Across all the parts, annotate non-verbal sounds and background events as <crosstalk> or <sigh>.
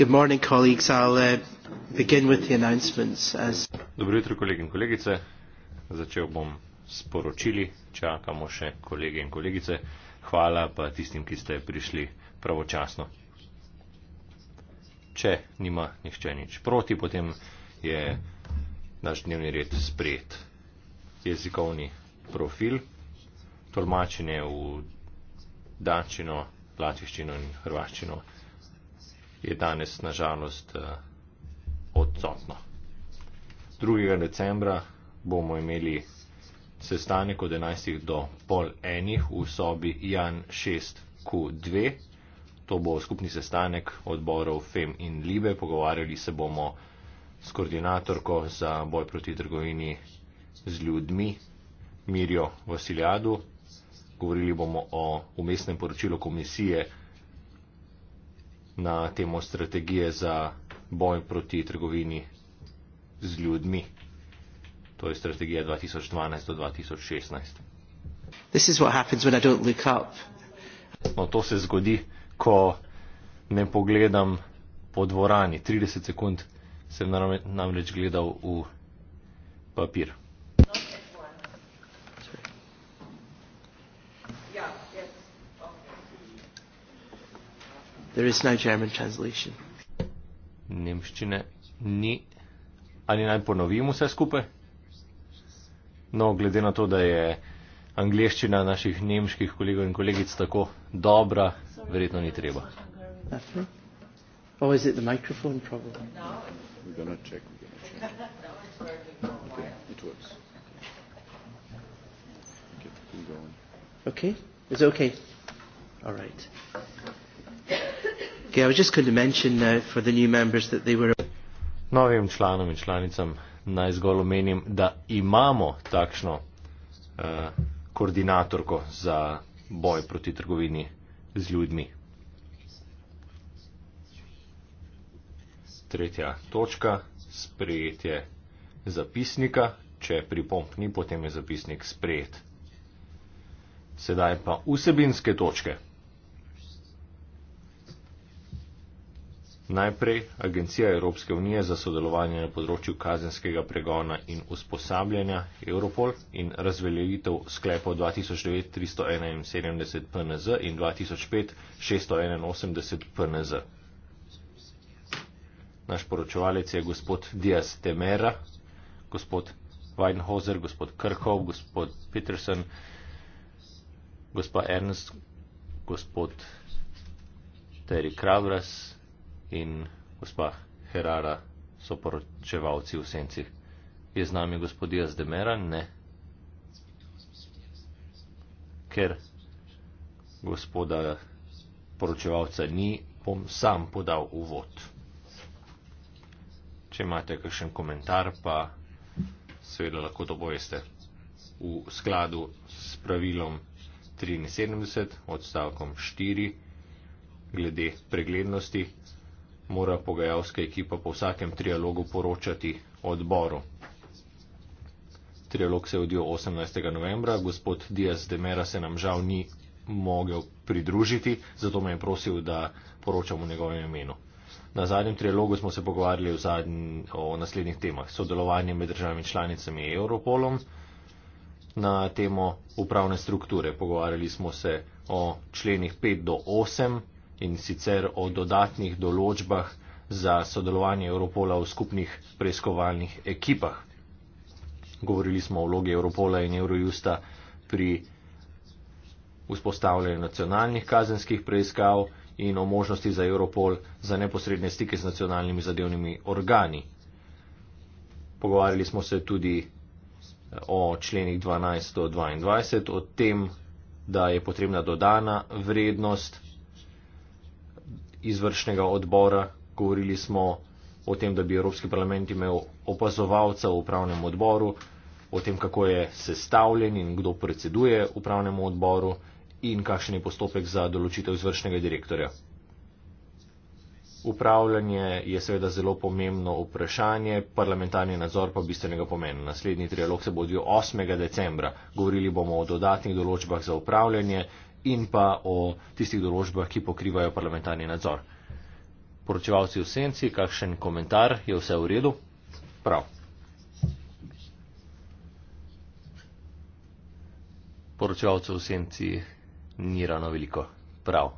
Good morning, colleagues. I'll uh, begin with the announcements. As Dobro jutro, kolegi in kolegice. Začel bom s poročili. Čakamo še kolege in kolegice. Hvala pa tistim, ki ste prišli pravočasno. Če nima nihče nič proti, potem je naš dnevni red sprejet. Jezikovni profil, tolmačenje v dačino, latviščino in hrvaščino je danes nažalost eh, odsotno. 2. decembra bomo imeli sestanek od 11. do pol enih v sobi Jan 6Q2. To bo skupni sestanek odborov FEM in LIBE. Pogovarjali se bomo s koordinatorko za boj proti trgovini z ljudmi Mirjo Vasiljadu. Govorili bomo o umestnem poročilu komisije na temo strategije za boj proti trgovini z ljudmi. To je strategija 2012 do 2016. No, to se zgodi, ko ne pogledam po dvorani. 30 sekund sem namreč gledal v papir. There is no German translation. Nemščine ni. Ali naj ponovim vse skupaj? No, glede na to, da je angliščina naših nemških kolegov in kolegic tako dobra, verjetno ni treba. Okay, it's okay. All right. Uh, novim članom in članicam naj zgolj omenim, da imamo takšno uh, koordinatorko za boj proti trgovini z ljudmi. Tretja točka, sprejetje zapisnika. Če pripomp ni, potem je zapisnik sprejet. Sedaj pa vsebinske točke. Najprej Agencija Evropske unije za sodelovanje na področju kazenskega pregona in usposabljanja Europol in razveljavitev sklepov 2009-371 PNZ in 2005-681 PNZ. Naš poročevalec je gospod Diaz Temera, gospod Weinhauser, gospod Krhov, gospod Peterson, gospod Ernst, gospod Terry Kravras, in gospa Herara so poročevalci v sencih. Je z nami gospodija Zdemera? Ne. Ker gospoda poročevalca ni, bom sam podal uvod. Če imate kakšen komentar, pa seveda lahko to poveste. V skladu s pravilom 73 odstavkom 4 glede preglednosti mora pogajalska ekipa po vsakem trialogu poročati odboru. Trialog se je odvijal 18. novembra, gospod Diaz de Mera se nam žal ni mogel pridružiti, zato me je prosil, da poročam v njegovem imenu. Na zadnjem trialogu smo se pogovarjali zadnj, o naslednjih temah. Sodelovanje med državami članicami Europolom na temo upravne strukture. Pogovarjali smo se o členih 5 do 8 in sicer o dodatnih določbah za sodelovanje Europola v skupnih preiskovalnih ekipah. Govorili smo o vlogi Europola in Eurojusta pri vzpostavljanju nacionalnih kazenskih preiskav in o možnosti za Europol za neposredne stike z nacionalnimi zadevnimi organi. Pogovarjali smo se tudi eh, o členih 12-22, o tem, da je potrebna dodana vrednost izvršnega odbora, govorili smo o tem, da bi Evropski parlament imel opazovalca v upravnem odboru, o tem, kako je sestavljen in kdo predseduje upravnemu odboru in kakšen je postopek za določitev izvršnega direktorja. Upravljanje je seveda zelo pomembno vprašanje, parlamentarni nadzor pa bistvenega pomena. Naslednji trialog se bo odvijal 8. decembra. Govorili bomo o dodatnih določbah za upravljanje, in pa o tistih določbah, ki pokrivajo parlamentarni nadzor. Poročevalci v senci, kakšen komentar je vse v redu? Prav. Poročevalcev v senci ni ravno veliko. Prav.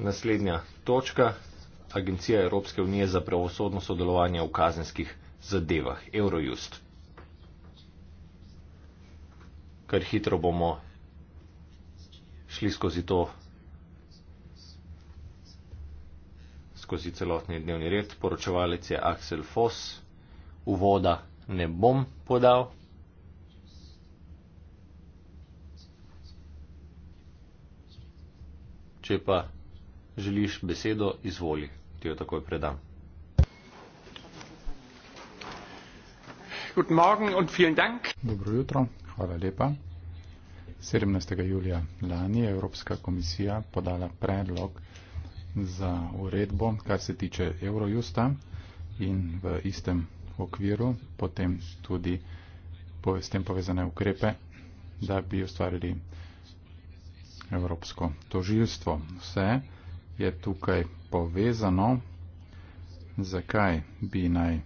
Naslednja točka. Agencija Evropske unije za pravosodno sodelovanje v kazenskih zadevah. Eurojust kar hitro bomo šli skozi to, skozi celotni dnevni red. Poročevalec je Aksel Foss, uvoda ne bom podal. Če pa želiš besedo, izvoli, ti jo takoj predam. Dobro jutro. Hvala lepa. 17. julija lani je Evropska komisija podala predlog za uredbo, kar se tiče Eurojusta in v istem okviru potem tudi s tem povezane ukrepe, da bi ustvarili Evropsko tožilstvo. Vse je tukaj povezano, zakaj bi naj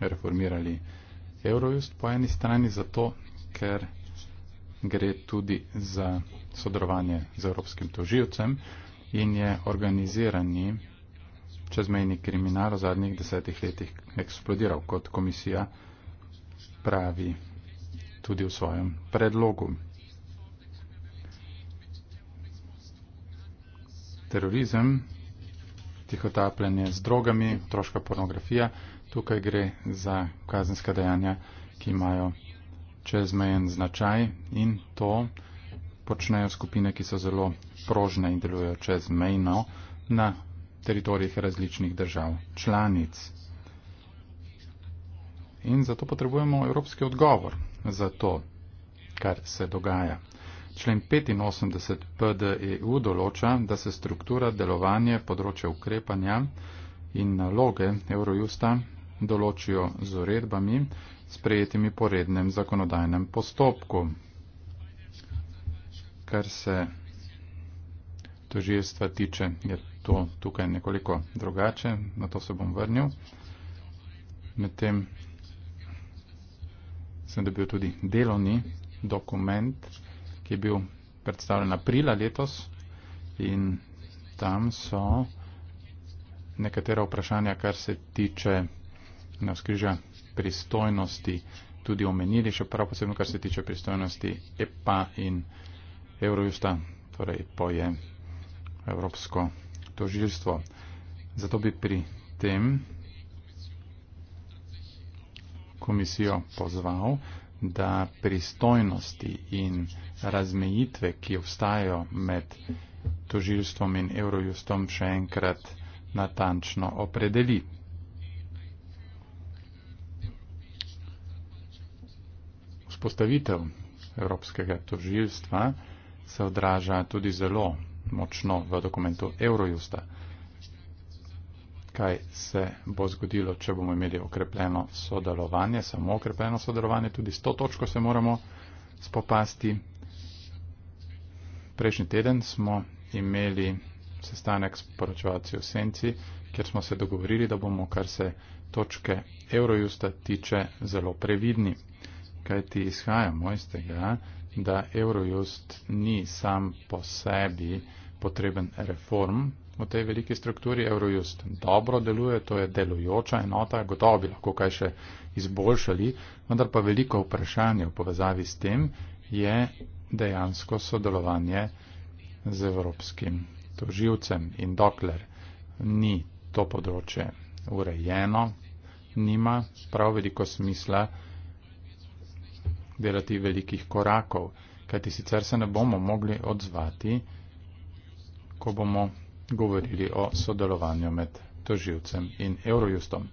reformirali Eurojust po eni strani, zato ker gre tudi za sodelovanje z evropskim toživcem in je organizirani čezmejni kriminal v zadnjih desetih letih eksplodiral, kot komisija pravi tudi v svojem predlogu. Terorizem, tihotapljanje z drogami, troška pornografija, tukaj gre za kazenska dejanja, ki imajo čezmejen značaj in to počnejo skupine, ki so zelo prožne in delujejo čezmejno na teritorijih različnih držav, članic. In zato potrebujemo evropski odgovor za to, kar se dogaja. Člen 85 PDEU določa, da se struktura, delovanje, področje ukrepanja in naloge Eurojusta določijo z uredbami sprejetimi porednem zakonodajnem postopku. Kar se tožilstva tiče, je to tukaj nekoliko drugače, na to se bom vrnil. Medtem sem dobil tudi delovni dokument, ki je bil predstavljen aprila letos in tam so nekatera vprašanja, kar se tiče navskrižja pristojnosti tudi omenili, še prav posebno, kar se tiče pristojnosti EPA in Eurojusta, torej EPO je Evropsko tožilstvo. Zato bi pri tem komisijo pozval, da pristojnosti in razmejitve, ki obstajajo med tožilstvom in Eurojustom, še enkrat natančno opredeli. vzpostavitev Evropskega toživstva se odraža tudi zelo močno v dokumentu Eurojusta. Kaj se bo zgodilo, če bomo imeli okrepljeno sodelovanje, samo okrepljeno sodelovanje, tudi s to točko se moramo spopasti. Prejšnji teden smo imeli sestanek s poročevalci v Senci, kjer smo se dogovorili, da bomo, kar se točke Eurojusta tiče, zelo previdni kaj ti izhajamo iz tega, da Eurojust ni sam po sebi potreben reform v tej veliki strukturi. Eurojust dobro deluje, to je delujoča enota, gotovo bi lahko kaj še izboljšali, vendar pa veliko vprašanje v povezavi s tem je dejansko sodelovanje z evropskim toživcem in dokler ni to področje urejeno, nima prav veliko smisla delati velikih korakov, kajti sicer se ne bomo mogli odzvati, ko bomo govorili o sodelovanju med toživcem in Eurojustom.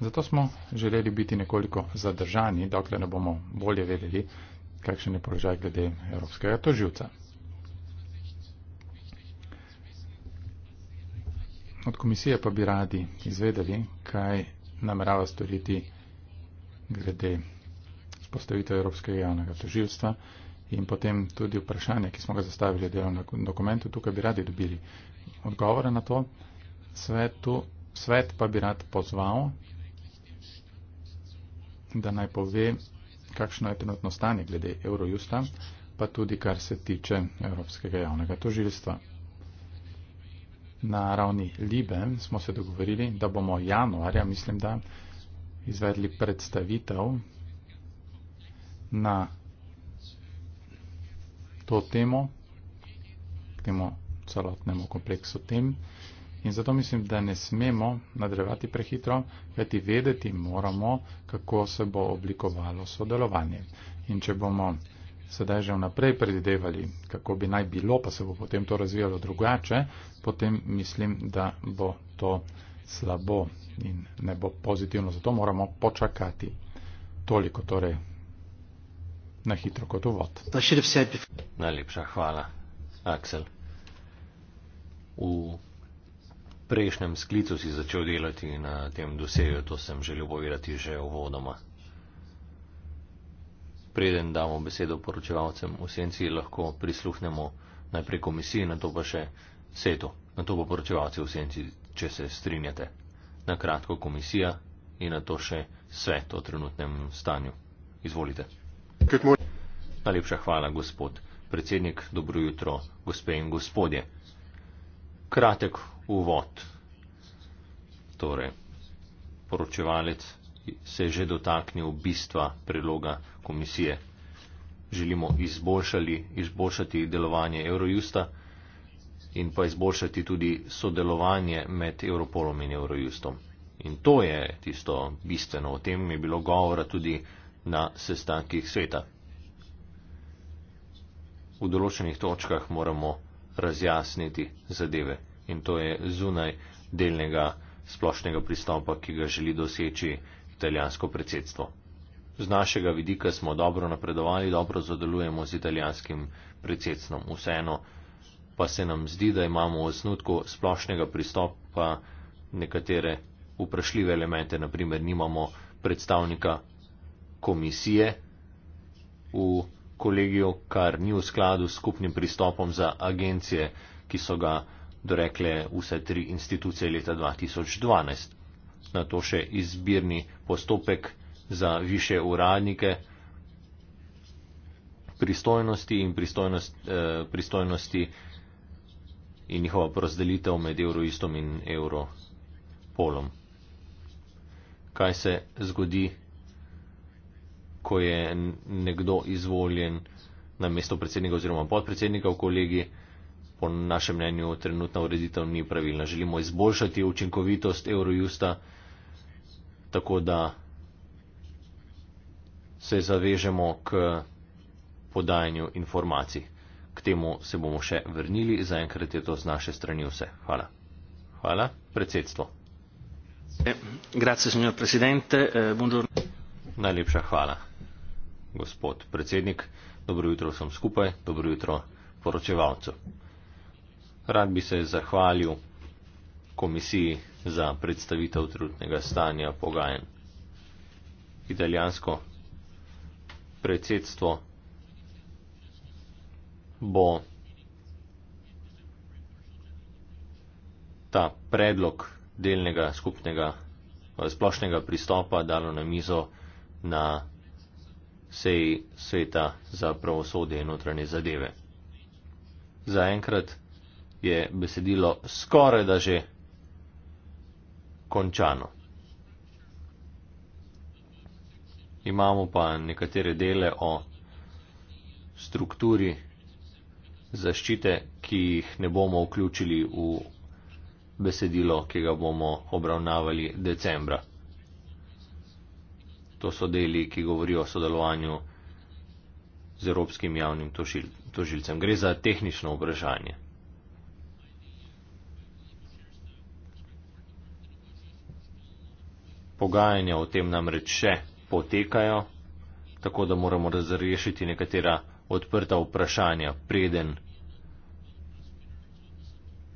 Zato smo želeli biti nekoliko zadržani, dokler ne bomo bolje vedeli, kakšen je položaj glede Evropskega toživca. Od komisije pa bi radi izvedeli, kaj namerava storiti glede vzpostavitev Evropskega javnega tožilstva in potem tudi vprašanje, ki smo ga zastavili v delovnem dokumentu, tukaj bi radi dobili odgovore na to. Svetu, svet pa bi rad pozval, da naj pove, kakšno je trenutno stanje glede Eurojusta, pa tudi kar se tiče Evropskega javnega tožilstva. Na ravni Libe smo se dogovorili, da bomo januarja, mislim, da izvedli predstavitev na to temo, k temu celotnemu kompleksu tem. In zato mislim, da ne smemo nadrevati prehitro, kajti vedeti moramo, kako se bo oblikovalo sodelovanje. In če bomo sedaj že vnaprej predvidevali, kako bi naj bilo, pa se bo potem to razvijalo drugače, potem mislim, da bo to slabo in ne bo pozitivno. Zato moramo počakati. Toliko torej na hitro kot uvod. Najlepša hvala, Aksel. V prejšnjem sklicu si začel delati na tem doseju, to sem želel povedati že uvodoma. Preden damo besedo poročevalcem v senci, lahko prisluhnemo najprej komisiji, nato pa še setu, nato pa poročevalci v senci, če se strinjate. Na kratko komisija in nato še svet o trenutnem stanju. Izvolite. Najlepša hvala, gospod predsednik, dobro jutro, gospe in gospodje. Kratek uvod. Torej, poročevalec se je že dotaknil bistva priloga komisije. Želimo izboljšali, izboljšati delovanje Eurojusta in pa izboljšati tudi sodelovanje med Europolom in Eurojustom. In to je tisto bistveno. O tem je bilo govora tudi na sestankih sveta. V določenih točkah moramo razjasniti zadeve in to je zunaj delnega splošnega pristopa, ki ga želi doseči italijansko predsedstvo. Z našega vidika smo dobro napredovali, dobro zadelujemo z italijanskim predsedstvom. Vseeno pa se nam zdi, da imamo v osnutku splošnega pristopa nekatere vprašljive elemente, naprimer nimamo predstavnika komisije v kolegiju, kar ni v skladu s skupnim pristopom za agencije, ki so ga dorekle vse tri institucije leta 2012. Na to še izbirni postopek za više uradnike, pristojnosti in pristojnost, eh, pristojnosti in njihova porazdelitev med Euroistom in Europolom. Kaj se zgodi ko je nekdo izvoljen na mesto predsednika oziroma podpredsednika v kolegi. Po našem mnenju trenutna ureditev ni pravilna. Želimo izboljšati učinkovitost Eurojusta, tako da se zavežemo k podajanju informacij. K temu se bomo še vrnili, zaenkrat je to z naše strani vse. Hvala. Hvala, predsedstvo. Grazie, signor Presidente. Eh, Najlepša hvala gospod predsednik, dobro jutro vsem skupaj, dobro jutro poročevalcu. Rad bi se zahvalil komisiji za predstavitev trudnega stanja pogajen. Italijansko predsedstvo bo ta predlog delnega skupnega splošnega pristopa dalo na mizo na seji sveta za pravosodje in notranje zadeve. Zaenkrat je besedilo skoraj da že končano. Imamo pa nekatere dele o strukturi zaščite, ki jih ne bomo vključili v besedilo, ki ga bomo obravnavali decembra to so deli, ki govorijo o sodelovanju z Evropskim javnim tožil, tožilcem. Gre za tehnično vprašanje. Pogajanja o tem namreč še potekajo, tako da moramo razrešiti nekatera odprta vprašanja, preden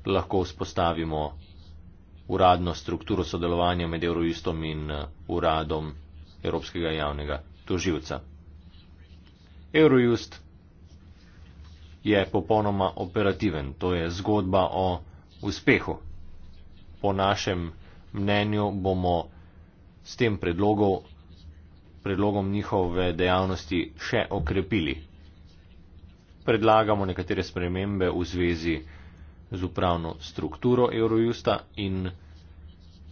lahko vzpostavimo uradno strukturo sodelovanja med Euroistom in eh, uradom Evropskega javnega toživca. Eurojust je popolnoma operativen, to je zgodba o uspehu. Po našem mnenju bomo s tem predlogom, predlogom njihove dejavnosti še okrepili. Predlagamo nekatere spremembe v zvezi z upravno strukturo Eurojusta in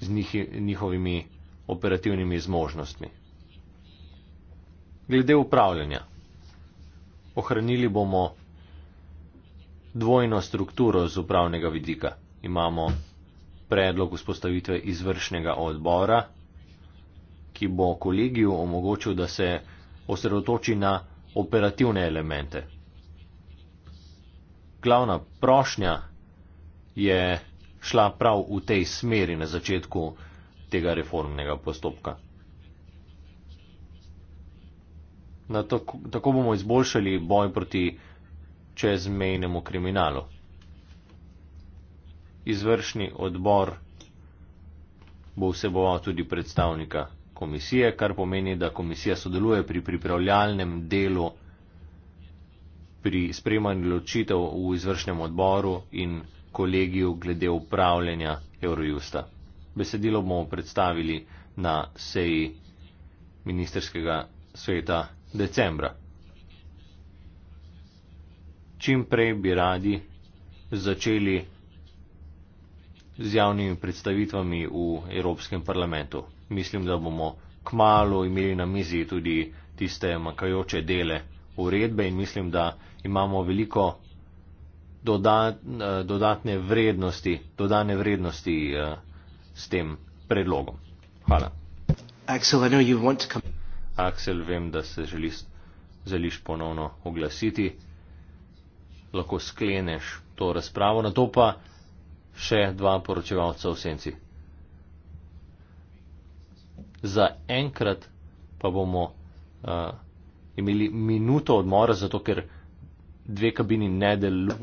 z njihovimi operativnimi zmožnostmi. Glede upravljanja. Ohranili bomo dvojno strukturo z upravnega vidika. Imamo predlog vzpostavitve izvršnega odbora, ki bo kolegiju omogočil, da se osredotoči na operativne elemente. Glavna prošnja je šla prav v tej smeri na začetku tega reformnega postopka. Na tako, tako bomo izboljšali boj proti čezmejnemu kriminalu. Izvršni odbor bo vseboval tudi predstavnika komisije, kar pomeni, da komisija sodeluje pri pripravljalnem delu, pri spremanju ločitev v izvršnem odboru in kolegiju glede upravljanja Eurojusta. Besedilo bomo predstavili na seji ministerskega sveta decembra. Čim prej bi radi začeli z javnimi predstavitvami v Evropskem parlamentu. Mislim, da bomo kmalo imeli na mizi tudi tiste makajoče dele uredbe in mislim, da imamo veliko dodatne vrednosti, dodane vrednosti eh, s tem predlogom. Hvala. Axel, I know you want to come. Aksel, vem, da se želiš, želiš ponovno oglasiti, lahko skleneš to razpravo, na to pa še dva poročevalca v senci. Za enkrat pa bomo uh, imeli minuto odmora, zato ker dve kabini ne delujejo.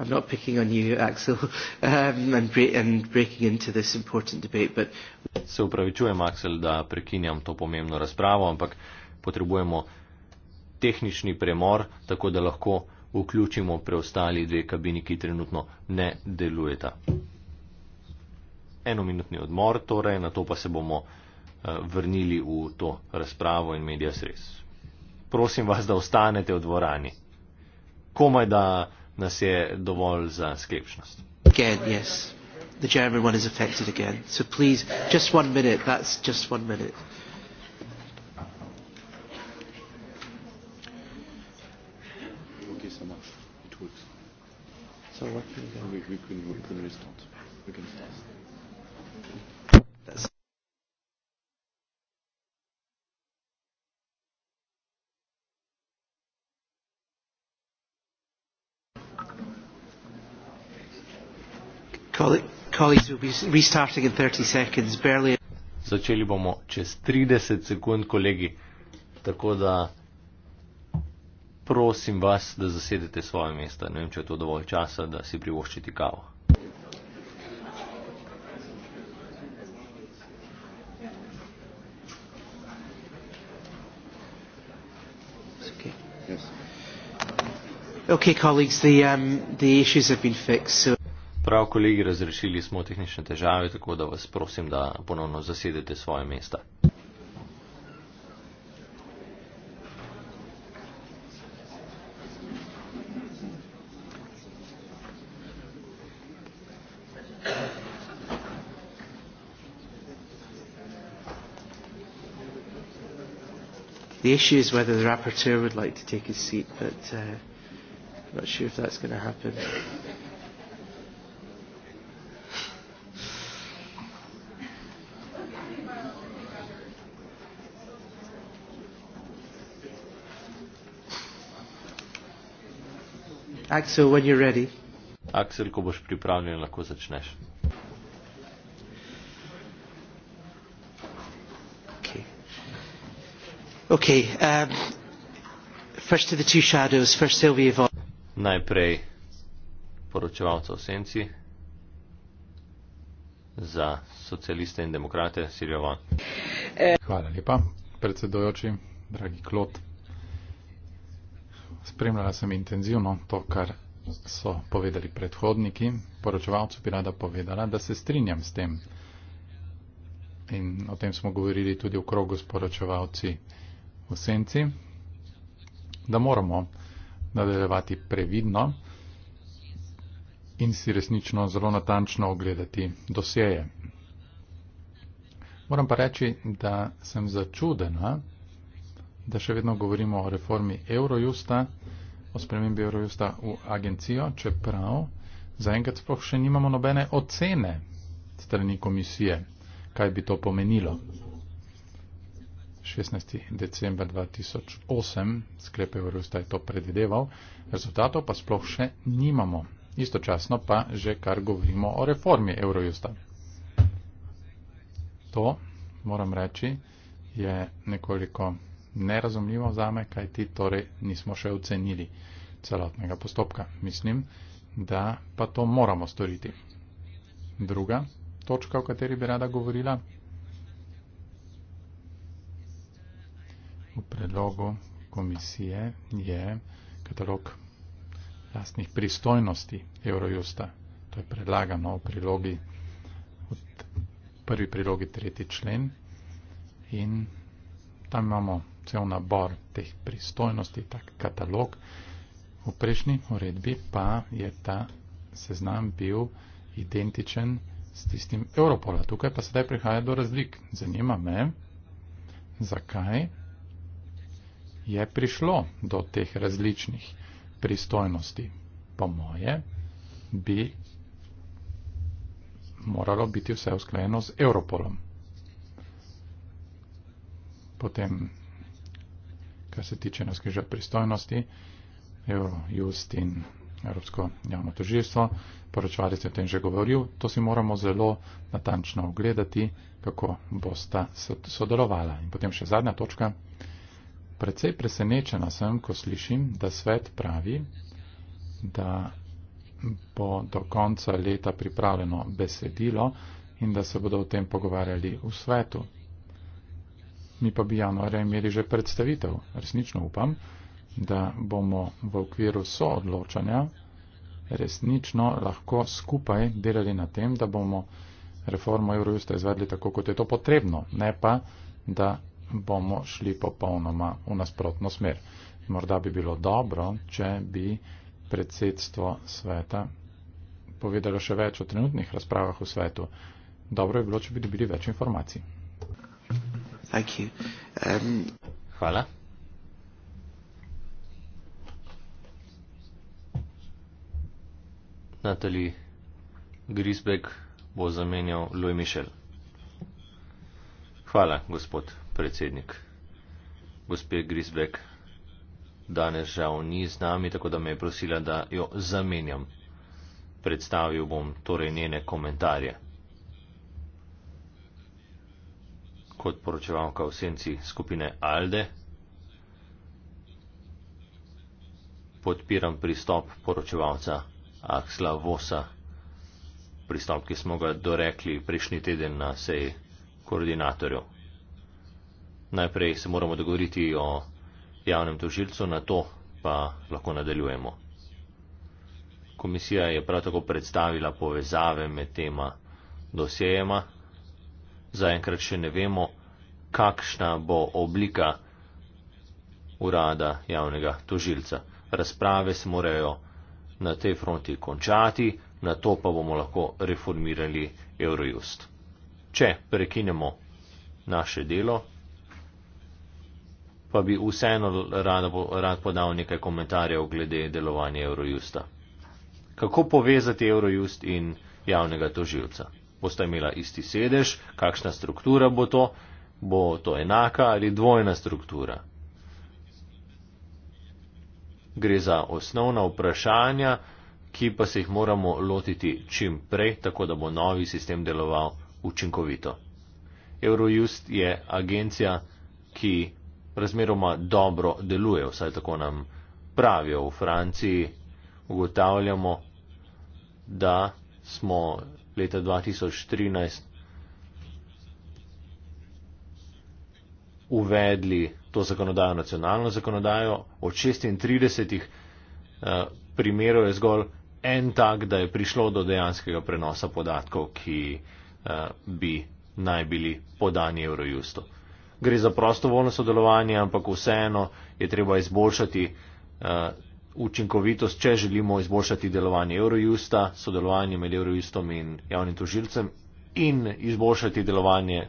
I'm not picking on you, Axel, <laughs> um, and, bre and breaking into this important debate, but... Se upravičujem, Axel, da prekinjam to pomembno razpravo, ampak potrebujemo tehnični premor, tako da lahko vključimo preostali dve kabini, ki trenutno ne delujeta. Enominutni odmor torej, na to pa se bomo uh, vrnili v to razpravo in medijas res. Prosim vas, da ostanete v dvorani. Komaj da nas je dovolj za skepčnost. Again, yes. The German one is affected again. So please, just one minute. That's just one minute. Okay, so much. It works. So what can we do? We, we can, we can restart. We can start. Colleagues will be restarting in 30 seconds. Barely. Začeli bomo čez 30 sekund, kolegi. Tako da prosim vas, da zasedete svoje mesta. Ne vem, če je to dovolj časa, da si privoščite kavo. Okay, colleagues, the, um, the issues have been fixed. So Prav, kolegi, razrešili smo tehnične težave, tako da vas prosim, da ponovno zasedete svoje mesta. The issue is whether the rapporteur would like to take his seat, but uh, I'm not sure if that's going to happen. Axel, when you're ready. Axel, ko boš pripravljen, lahko začneš. Okay. Um, first to the two shadows, first Sylvie Vaughan. Najprej poročevalca v senci za socialiste in demokrate Sylvie Vaughan. Hvala lepa, predsedojoči, dragi Klot spremljala sem intenzivno to, kar so povedali predhodniki. Poročevalcu bi rada povedala, da se strinjam s tem. In o tem smo govorili tudi v krogu s poročevalci v senci, da moramo nadaljevati previdno in si resnično zelo natančno ogledati dosjeje. Moram pa reči, da sem začudena, da še vedno govorimo o reformi Eurojusta, o spremembi Eurojusta v agencijo, čeprav zaenkrat sploh še nimamo nobene ocene strani komisije, kaj bi to pomenilo. 16. decembra 2008 sklep Eurojusta je to predvideval, rezultatov pa sploh še nimamo. Istočasno pa že kar govorimo o reformi Eurojusta. To, moram reči, je nekoliko nerazumljivo za me, kaj ti torej nismo še ocenili celotnega postopka. Mislim, da pa to moramo storiti. Druga točka, o kateri bi rada govorila, v predlogu komisije je katalog lastnih pristojnosti Eurojusta. To je predlagano v prilogi, v prvi prilogi tretji člen in tam imamo cel nabor teh pristojnosti, tak katalog. V prejšnji uredbi pa je ta seznam bil identičen s tistim Europola. Tukaj pa sedaj prihaja do razlik. Zanima me, zakaj je prišlo do teh različnih pristojnosti. Po moje bi moralo biti vse usklajeno z Europolom. Potem kar se tiče naskežat pristojnosti, Eurojust in Evropsko javno tržilstvo. Poročvali ste o tem že govoril, to si moramo zelo natančno ogledati, kako bosta sodelovala. In potem še zadnja točka. Predvsej presenečena sem, ko slišim, da svet pravi, da bo do konca leta pripravljeno besedilo in da se bodo o tem pogovarjali v svetu mi pa bi januarja imeli že predstavitev. Resnično upam, da bomo v okviru soodločanja resnično lahko skupaj delali na tem, da bomo reformo Eurojusta izvedli tako, kot je to potrebno, ne pa, da bomo šli popolnoma v nasprotno smer. Morda bi bilo dobro, če bi predsedstvo sveta povedalo še več o trenutnih razpravah v svetu. Dobro je bilo, če bi dobili več informacij. Thank you. Um, Hvala. Natali Grisbek bo zamenjal Louis Michel. Hvala, gospod predsednik. Gospe Grisbek danes žal ni z nami, tako da me je prosila, da jo zamenjam. Predstavil bom torej njene komentarje. kot poročevalka v senci skupine Alde. Podpiram pristop poročevalca Aksla Vosa, pristop, ki smo ga dorekli prejšnji teden na seji koordinatorju. Najprej se moramo dogovoriti o javnem tožilcu, na to pa lahko nadaljujemo. Komisija je prav tako predstavila povezave med tema dosejema, zaenkrat še ne vemo, kakšna bo oblika urada javnega tožilca. Razprave se morajo na tej fronti končati, na to pa bomo lahko reformirali Eurojust. Če prekinemo naše delo, pa bi vseeno rad, rad podal nekaj komentarjev glede delovanja Eurojusta. Kako povezati Eurojust in javnega tožilca? bosta imela isti sedež, kakšna struktura bo to, bo to enaka ali dvojna struktura. Gre za osnovna vprašanja, ki pa se jih moramo lotiti čim prej, tako da bo novi sistem deloval učinkovito. Eurojust je agencija, ki razmeroma dobro deluje, vsaj tako nam pravijo v Franciji, ugotavljamo, da smo leta 2013 uvedli to zakonodajo, nacionalno zakonodajo, od 36 uh, eh, primerov je zgolj en tak, da je prišlo do dejanskega prenosa podatkov, ki uh, bi naj bili podani Eurojustu. Gre za prostovoljno sodelovanje, ampak vseeno je treba izboljšati uh, učinkovitost, če želimo izboljšati delovanje Eurojusta, sodelovanje med Eurojustom in javnim tožilcem in izboljšati delovanje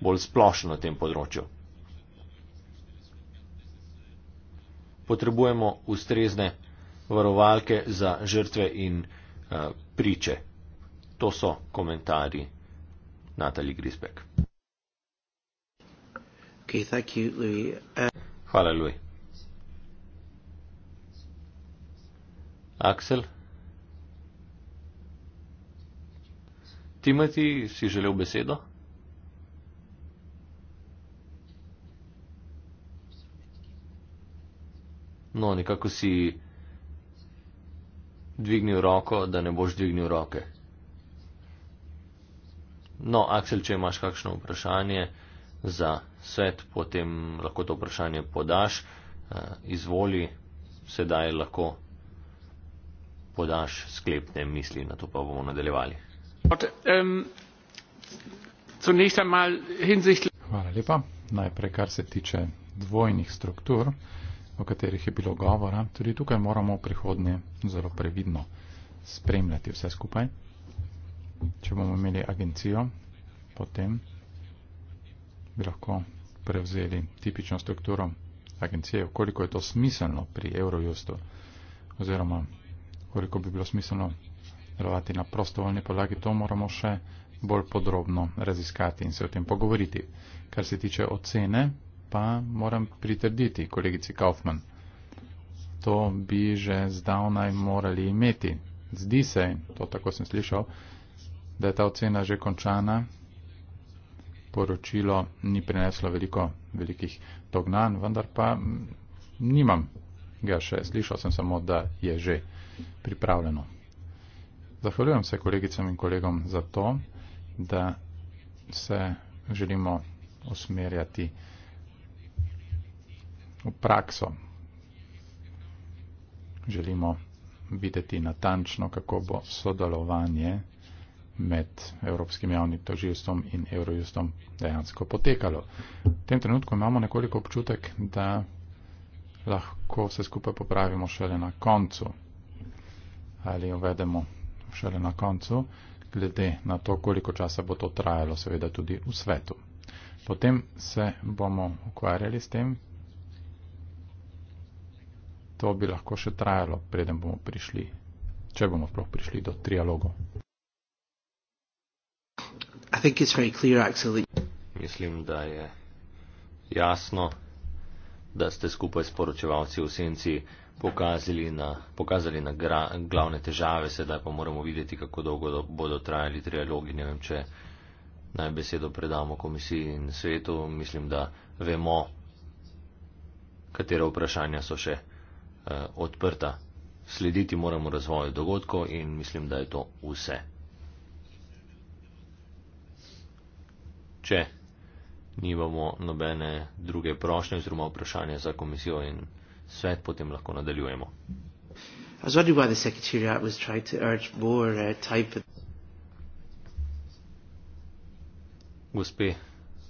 bolj splošno na tem področju. Potrebujemo ustrezne varovalke za žrtve in uh, priče. To so komentarji Natalie Grisbeck. Okay, thank you, Louis. Uh... Hvala, Louis. Aksel? Timothy, si želel besedo? No, nekako si dvignil roko, da ne boš dvignil roke. No, Aksel, če imaš kakšno vprašanje za svet, potem lahko to vprašanje podaš. Eh, izvoli, sedaj lahko podaš sklepne misli na to pa bomo nadaljevali ähm, Hvala lepa. Najprej, kar se tiče dvojnih struktur, o katerih je bilo govora, tudi tukaj moramo v prihodnje zelo previdno spremljati vse skupaj. Če bomo imeli agencijo, potem bi lahko prevzeli tipično strukturo agencije, koliko je to smiselno pri Eurojustu oziroma koliko bi bilo smiselno delovati na prostovoljni podlagi, to moramo še bolj podrobno raziskati in se o tem pogovoriti. Kar se tiče ocene, pa moram pritrditi kolegici Kaufmann. To bi že zdavnaj morali imeti. Zdi se, to tako sem slišal, da je ta ocena že končana. Poročilo ni prineslo veliko velikih dognanj, vendar pa mm, nimam ga še. Slišal sem samo, da je že pripravljeno. Zahvaljujem se kolegicam in kolegom za to, da se želimo usmerjati v prakso. Želimo videti natančno, kako bo sodelovanje med Evropskim javnim tožilstvom in Eurojustom dejansko potekalo. V tem trenutku imamo nekoliko občutek, da lahko vse skupaj popravimo šele na koncu ali jo vedemo šele na koncu, glede na to, koliko časa bo to trajalo, seveda tudi v svetu. Potem se bomo ukvarjali s tem, to bi lahko še trajalo, preden bomo prišli, če bomo sploh prišli do trialogov. Mislim, da je jasno, da ste skupaj s poročevalci v senci pokazali na, pokazali na gra, glavne težave, sedaj pa moramo videti, kako dolgo do, bodo trajali trialogi. Ne vem, če naj besedo predamo komisiji in svetu. Mislim, da vemo, katera vprašanja so še eh, odprta. Slediti moramo razvoju dogodkov in mislim, da je to vse. Če nimamo nobene druge prošnje oziroma vprašanja za komisijo in svet, svet potem lahko nadaljujemo. Uh, Gospe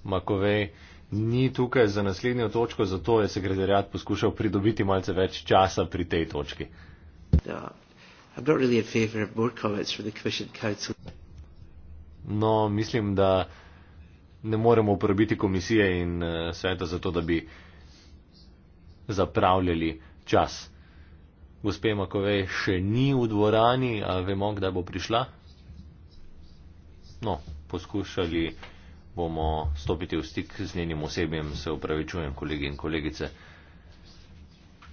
Makovej, ni tukaj za naslednjo točko, zato je sekretarjat poskušal pridobiti malce več časa pri tej točki. No, no mislim, da ne moremo uporabiti komisije in uh, sveta za to, da bi zapravljali čas. Gospe Makovej še ni v dvorani, a vemo, kdaj bo prišla. No, poskušali bomo stopiti v stik z njenim osebjem, se upravičujem, kolegi in kolegice.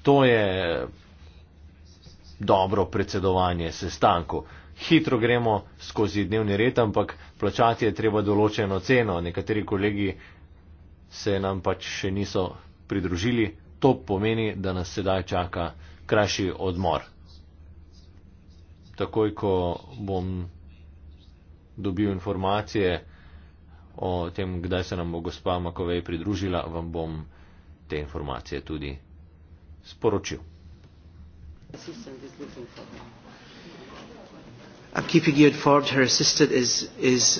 To je dobro predsedovanje sestanku. Hitro gremo skozi dnevni red, ampak plačati je treba določeno ceno. Nekateri kolegi se nam pač še niso pridružili, to pomeni, da nas sedaj čaka krajši odmor. Takoj, ko bom dobil informacije o tem, kdaj se nam bo gospa Makovej pridružila, vam bom te informacije tudi sporočil. I'm keeping you informed. Her assistant is, is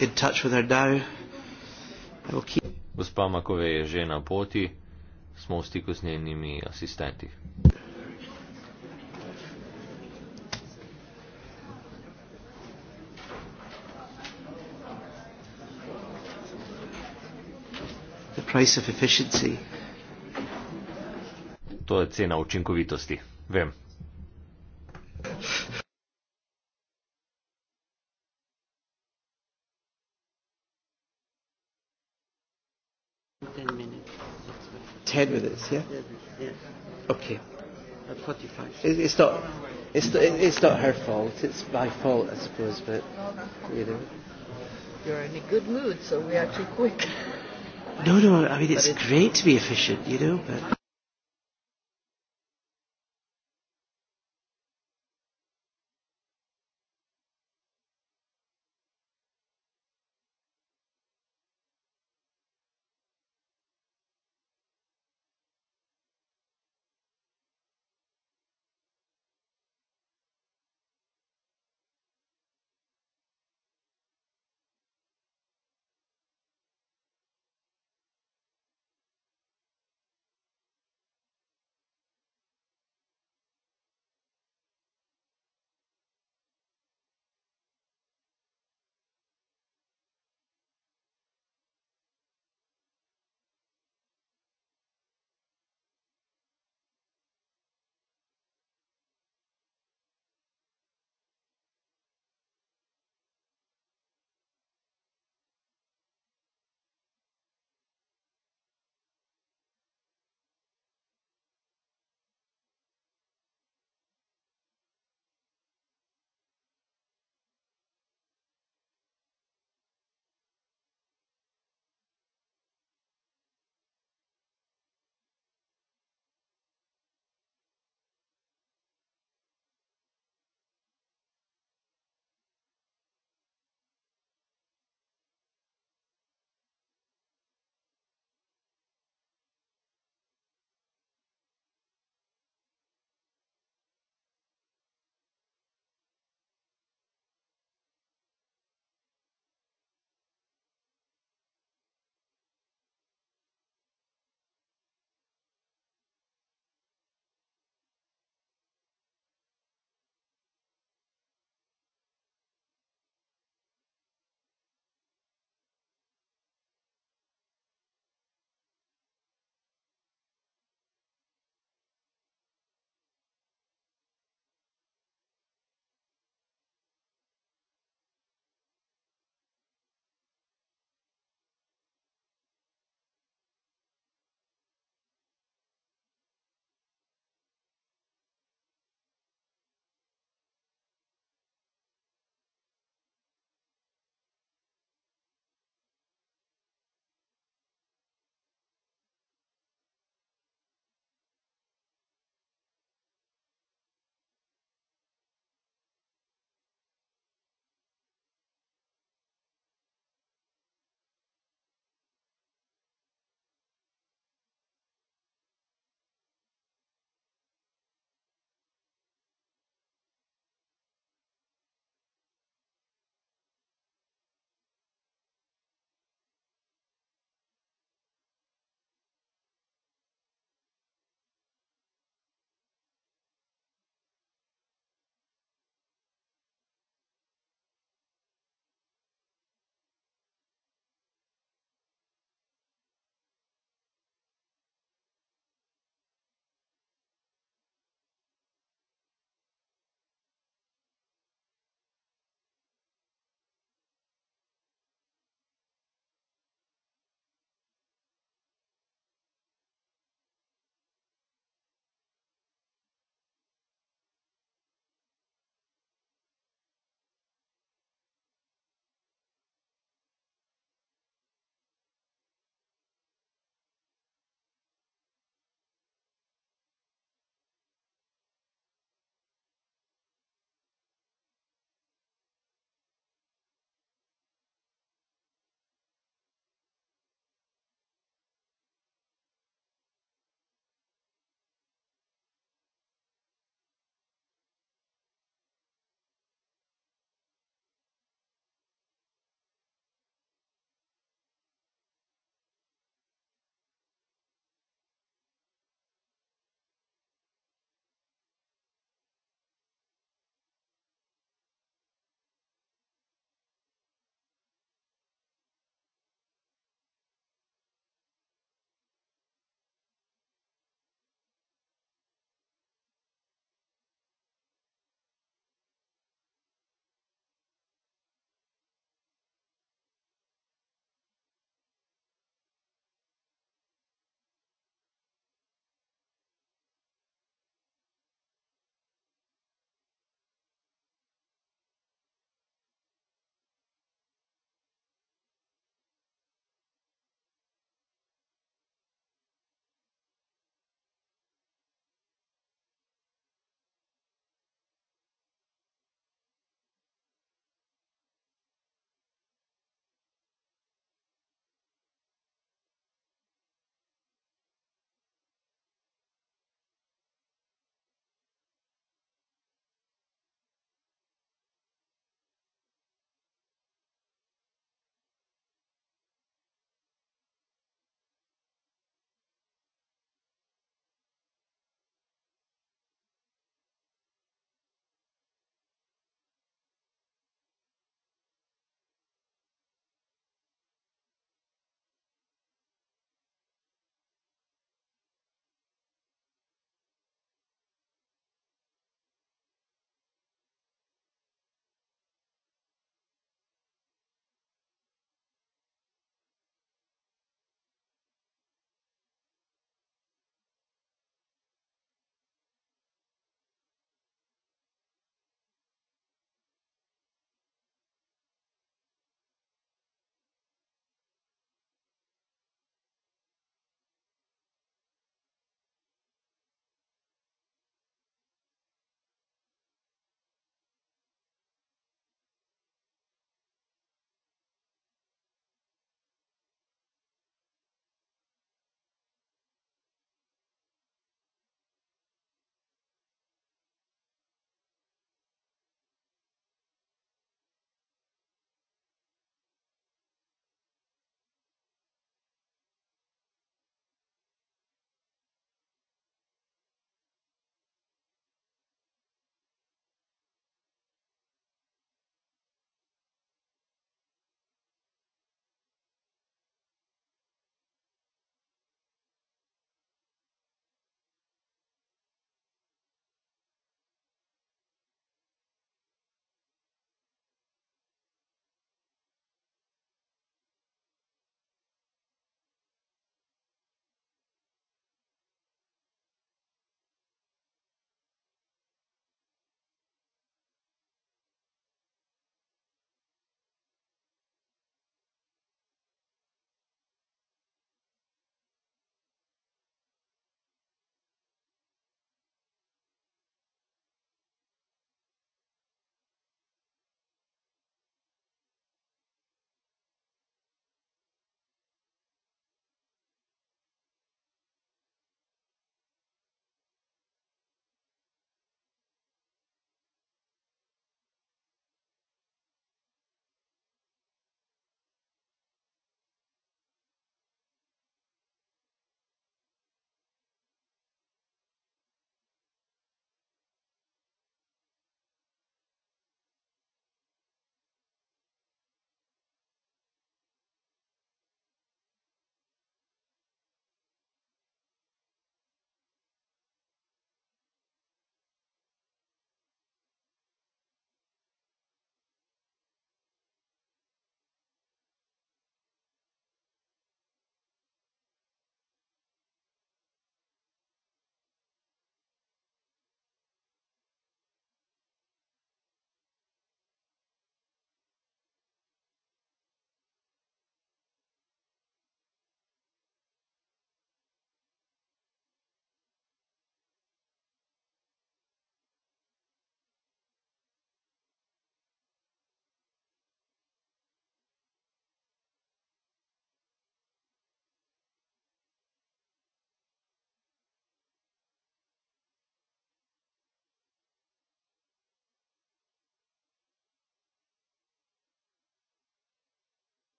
in touch with her now. I will keep smo v stiku z njenimi asistenti. To je cena učinkovitosti. Vem. 10 minutes, yeah? Okay. At 45. It's not, it's, not, it's not her fault. It's my fault, I suppose, but, you know. You're in a good mood, so we are too quick. No, no, I mean, it's, it's great to be efficient, you know, but.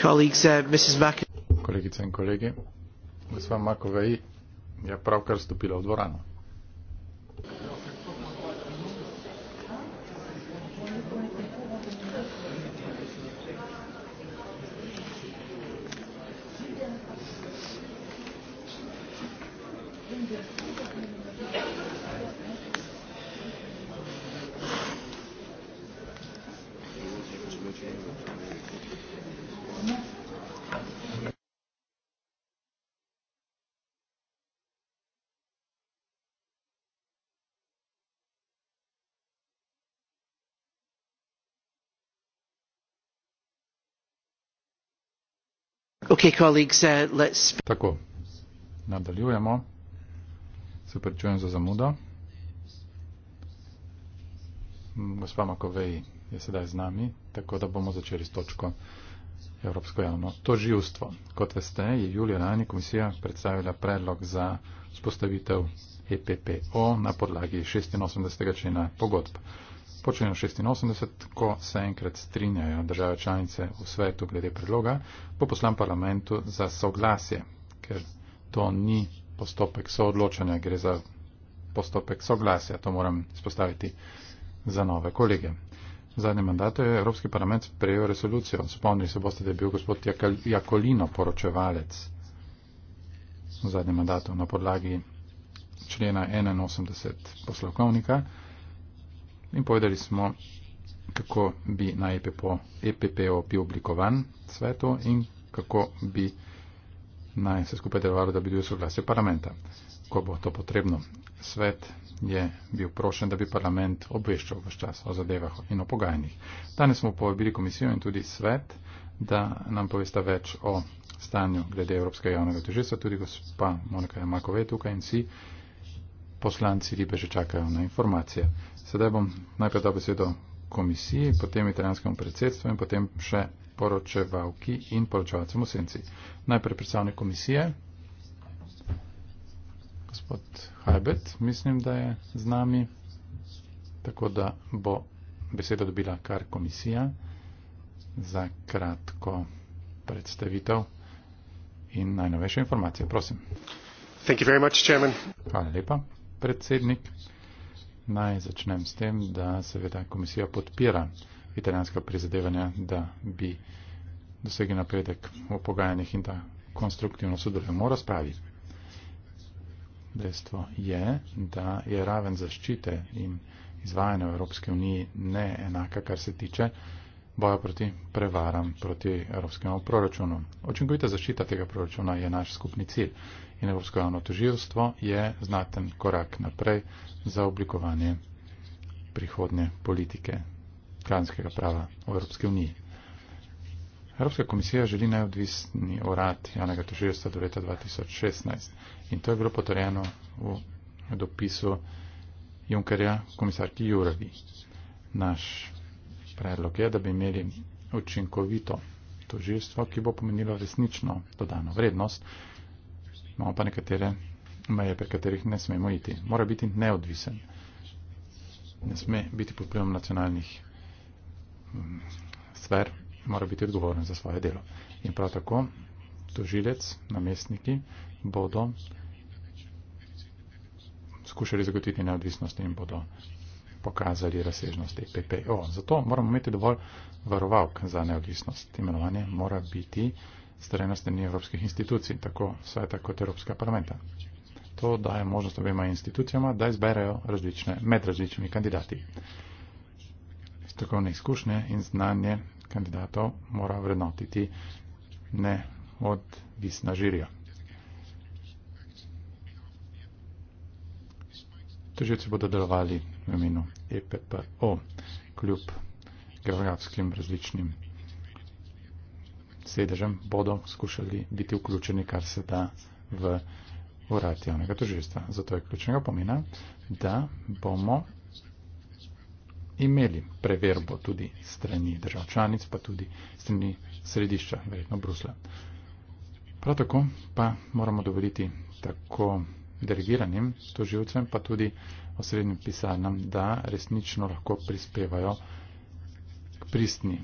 colleagues, uh, Mrs. Kolegice in kolegi, gospa Makovej je pravkar stopila v dvorano. Okay, colleagues, uh, let's... Tako, nadaljujemo. Se pričujem za zamudo. Mm, gospa Makovej je sedaj z nami, tako da bomo začeli s točko Evropsko javno toživstvo. Kot veste, je julija lani komisija predstavila predlog za spostavitev EPPO na podlagi 86. člena pogodb počenjeno 86, ko se enkrat strinjajo države članice v svetu glede predloga, bo poslan parlamentu za soglasje, ker to ni postopek soodločanja, gre za postopek soglasja, to moram spostaviti za nove kolege. V zadnjem mandatu je Evropski parlament sprejel resolucijo. Spomnili se boste, da je bil gospod Jakolino poročevalec v zadnjem mandatu na podlagi člena 81 poslovnika. In povedali smo, kako bi na EPPO, EPPO bil oblikovan svetu in kako bi naj se skupaj delovalo, da bi bil soglasje parlamenta, ko bo to potrebno. Svet je bil prošen, da bi parlament obveščal v čas o zadevah in o pogajanjih. Danes smo povabili komisijo in tudi svet, da nam povesta več o stanju glede Evropskega javnega tožilstva. Tudi gospa Monika Jamakove je tukaj in vsi poslanci Libe že čakajo na informacije. Sedaj bom najprej dal besedo komisiji, potem italijanskemu predsedstvu in potem še poročevalki in poročevalcem v senci. Najprej predstavnik komisije, gospod Hajbet, mislim, da je z nami, tako da bo besedo dobila kar komisija za kratko predstavitev in najnovejše informacije. Prosim. Hvala lepa, predsednik. Naj začnem s tem, da seveda komisija podpira italijanska prizadevanja, da bi dosegli napredek v pogajanjih in da konstruktivno sodelujemo v razpravi. Dejstvo je, da je raven zaščite in izvajanja v Evropske uniji neenaka, kar se tiče boja proti prevaram proti evropskemu proračunu. Očinkovita zaščita tega proračuna je naš skupni cilj in Evropsko javno toživstvo je znaten korak naprej za oblikovanje prihodnje politike kazenskega prava v Evropske uniji. Evropska komisija želi neodvisni urad javnega toživstva do leta 2016 in to je bilo potrjeno v dopisu Junkerja komisarki Juravi. Naš Predlog je, da bi imeli učinkovito toživstvo, ki bo pomenilo resnično dodano vrednost. Imamo pa nekatere meje, pri katerih ne smemo iti. Mora biti neodvisen. Ne sme biti pod plivom nacionalnih mm, sfer, mora biti odgovoren za svoje delo. In prav tako tožilec, namestniki bodo skušali zagotoviti neodvisnost in bodo pokazali razsežnost EPPO. Zato moramo imeti dovolj varovalk za neodvisnost. Imenovanje mora biti strani strani evropskih institucij, tako sveta kot Evropska parlamenta. To daje možnost obema institucijama, da izberejo različne, med različnimi kandidati. Strokovne izkušnje in znanje kandidatov mora vrednotiti neodvisna žirija. Tožilci bodo delovali imenu EPPO, kljub geografskim različnim sedežem, bodo skušali biti vključeni kar se da v urad javnega tožilstva. Zato je ključnega pomena, da bomo imeli preverbo tudi strani držav članic, pa tudi strani središča, verjetno Brusla. Prav tako pa moramo dovoliti tako delegiranim tožilcem, pa tudi osrednjim pisarnam, da resnično lahko prispevajo k pristni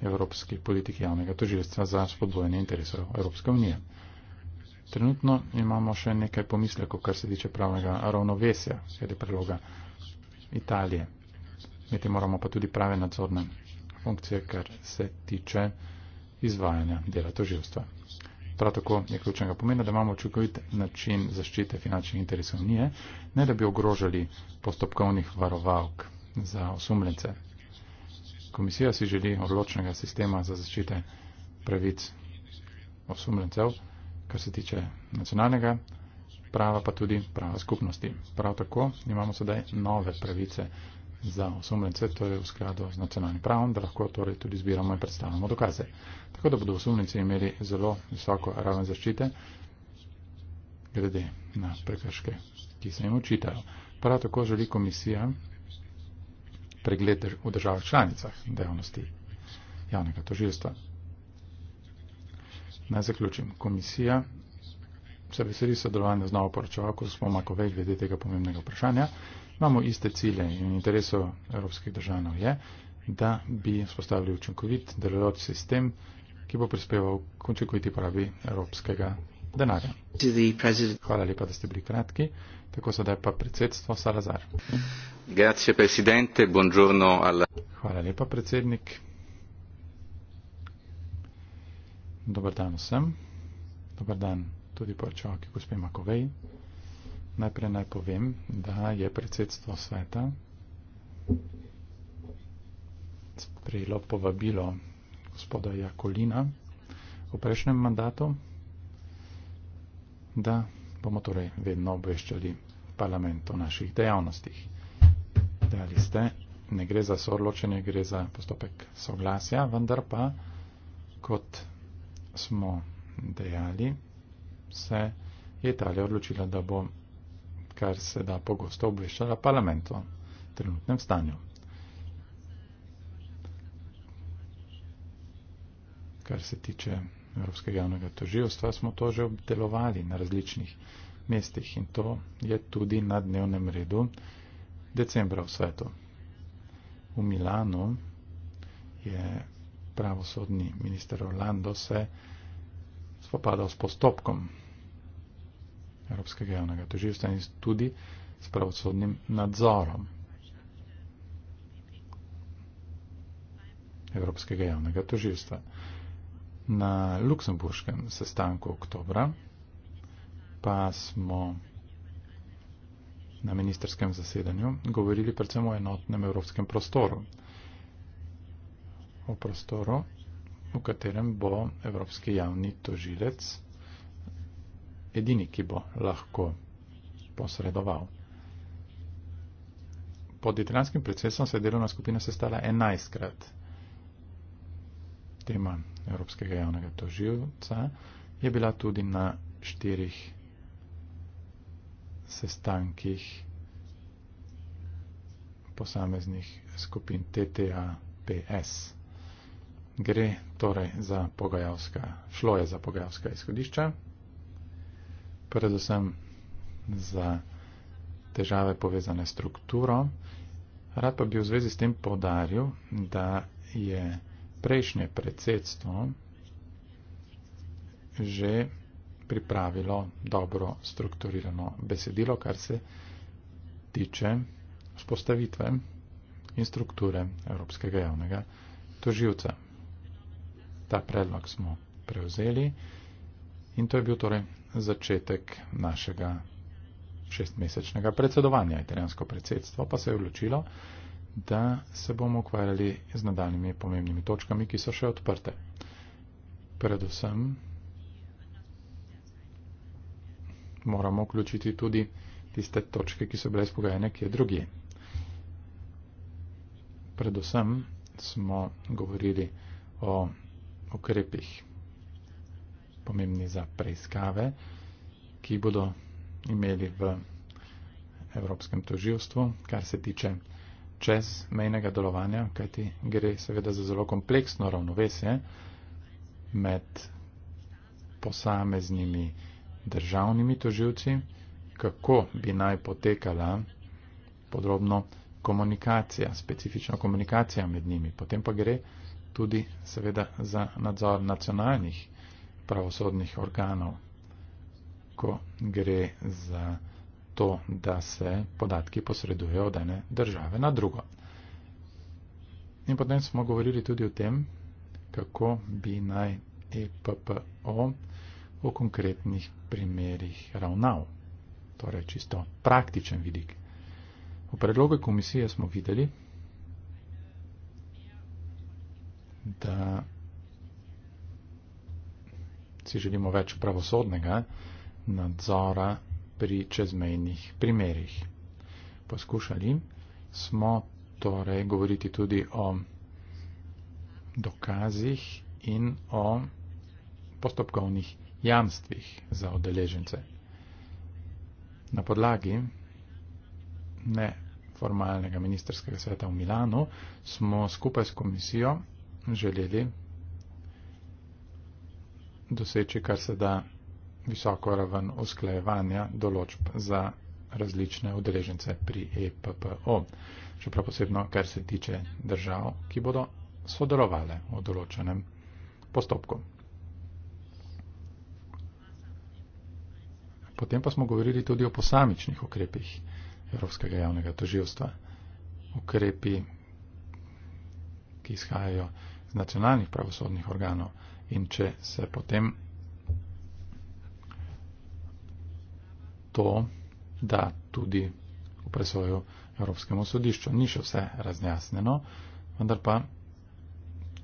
evropski politiki javnega tožilstva za spodbojanje interesov Evropske unije. Trenutno imamo še nekaj pomislekov, kar se tiče pravnega ravnovesja, sredi preloga Italije. Meti moramo pa tudi prave nadzorne funkcije, kar se tiče izvajanja dela tožilstva. Prav tako je ključnega pomena, da imamo očukovit način zaščite finančnih interesov unije, ne da bi ogrožali postopkovnih varovalk za osumljence. Komisija si želi odločnega sistema za zaščite pravic osumljencev, kar se tiče nacionalnega prava, pa tudi prava skupnosti. Prav tako imamo sedaj nove pravice za osumljence, torej v skladu z nacionalnim pravom, da lahko torej tudi zbiramo in predstavljamo dokaze. Tako da bodo osumljenci imeli zelo visoko raven zaščite glede na prekrške, ki se jim očitajo. Prav tako želi komisija pregled v državah članicah in dejavnosti javnega toživstva. Naj zaključim. Komisija se veseli sodelovanja z novo poročevalko, s pomakovej glede tega pomembnega vprašanja imamo iste cilje in interesov evropskih državov je, da bi vzpostavili učinkovit delovni sistem, ki bo prispeval k učinkoviti porabi evropskega denarja. Hvala lepa, da ste bili kratki. Tako sedaj pa predsedstvo Salazar. Hvala lepa, predsednik. Dobar dan vsem. Dobar dan tudi poročavki gospe Makovej. Najprej naj povem, da je predsedstvo sveta sprejelo povabilo gospoda Jakolina v prejšnjem mandatu, da bomo torej vedno obveščali parlament o naših dejavnostih. Dali ste, ne gre za soodločenje, gre za postopek soglasja, vendar pa, kot smo dejali, se je Italija odločila, da bo kar se da pogosto obveščala parlamento v trenutnem stanju. Kar se tiče Evropskega javnega toživstva, smo to že obdelovali na različnih mestih in to je tudi na dnevnem redu decembra v svetu. V Milano je pravosodni minister Orlando se spopadal s postopkom Evropskega javnega toživstva in tudi s pravosodnim nadzorom Evropskega javnega toživstva. Na Luksemburškem sestanku oktobra pa smo na ministerskem zasedanju govorili predvsem o enotnem evropskem prostoru. O prostoru, v katerem bo evropski javni tožilec edini, ki bo lahko posredoval. Pod italijanskim predsedstvom se je delovna skupina sestala enajstkrat. Tema Evropskega javnega toživca je bila tudi na štirih sestankih posameznih skupin TTA PS. Gre torej za pogajalska, šlo je za pogajalska izhodišča predvsem za težave povezane s strukturo. Rad pa bi v zvezi s tem povdaril, da je prejšnje predsedstvo že pripravilo dobro strukturirano besedilo, kar se tiče vzpostavitve in strukture Evropskega javnega toživca. Ta predlog smo prevzeli in to je bil torej začetek našega šestmesečnega predsedovanja. Italijansko predsedstvo pa se je odločilo, da se bomo ukvarjali z nadaljnimi pomembnimi točkami, ki so še odprte. Predvsem moramo vključiti tudi tiste točke, ki so bile izpogajene kje drugje. Predvsem smo govorili o ukrepih pomembni za preiskave, ki bodo imeli v Evropskem toživstvu, kar se tiče čezmejnega delovanja, kajti gre seveda za zelo kompleksno ravnovesje med posameznimi državnimi toživci, kako bi naj potekala podrobno komunikacija, specifična komunikacija med njimi. Potem pa gre tudi seveda za nadzor nacionalnih pravosodnih organov, ko gre za to, da se podatki posredujejo od ene države na drugo. In potem smo govorili tudi o tem, kako bi naj EPPO v konkretnih primerjih ravnal. Torej, čisto praktičen vidik. V predlogu komisije smo videli, da si želimo več pravosodnega nadzora pri čezmejnih primerih. Poskušali smo torej govoriti tudi o dokazih in o postopkovnih jamstvih za odeležence. Na podlagi neformalnega ministerskega sveta v Milano smo skupaj s komisijo želeli doseči kar se da visoko raven usklajevanja določb za različne udeležence pri EPPO, še prav posebno, kar se tiče držav, ki bodo sodelovale v določenem postopku. Potem pa smo govorili tudi o posamičnih ukrepih Evropskega javnega toživstva. Ukrepi, ki izhajajo z nacionalnih pravosodnih organov, In če se potem to da tudi v presojo Evropskemu sodišču, ni še vse razjasneno, vendar pa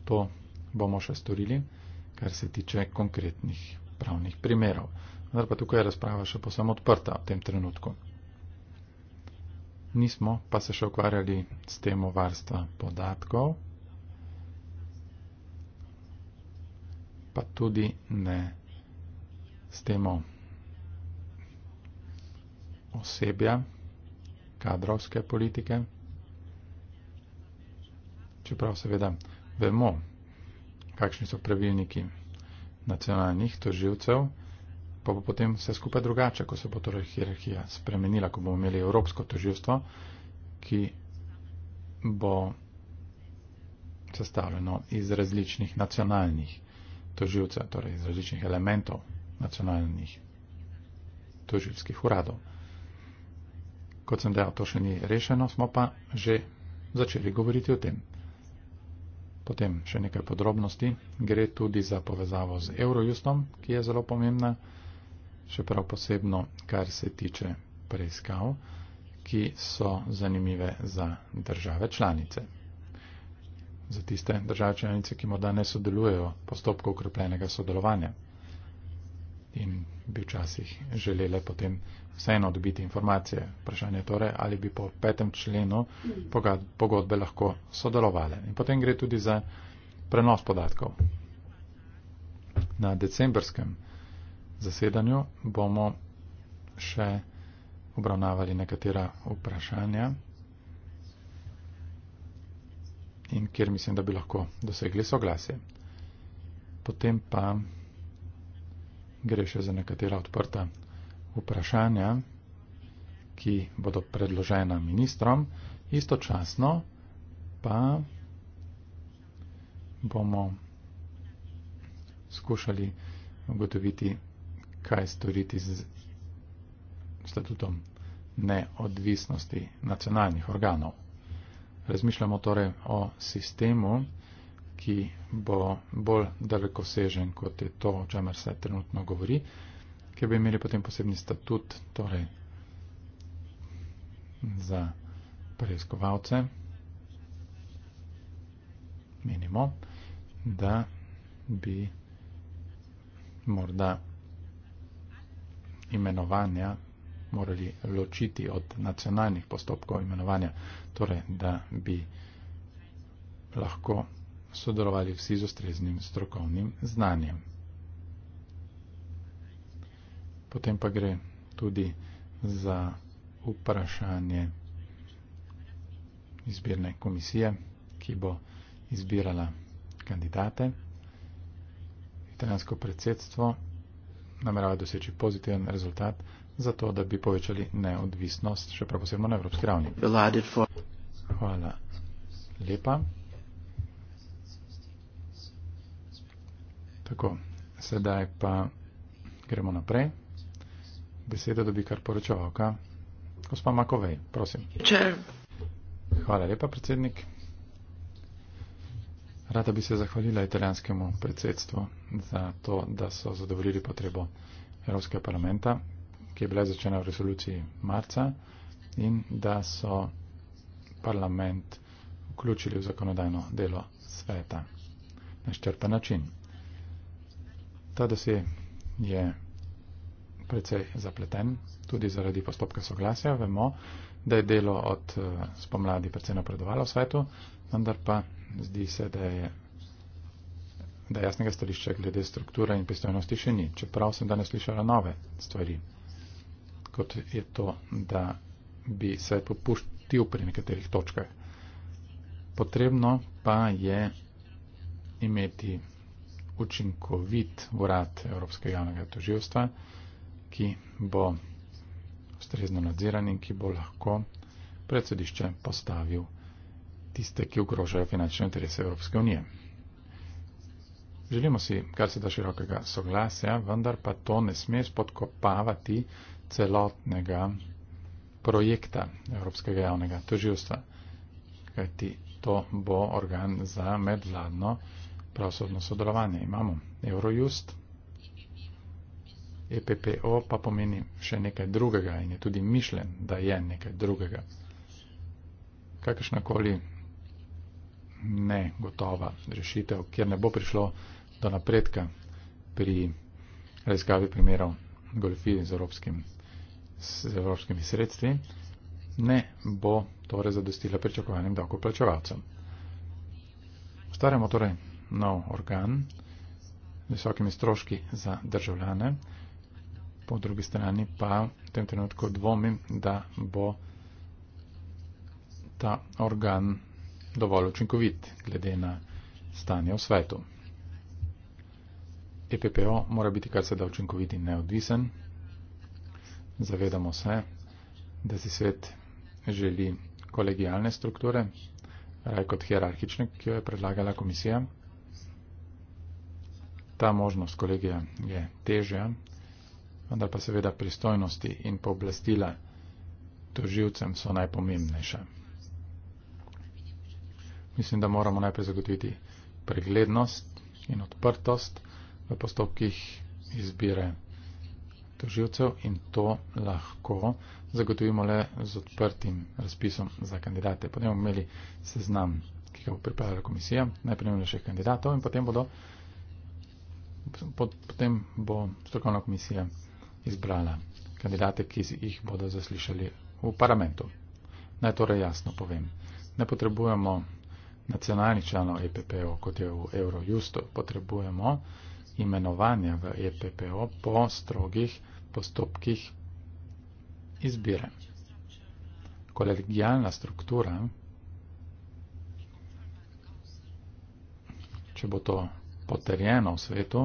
to bomo še storili, kar se tiče konkretnih pravnih primerov. Vendar pa tukaj je razprava še posebno odprta v tem trenutku. Nismo pa se še ukvarjali s temo varstva podatkov. pa tudi ne s temo osebja, kadrovske politike. Čeprav seveda vemo, kakšni so pravilniki nacionalnih toživcev, pa bo potem vse skupaj drugače, ko se bo torej hierarhija spremenila, ko bomo imeli evropsko toživstvo, ki bo sestavljeno iz različnih nacionalnih toživcev toživca, torej iz različnih elementov nacionalnih toživskih uradov. Kot sem dejal, to še ni rešeno, smo pa že začeli govoriti o tem. Potem še nekaj podrobnosti. Gre tudi za povezavo z Eurojustom, ki je zelo pomembna, še prav posebno, kar se tiče preiskav, ki so zanimive za države članice za tiste države članice, ki morda ne sodelujejo postopkov ukrepljenega sodelovanja in bi včasih želele potem vseeno dobiti informacije. Vprašanje je torej, ali bi po petem členu pogodbe lahko sodelovali. In potem gre tudi za prenos podatkov. Na decembrskem zasedanju bomo še obravnavali nekatera vprašanja in kjer mislim, da bi lahko dosegli soglasje. Potem pa gre še za nekatera odprta vprašanja, ki bodo predložena ministrom, istočasno pa bomo skušali ugotoviti, kaj storiti z statutom neodvisnosti nacionalnih organov. Razmišljamo torej o sistemu, ki bo bolj dalekosežen, kot je to, o čemer se trenutno govori, ki bi imeli potem posebni statut torej, za preiskovalce. Menimo, da bi morda imenovanja morali ločiti od nacionalnih postopkov imenovanja, torej da bi lahko sodelovali vsi z ustreznim strokovnim znanjem. Potem pa gre tudi za vprašanje izbirne komisije, ki bo izbirala kandidate. Italijansko predsedstvo namerava doseči pozitiven rezultat, za to, da bi povečali neodvisnost, še prav posebno na evropski ravni. Hvala lepa. Tako, sedaj pa gremo naprej. Besedo dobi kar poročevalka. Gospa Makovej, prosim. Hvala lepa, predsednik. Rada bi se zahvalila italijanskemu predsedstvu za to, da so zadovoljili potrebo Evropskega parlamenta, ki je bila začena v resoluciji marca in da so parlament vključili v zakonodajno delo sveta na ščrpen način. Ta dosje je precej zapleten, tudi zaradi postopka soglasja. Vemo, da je delo od eh, spomladi precej napredovalo v svetu, vendar pa zdi se, da je da jasnega stališča glede strukture in pristojnosti še ni, čeprav sem danes slišala nove stvari kot je to, da bi se popuštil pri nekaterih točkah. Potrebno pa je imeti učinkovit urad Evropskega javnega toživstva, ki bo ustrezno nadziran in ki bo lahko predsedišče postavil tiste, ki ogrožajo finančne interese Evropske unije. Želimo si kar se da širokega soglasja, vendar pa to ne sme spodkopavati celotnega projekta Evropskega javnega toživstva, kajti to bo organ za medvladno pravosodno sodelovanje. Imamo Eurojust, EPPO pa pomeni še nekaj drugega in je tudi mišljen, da je nekaj drugega. Kakršnakoli ne gotova rešitev, kjer ne bo prišlo do napredka pri raziskavi primerov goljofije z evropskim s evropskimi sredstvi, ne bo torej zadostila pričakovanim davkoplačevalcem. Ustvarjamo torej nov organ z visokimi stroški za državljane, po drugi strani pa v tem trenutku dvomim, da bo ta organ dovolj učinkovit glede na stanje v svetu. EPPO mora biti kar se da učinkovit in neodvisen zavedamo se, da si svet želi kolegijalne strukture, raje kot hierarhične, ki jo je predlagala komisija. Ta možnost kolegija je težja, vendar pa seveda pristojnosti in pooblastila toživcem so najpomembnejša. Mislim, da moramo najprej zagotoviti preglednost in odprtost v postopkih izbire tožilcev in to lahko zagotovimo le z odprtim razpisom za kandidate. Potem bomo imeli seznam, ki ga bo pripravila komisija, najprej najmlajših kandidatov in potem, bodo, pot, potem bo strokovna komisija izbrala kandidate, ki jih bodo zaslišali v parlamentu. Naj torej jasno povem. Ne potrebujemo nacionalnih članov EPPO, kot je v Eurojustu, potrebujemo imenovanja v EPPO po strogih postopkih izbire. Kolegijalna struktura, če bo to potrjeno v svetu,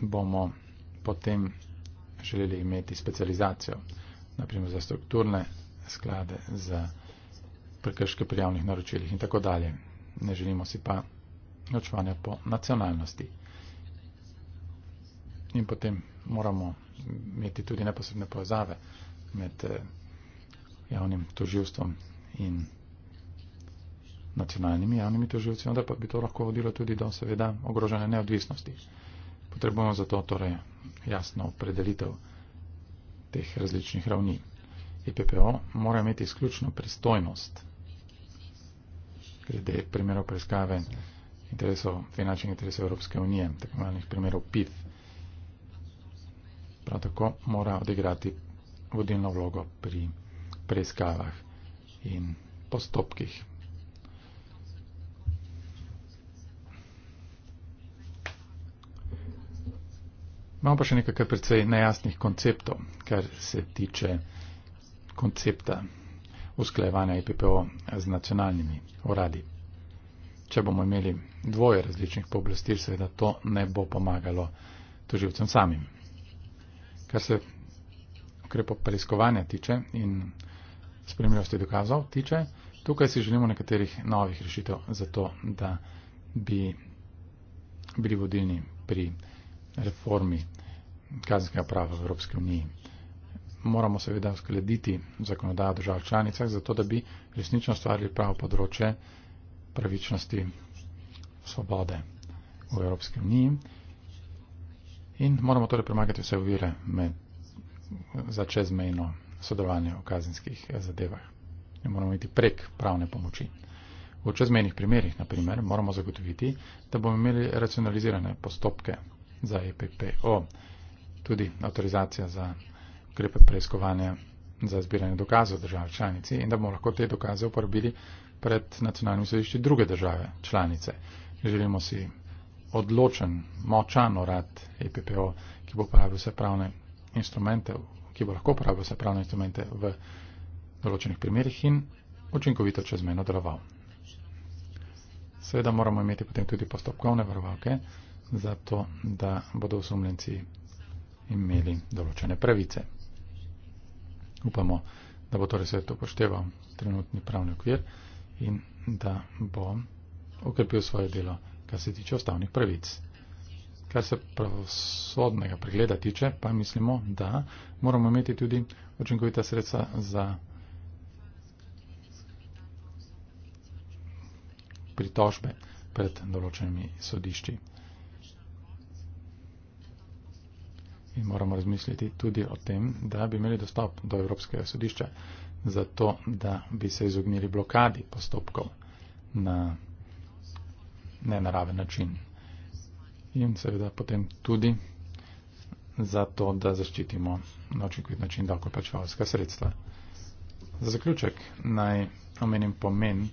bomo potem želeli imeti specializacijo, naprimer za strukturne sklade, za prekrške pri javnih naročilih in tako dalje. Ne želimo si pa ločevanja po nacionalnosti. In potem moramo imeti tudi neposredne povezave med eh, javnim toživstvom in nacionalnimi javnimi toživci, onda pa bi to lahko vodilo tudi do seveda ogrožene neodvisnosti. Potrebujemo zato torej jasno opredelitev teh različnih ravni. IPPO e mora imeti izključno pristojnost glede primerov preiskave interesov, finančnih interesov Evropske unije, tako imenih primerov PIF. Prav tako mora odigrati vodilno vlogo pri preiskavah in postopkih. Imamo pa še nekaj kar precej nejasnih konceptov, kar se tiče koncepta usklajevanja IPPO z nacionalnimi uradi. Če bomo imeli dvoje različnih pooblastil, seveda to ne bo pomagalo toživcem samim. Kar se ukrepo preiskovanja tiče in spremljivosti dokazov tiče, tukaj si želimo nekaterih novih rešitev za to, da bi bili vodilni pri reformi kazenskega prava v Evropski uniji. Moramo seveda uskladiti zakonodajo držav članicah, zato da bi resnično stvarili pravo področje pravičnosti svobode v Evropski uniji. In moramo torej premagati vse uvire za čezmejno sodelovanje v kazenskih eh, zadevah. In moramo iti prek pravne pomoči. V čezmejnih primerih, naprimer, moramo zagotoviti, da bomo imeli racionalizirane postopke za EPPO, tudi avtorizacija za ukrepe preiskovanja za zbiranje dokazov v državi članici in da bomo lahko te dokaze uporabili pred nacionalnimi središči druge države, članice. Želimo si odločen, močan urad EPPO, ki bo pravil vse pravne instrumente, ki bo lahko pravil vse pravne instrumente v določenih primerjih in učinkovito čezmeno deloval. Seveda moramo imeti potem tudi postopkovne varovalke, zato da bodo osumljenci imeli določene pravice. Upamo, da bo torej svet upošteval trenutni pravni okvir in da bo okrepil svoje delo, kar se tiče ustavnih pravic. Kar se pravosodnega pregleda tiče, pa mislimo, da moramo imeti tudi učinkovita sredstva za pritožbe pred določenimi sodišči. in moramo razmisliti tudi o tem, da bi imeli dostop do Evropskega sodišča, zato da bi se izognili blokadi postopkov na nenaraven način. In seveda potem tudi zato, da zaščitimo na očekovit način davkoplačevalska sredstva. Za zaključek naj omenim pomen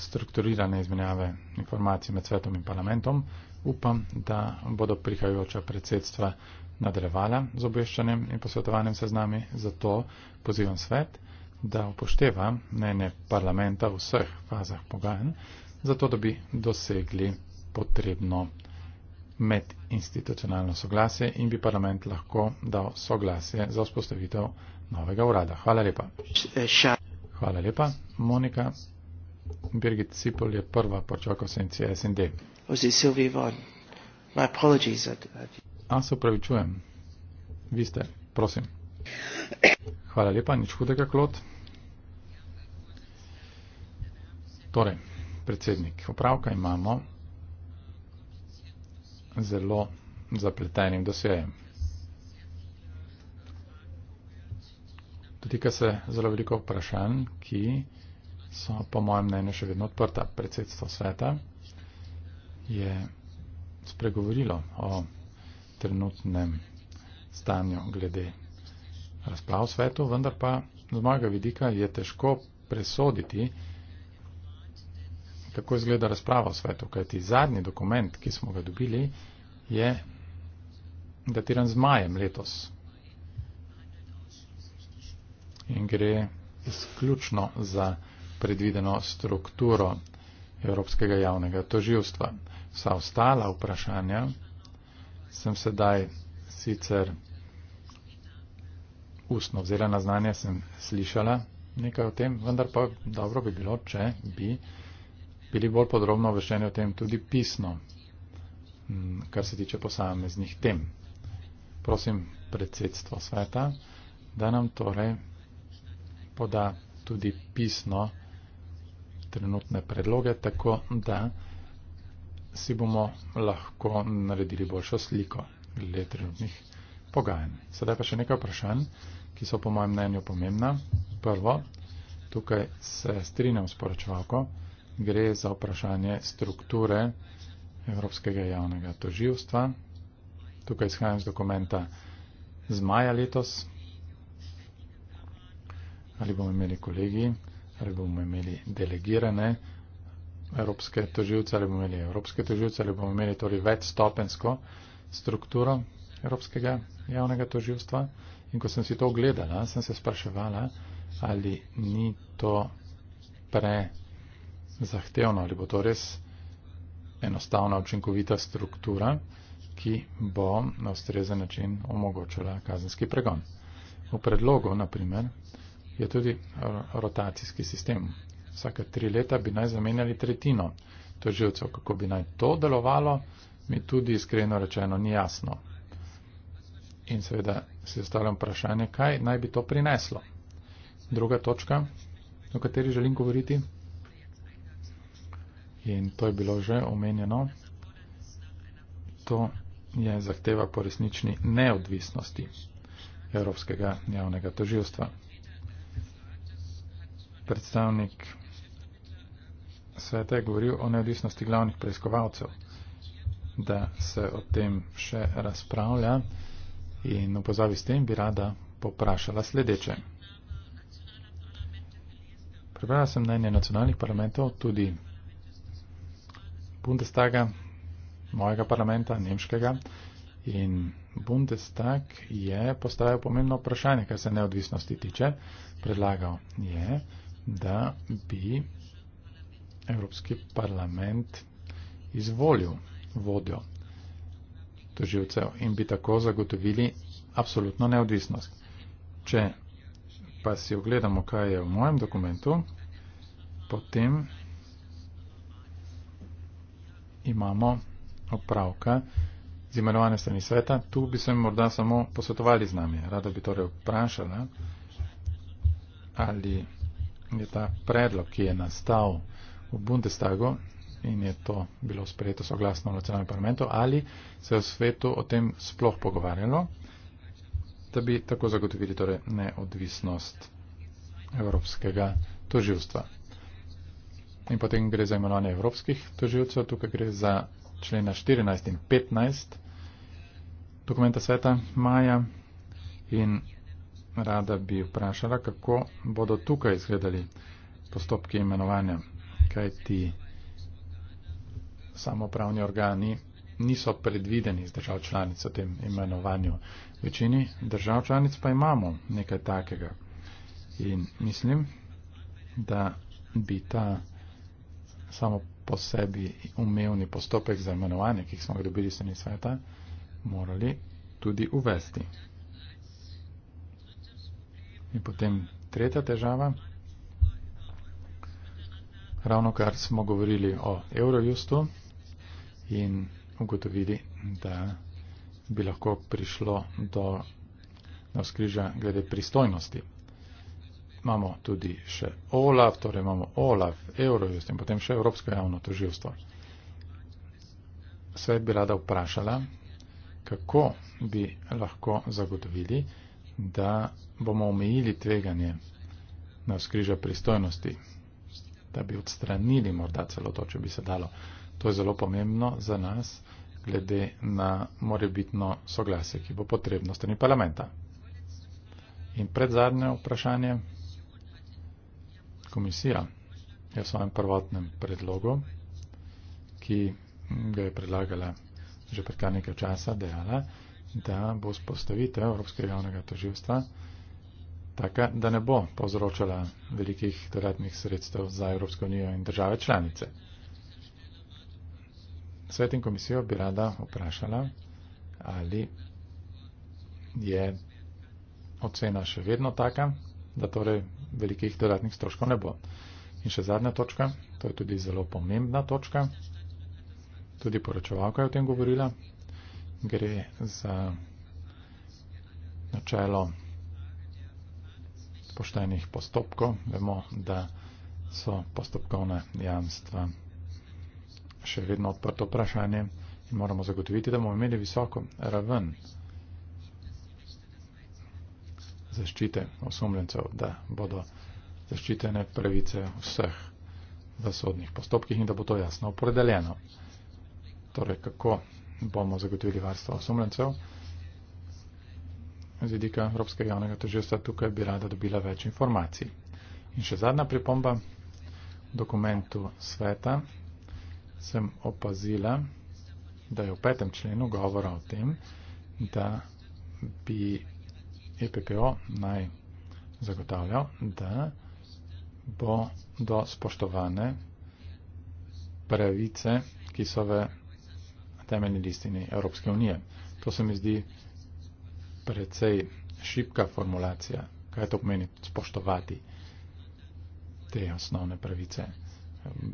strukturirane izmenjave informacij med svetom in parlamentom, upam, da bodo prihajajoča predsedstva nadrevala z obveščanjem in posvetovanjem se z nami. Zato pozivam svet, da upošteva mnenje parlamenta v vseh fazah pogajanj, zato da bi dosegli potrebno medinstitucionalno soglasje in bi parlament lahko dal soglasje za vzpostavitev novega urada. Hvala lepa. Hvala lepa. Monika Birgit Cipol je prva počakovsenci SND. Was it Sylvia Vaughan? My apologies. A se upravičujem. Vi ste, prosim. Hvala lepa, nič hudega, Klot. Torej, predsednik upravka imamo zelo zapletenim dosjejem. Dotika se zelo veliko vprašanj, ki so po mojem mnenju še vedno odprta predsedstvo sveta je spregovorilo o trenutnem stanju glede razprav v svetu, vendar pa z mojega vidika je težko presoditi, kako izgleda razprava v svetu, kajti zadnji dokument, ki smo ga dobili, je datiran z majem letos in gre izključno za predvideno strukturo Evropskega javnega toživstva. Vsa ostala vprašanja sem sedaj sicer ustno vzela na znanje, sem slišala nekaj o tem, vendar pa dobro bi bilo, če bi bili bolj podrobno obveščeni o tem tudi pisno, mm, kar se tiče posameznih tem. Prosim predsedstvo sveta, da nam torej poda tudi pisno, trenutne predloge, tako da si bomo lahko naredili boljšo sliko glede trenutnih pogajanj. Sedaj pa še nekaj vprašanj, ki so po mojem mnenju pomembna. Prvo, tukaj se strinjam s poročevalko, gre za vprašanje strukture Evropskega javnega toživstva. Tukaj izhajam z dokumenta z maja letos ali bomo imeli kolegi, ali bomo imeli delegirane evropske toživce, ali bomo imeli evropske toživce, ali bomo imeli torej večstopensko strukturo evropskega javnega toživstva. In ko sem si to ogledala, sem se spraševala, ali ni to prezahtevno, ali bo to res enostavna, učinkovita struktura, ki bo na ustrezen način omogočala kazenski pregon. V predlogu, naprimer, je tudi eh, rotacijski sistem. Vsake tri leta bi naj zamenjali tretjino toživcev. Kako bi naj to delovalo, mi tudi iskreno rečeno ni jasno. In seveda se stavljam vprašanje, kaj naj bi to prineslo. Druga točka, o kateri želim govoriti, in to je bilo že omenjeno, to je zahteva po resnični neodvisnosti Evropskega javnega toživstva predstavnik sveta je govoril o neodvisnosti glavnih preiskovalcev, da se o tem še razpravlja in upozavi s tem bi rada poprašala sledeče. Prebrala sem mnenje nacionalnih parlamentov, tudi Bundestaga, mojega parlamenta, nemškega in Bundestag je postavil pomembno vprašanje, kar se neodvisnosti tiče. Predlagal je, yeah da bi Evropski parlament izvolil vodjo toživcev in bi tako zagotovili absolutno neodvisnost. Če pa si ogledamo, kaj je v mojem dokumentu, potem imamo opravka z imenovane strani sveta. Tu bi se morda samo posvetovali z nami. Rada bi torej vprašala, ali je ta predlog, ki je nastal v Bundestagu in je to bilo sprejeto soglasno v nacionalnem parlamentu, ali se je v svetu o tem sploh pogovarjalo, da bi tako zagotovili torej neodvisnost evropskega toživstva. In potem gre za imenovanje evropskih toživcev, tukaj gre za člena 14 in 15 dokumenta sveta maja in rada bi vprašala, kako bodo tukaj izgledali postopki imenovanja, kaj ti samopravni organi niso predvideni z držav članic o tem imenovanju. Večini držav članic pa imamo nekaj takega. In mislim, da bi ta samo po sebi umevni postopek za imenovanje, ki smo ga dobili iz sveta, morali tudi uvesti. In potem tretja težava. Ravno kar smo govorili o Eurojustu in ugotovili, da bi lahko prišlo do navskriža glede pristojnosti. Imamo tudi še OLAF, torej imamo OLAF, Eurojust in potem še Evropsko javno toživstvo. Svet bi rada vprašala, kako bi lahko zagotovili, da bomo omejili tveganje na skriža pristojnosti, da bi odstranili morda celo to, če bi se dalo. To je zelo pomembno za nas, glede na morebitno soglasje, ki bo potrebno strani parlamenta. In pred zadnje vprašanje. Komisija je v svojem prvotnem predlogu, ki ga je predlagala že pred kar nekaj časa, dejala, da bo spostavitev Evropskega javnega toživstva taka, da ne bo povzročala velikih dodatnih sredstev za Evropsko unijo in države članice. Svet in komisijo bi rada vprašala, ali je ocena še vedno taka, da torej velikih dodatnih stroškov ne bo. In še zadnja točka, to je tudi zelo pomembna točka, tudi poročevalka je o tem govorila, gre za načelo poštenih postopkov. Vemo, da so postopkovne jamstva še vedno odprto vprašanje in moramo zagotoviti, da bomo imeli visoko raven zaščite osumljencev, da bodo zaščitene pravice vseh v sodnih postopkih in da bo to jasno opredeljeno. Torej, kako bomo zagotovili varstvo osumljencev. Z vidika Evropskega javnega tožilstva tukaj bi rada dobila več informacij. In še zadnja pripomba. V dokumentu sveta sem opazila, da je v petem členu govora o tem, da bi EPPO naj zagotavljal, da bo do spoštovane pravice, ki so v temeljni listini Evropske unije. To se mi zdi precej šipka formulacija, kaj to pomeni spoštovati te osnovne pravice.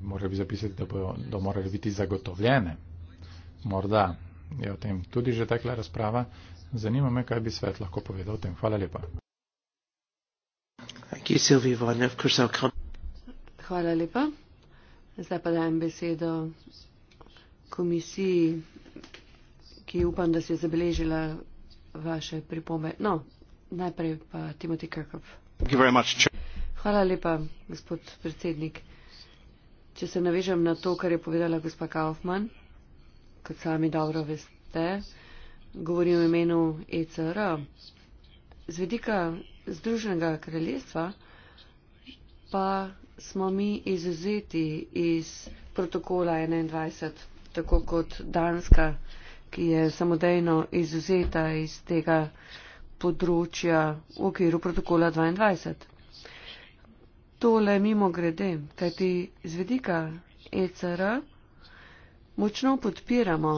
Morali bi zapisati, da, bojo, da morali biti zagotovljene. Morda je o tem tudi že tekla razprava. Zanima me, kaj bi svet lahko povedal o tem. Hvala lepa. Hvala lepa. Zdaj pa dajem besedo komisiji, ki upam, da se je zabeležila vaše pripombe. No, najprej pa Timothy Kirkov. Hvala lepa, gospod predsednik. Če se navežem na to, kar je povedala gospa Kaufmann, kot sami dobro veste, govorim o imenu ECR. Z vedika Združenega kraljestva pa smo mi izuzeti iz protokola 21 tako kot Danska, ki je samodejno izuzeta iz tega področja v okviru protokola 22. Tole mimo grede, kajti z vedika ECR močno podpiramo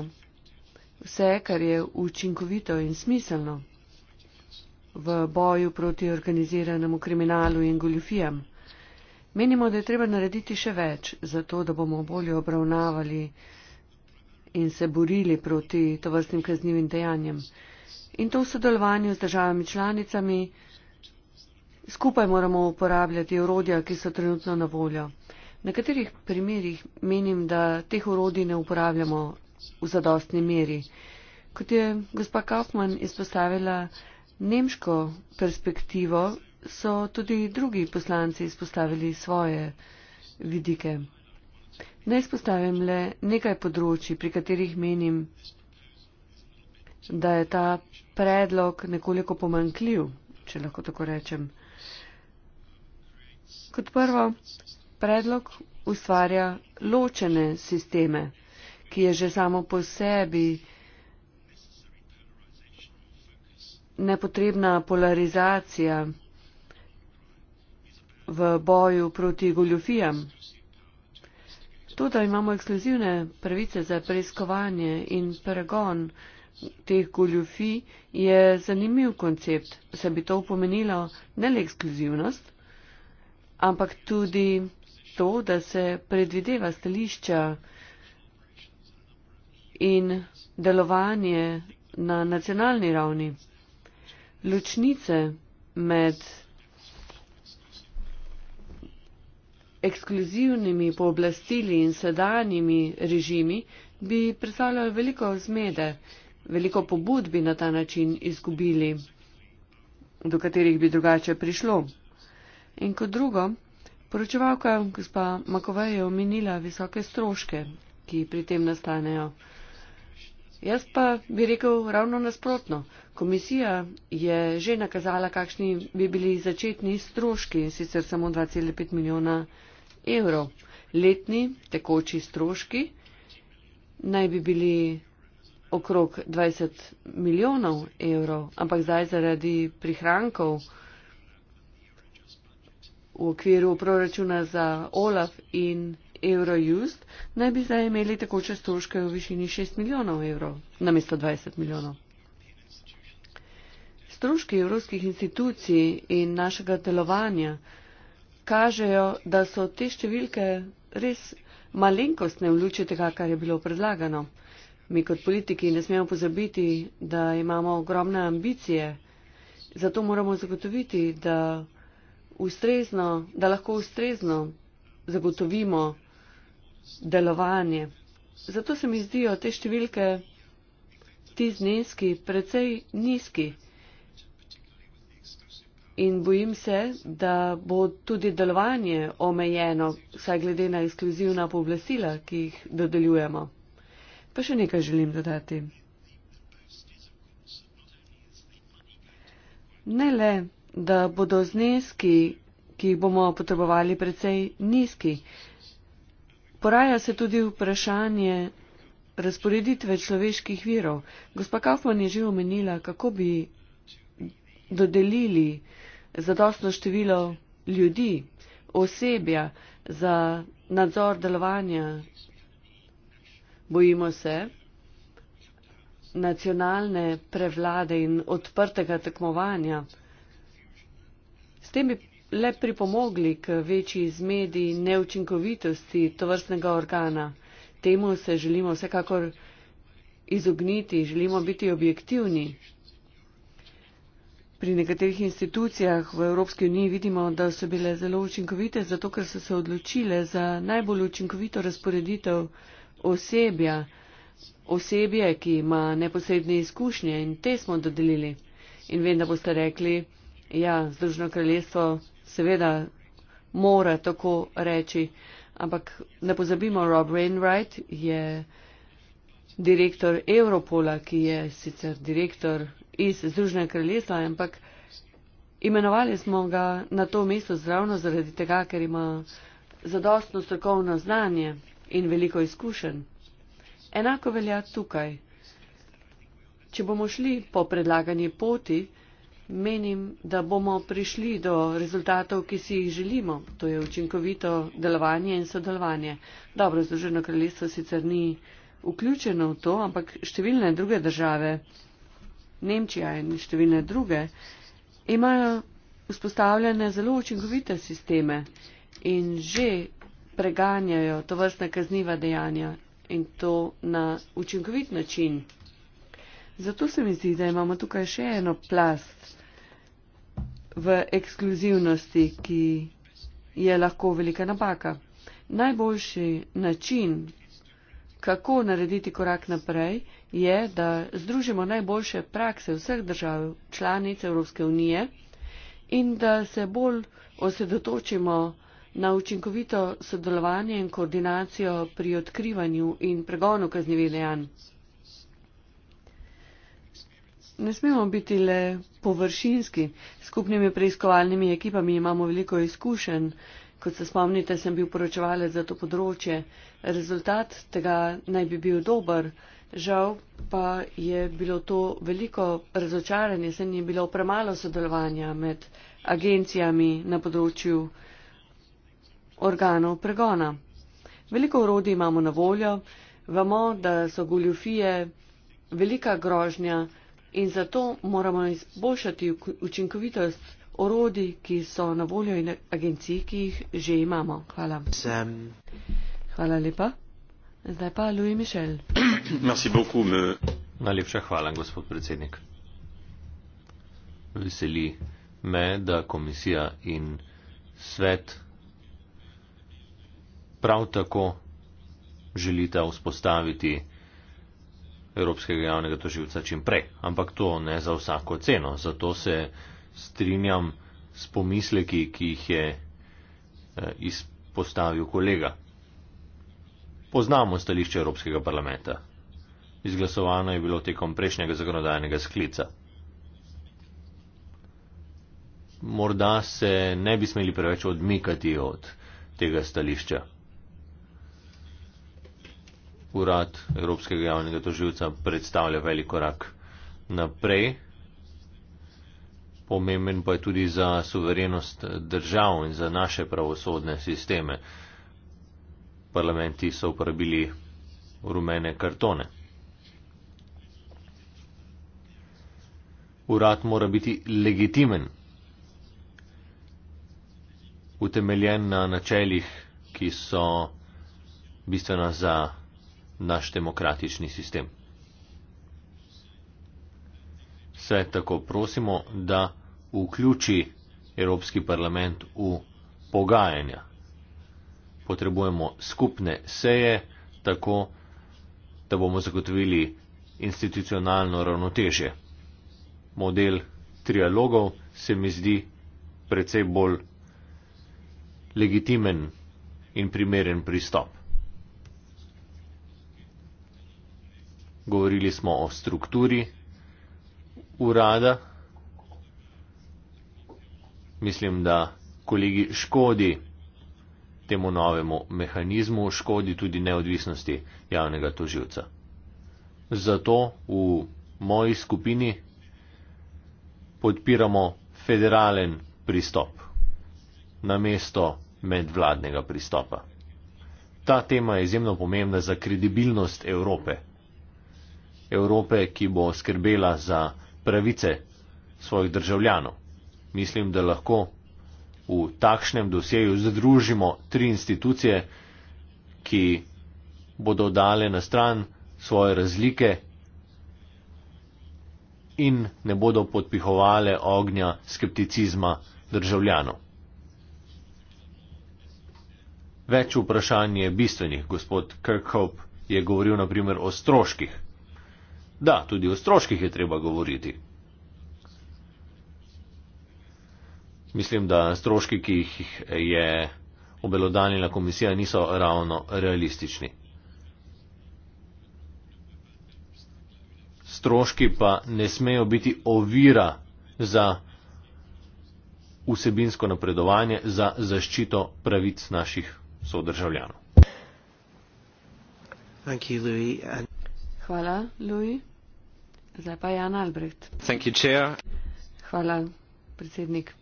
vse, kar je učinkovito in smiselno v boju proti organiziranemu kriminalu in goljufijam. Menimo, da je treba narediti še več, zato da bomo bolje obravnavali in se borili proti tovrstnim kaznjivim dejanjem. In to v sodelovanju z državami članicami. Skupaj moramo uporabljati orodja, ki so trenutno na voljo. Na katerih primerjih menim, da teh orodij ne uporabljamo v zadostni meri. Kot je gospa Kaufmann izpostavila nemško perspektivo, so tudi drugi poslanci izpostavili svoje vidike. Ne izpostavim le nekaj področji, pri katerih menim, da je ta predlog nekoliko pomankljiv, če lahko tako rečem. Kot prvo, predlog ustvarja ločene sisteme, ki je že samo po sebi nepotrebna polarizacija v boju proti goljofijam. To, da imamo ekskluzivne pravice za preiskovanje in pregon teh goljufi, je zanimiv koncept. Se bi to upomenilo ne le ekskluzivnost, ampak tudi to, da se predvideva stališča in delovanje na nacionalni ravni. Ločnice med ekskluzivnimi pooblastili in sedanjimi režimi bi predstavljalo veliko zmede, veliko pobud bi na ta način izgubili, do katerih bi drugače prišlo. In kot drugo, poročevalka gospa Makove je omenila visoke stroške, ki pri tem nastanejo. Jaz pa bi rekel ravno nasprotno. Komisija je že nakazala, kakšni bi bili začetni stroški, sicer samo 2,5 milijona evrov. Letni tekoči stroški naj bi bili okrog 20 milijonov evrov, ampak zdaj zaradi prihrankov v okviru proračuna za OLAF in Eurojust naj bi zdaj imeli tekoče stroške v višini 6 milijonov evrov namesto 20 milijonov. Stroški evropskih institucij in našega delovanja kažejo, da so te številke res malenkostne v luči tega, kar je bilo predlagano. Mi kot politiki ne smemo pozabiti, da imamo ogromne ambicije, zato moramo zagotoviti, da, ustrezno, da lahko ustrezno zagotovimo delovanje. Zato se mi zdijo te številke, ti zneski, precej nizki in bojim se, da bo tudi delovanje omejeno, saj glede na ekskluzivna povlasila, ki jih dodeljujemo. Pa še nekaj želim dodati. Ne le, da bodo zneski, ki jih bomo potrebovali, precej nizki. Poraja se tudi vprašanje razporeditve človeških virov. Gospa Kaufman je že omenila, kako bi dodelili uh, zadostno število ljudi, osebja za nadzor delovanja. Bojimo se nacionalne prevlade in odprtega tekmovanja. S tem bi le pripomogli k večji izmedi neučinkovitosti tovrstnega organa. Temu se želimo vsekakor izogniti, želimo biti objektivni. Pri nekaterih institucijah v Evropski uniji vidimo, da so bile zelo učinkovite, zato ker so se odločile za najbolj učinkovito razporeditev osebja, osebje, ki ima neposredne izkušnje in te smo dodelili. In vem, da boste rekli, ja, Združeno kraljestvo seveda mora tako reči, ampak ne pozabimo, Rob Rainwright je direktor Europola, ki je sicer direktor iz Združenega kraljestva, ampak imenovali smo ga na to mesto zravno zaradi tega, ker ima zadostno strokovno znanje in veliko izkušenj. Enako velja tukaj. Če bomo šli po predlagani poti, menim, da bomo prišli do rezultatov, ki si jih želimo. To je učinkovito delovanje in sodelovanje. Dobro, Združeno kraljestvo sicer ni vključeno v to, ampak številne druge države Nemčija in številne druge, imajo vzpostavljene zelo učinkovite sisteme in že preganjajo to vrstne kazniva dejanja in to na učinkovit način. Zato se mi zdi, da imamo tukaj še eno plast v ekskluzivnosti, ki je lahko velika napaka. Najboljši način, kako narediti korak naprej, je, da združimo najboljše prakse vseh držav članic Evropske unije in da se bolj osredotočimo na učinkovito sodelovanje in koordinacijo pri odkrivanju in pregonu kaznivih dejanj. Ne smemo biti le površinski. S skupnimi preiskovalnimi ekipami imamo veliko izkušenj. Kot se spomnite, sem bil poročevalec za to področje. Rezultat tega naj bi bil dober. Žal pa je bilo to veliko razočaranje, saj ni bilo premalo sodelovanja med agencijami na področju organov pregona. Veliko urodij imamo na voljo, vemo, da so goljofije velika grožnja in zato moramo izboljšati učinkovitost orodij, ki so na voljo in agencij, ki jih že imamo. Hvala. Sem. Hvala lepa. Zdaj pa Louis Michel. Najlepša hvala, gospod predsednik. Veseli me, da komisija in svet prav tako želita vzpostaviti Evropskega javnega toživca čim prej, ampak to ne za vsako ceno. Zato se strinjam s pomisleki, ki jih je eh, izpostavil kolega. Poznamo stališče Evropskega parlamenta izglasovano je bilo tekom prejšnjega zakonodajnega sklica. Morda se ne bi smeli preveč odmikati od tega stališča. Urad Evropskega javnega toživca predstavlja velik korak naprej. Pomemben pa je tudi za suverenost držav in za naše pravosodne sisteme. Parlamenti so uporabili rumene kartone. urad mora biti legitimen, utemeljen na načeljih, ki so bistvena za naš demokratični sistem. Vse tako prosimo, da vključi Evropski parlament v pogajanja. Potrebujemo skupne seje, tako da bomo zagotovili institucionalno ravnotežje model trialogov se mi zdi precej bolj legitimen in primeren pristop. Govorili smo o strukturi urada. Mislim, da kolegi škodi temu novemu mehanizmu, škodi tudi neodvisnosti javnega toživca. Zato v moji skupini podpiramo federalen pristop na mesto medvladnega pristopa. Ta tema je izjemno pomembna za kredibilnost Evrope. Evrope, ki bo skrbela za pravice svojih državljanov. Mislim, da lahko v takšnem dosjeju združimo tri institucije, ki bodo dale na stran svoje razlike in ne bodo podpihovale ognja skepticizma državljanov. Več vprašanj je bistvenih, gospod Kirkhope je govoril naprimer o stroških. Da, tudi o stroških je treba govoriti. Mislim, da stroški, ki jih je obelodanila komisija, niso ravno realistični. stroški pa ne smejo biti ovira za vsebinsko napredovanje, za zaščito pravic naših sodržavljanov. Hvala, Louis. Zdaj pa Jan Albrecht. Hvala, predsednik.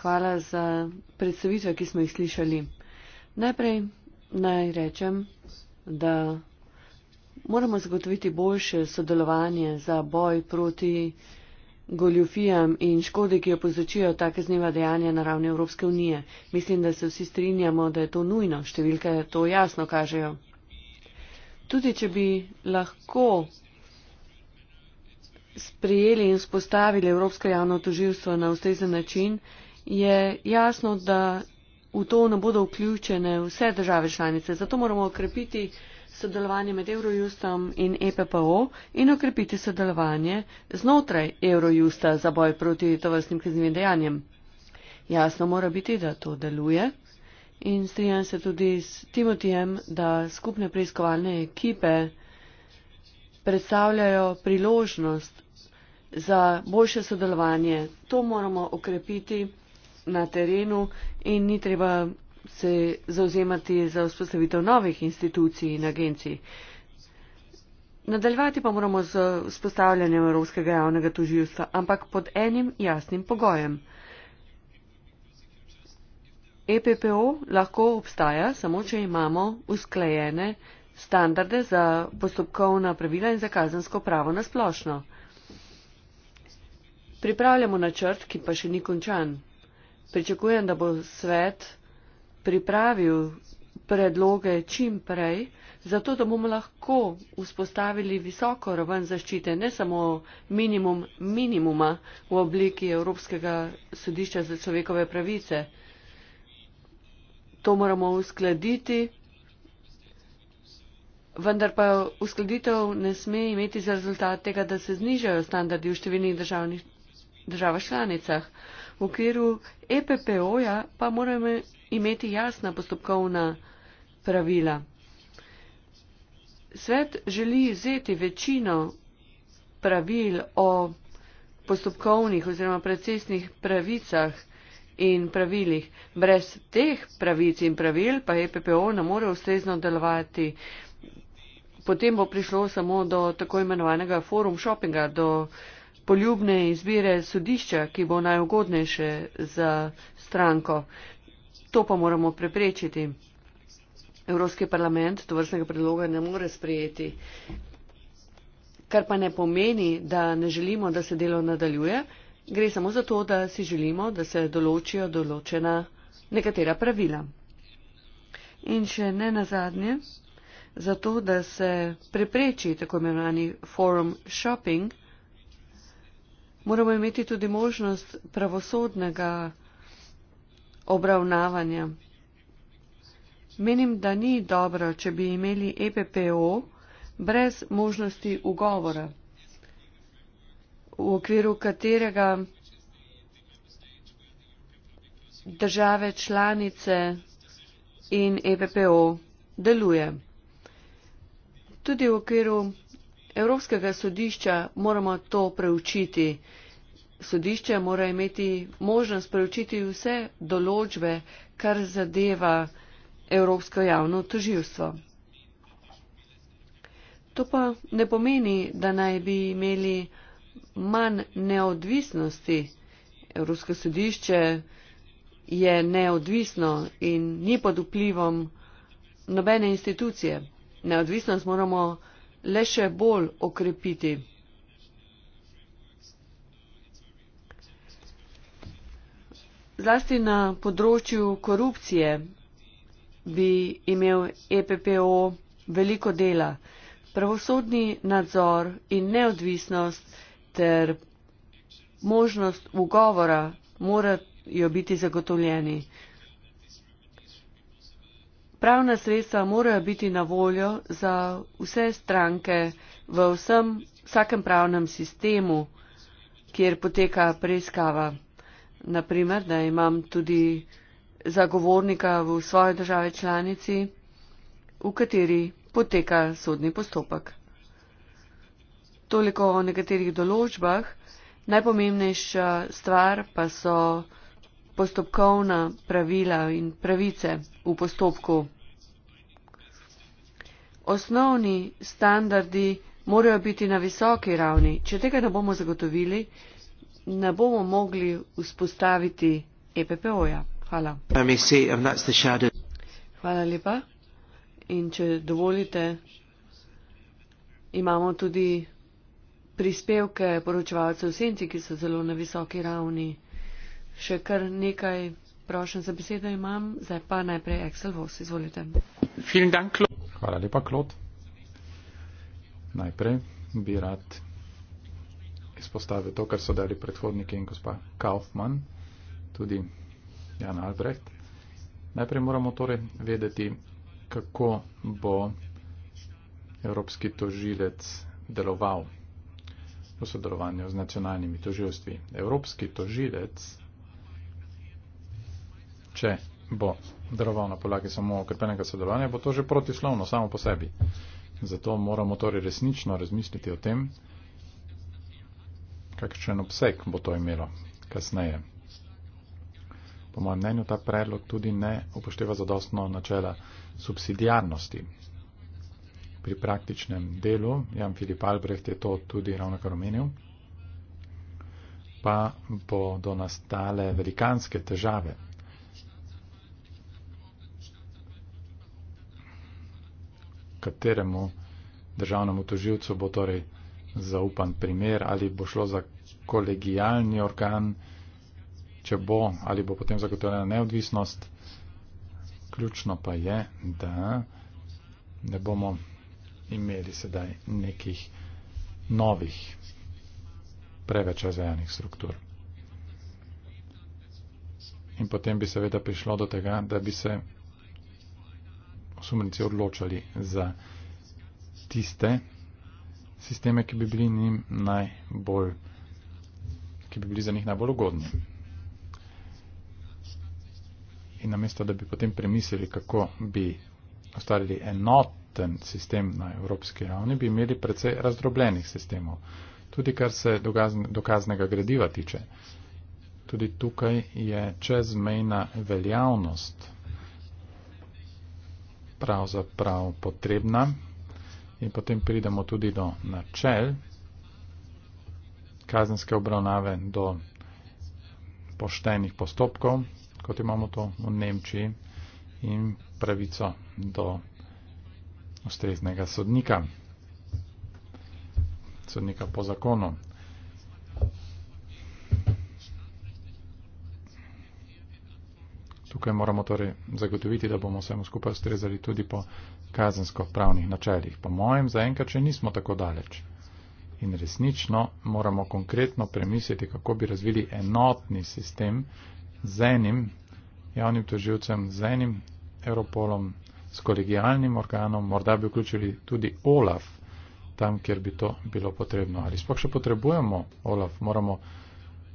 Hvala za predstavitve, ki smo jih slišali. Najprej naj rečem, da Moramo zagotoviti boljše sodelovanje za boj proti goljufijam in škode, ki jo povzročijo ta kazniva dejanja na ravni Evropske unije. Mislim, da se vsi strinjamo, da je to nujno. Številke to jasno kažejo. Tudi, če bi lahko sprijeli in spostavili Evropsko javno toživstvo na ustrezen način, je jasno, da v to ne bodo vključene vse države članice. Zato moramo okrepiti sodelovanje med Eurojustom in EPPO in okrepiti sodelovanje znotraj Eurojusta za boj proti tovrstnim kaznjivim dejanjem. Jasno mora biti, da to deluje in strijam se tudi s Timotijem, da skupne preiskovalne ekipe predstavljajo priložnost za boljše sodelovanje. To moramo okrepiti na terenu in ni treba se zauzemati za vzpostavitev novih institucij in agencij. Nadaljevati pa moramo z vzpostavljanjem Evropskega javnega tužilstva, ampak pod enim jasnim pogojem. EPPO lahko obstaja samo, če imamo usklajene standarde za postopkovna pravila in za kazensko pravo na splošno. Pripravljamo načrt, ki pa še ni končan. Pričakujem, da bo svet pripravil predloge čim prej, zato da bomo lahko vzpostavili visoko raven zaščite, ne samo minimum minimuma v obliki Evropskega sodišča za človekove pravice. To moramo uskladiti, vendar pa uskladitev ne sme imeti za rezultat tega, da se znižajo standardi v številnih državah članicah. V okviru EPPO-ja pa moramo imeti jasna postopkovna pravila. Svet želi vzeti večino pravil o postopkovnih oziroma procesnih pravicah in pravilih. Brez teh pravic in pravil pa EPPO ne more ustrezno delovati. Potem bo prišlo samo do tako imenovanega forum shoppinga, do poljubne izbire sodišča, ki bo najugodnejše za stranko. To pa moramo preprečiti. Evropski parlament to vrstnega predloga ne more sprejeti. Kar pa ne pomeni, da ne želimo, da se delo nadaljuje, gre samo za to, da si želimo, da se določijo določena nekatera pravila. In še ne nazadnje, zato, da se prepreči tako imenovani forum shopping, moramo imeti tudi možnost pravosodnega obravnavanja. Menim, da ni dobro, če bi imeli EPPO brez možnosti ugovora, v okviru katerega države članice in EPPO deluje. Tudi v okviru Evropskega sodišča moramo to preučiti. Sodišče mora imeti možnost preučiti vse določbe, kar zadeva Evropsko javno toživstvo. To pa ne pomeni, da naj bi imeli manj neodvisnosti. Evropsko sodišče je neodvisno in ni pod vplivom nobene institucije. Neodvisnost moramo preučiti le še bolj okrepiti. Zlasti na področju korupcije bi imel EPPO veliko dela. Pravosodni nadzor in neodvisnost ter možnost ugovora morajo biti zagotovljeni. Pravna sredstva morajo biti na voljo za vse stranke v vsem, vsakem pravnem sistemu, kjer poteka preiskava. Naprimer, da imam tudi zagovornika v svoji državi članici, v kateri poteka sodni postopek. Toliko o nekaterih določbah. Najpomembnejša stvar pa so postopkovna pravila in pravice v postopku osnovni standardi morajo biti na visoki ravni. Če tega ne bomo zagotovili, ne bomo mogli vzpostaviti EPPO-ja. Hvala. Hvala lepa. In če dovolite, imamo tudi prispevke poročevalcev senci, ki so zelo na visoki ravni. Še kar nekaj Prošen za besedo imam, zdaj pa najprej Excel Vos, izvolite. Hvala lepa, Klot. Najprej bi rad izpostavil to, kar so dali predhodniki in gospa Kaufmann, tudi Jan Albrecht. Najprej moramo torej vedeti, kako bo evropski tožilec deloval v sodelovanju z nacionalnimi tožilstvi. Evropski tožilec če bo deloval na podlagi samo okrepenega sodelovanja, bo to že protislovno samo po sebi. Zato moramo torej resnično razmisliti o tem, kakšen obseg bo to imelo kasneje. Po mojem mnenju ta predlog tudi ne upošteva zadostno načela subsidijarnosti. Pri praktičnem delu, Jan Filip Albrecht je to tudi ravno kar omenil, pa bodo nastale velikanske težave kateremu državnemu toživcu bo torej zaupan primer, ali bo šlo za kolegijalni organ, če bo, ali bo potem zagotovljena neodvisnost. Ključno pa je, da ne bomo imeli sedaj nekih novih preveč razvejanih struktur. In potem bi seveda prišlo do tega, da bi se osumljenci odločali za tiste sisteme, ki bi bili njim najbolj, ki bi bili za njih najbolj ugodni. In namesto, da bi potem premislili, kako bi ustvarili enoten sistem na evropski ravni, bi imeli precej razdrobljenih sistemov. Tudi kar se dokaznega gradiva tiče. Tudi tukaj je čezmejna veljavnost pravzaprav potrebna. In potem pridemo tudi do načel kazenske obravnave, do poštenih postopkov, kot imamo to v Nemčiji, in pravico do ustreznega sodnika, sodnika po zakonu. Tukaj moramo torej zagotoviti, da bomo vsemu skupaj ustrezali tudi po kazensko-pravnih načeljih. Po mojem, zaenkrat, če nismo tako daleč. In resnično moramo konkretno premisliti, kako bi razvili enotni sistem z enim javnim toživcem, z enim Europolom, s kolegijalnim organom, morda bi vključili tudi OLAF tam, kjer bi to bilo potrebno. Ali sploh še potrebujemo OLAF, moramo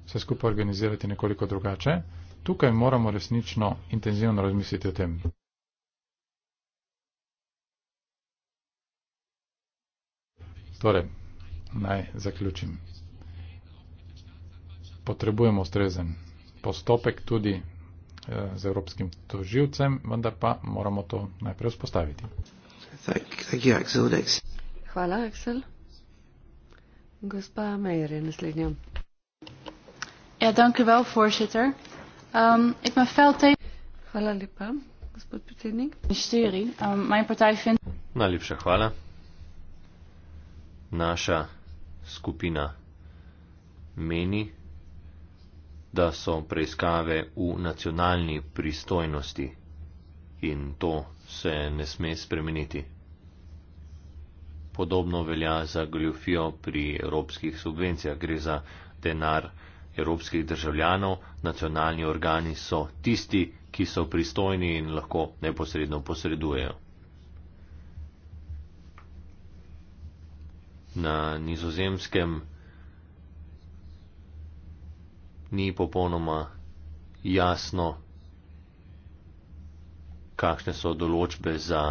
vse skupaj organizirati nekoliko drugače tukaj moramo resnično intenzivno razmisliti o tem. Torej, naj zaključim. Potrebujemo ustrezen postopek tudi eh, z evropskim toživcem, vendar pa moramo to najprej vzpostaviti. Hvala, Aksel. Gospa Mejer je naslednja. Ja, danke vel, foršiter. Um, ik ben fel tegen. Hvala lepa, gospod predsednik. Ministerij, um, mijn partij vindt. Najlepša hvala. Naša skupina meni, da so preiskave v nacionalni pristojnosti in to se ne sme spremeniti. Podobno velja za goljofijo pri evropskih subvencijah, gre za denar evropskih državljanov, nacionalni organi so tisti, ki so pristojni in lahko neposredno posredujejo. Na nizozemskem ni popolnoma jasno, kakšne so določbe za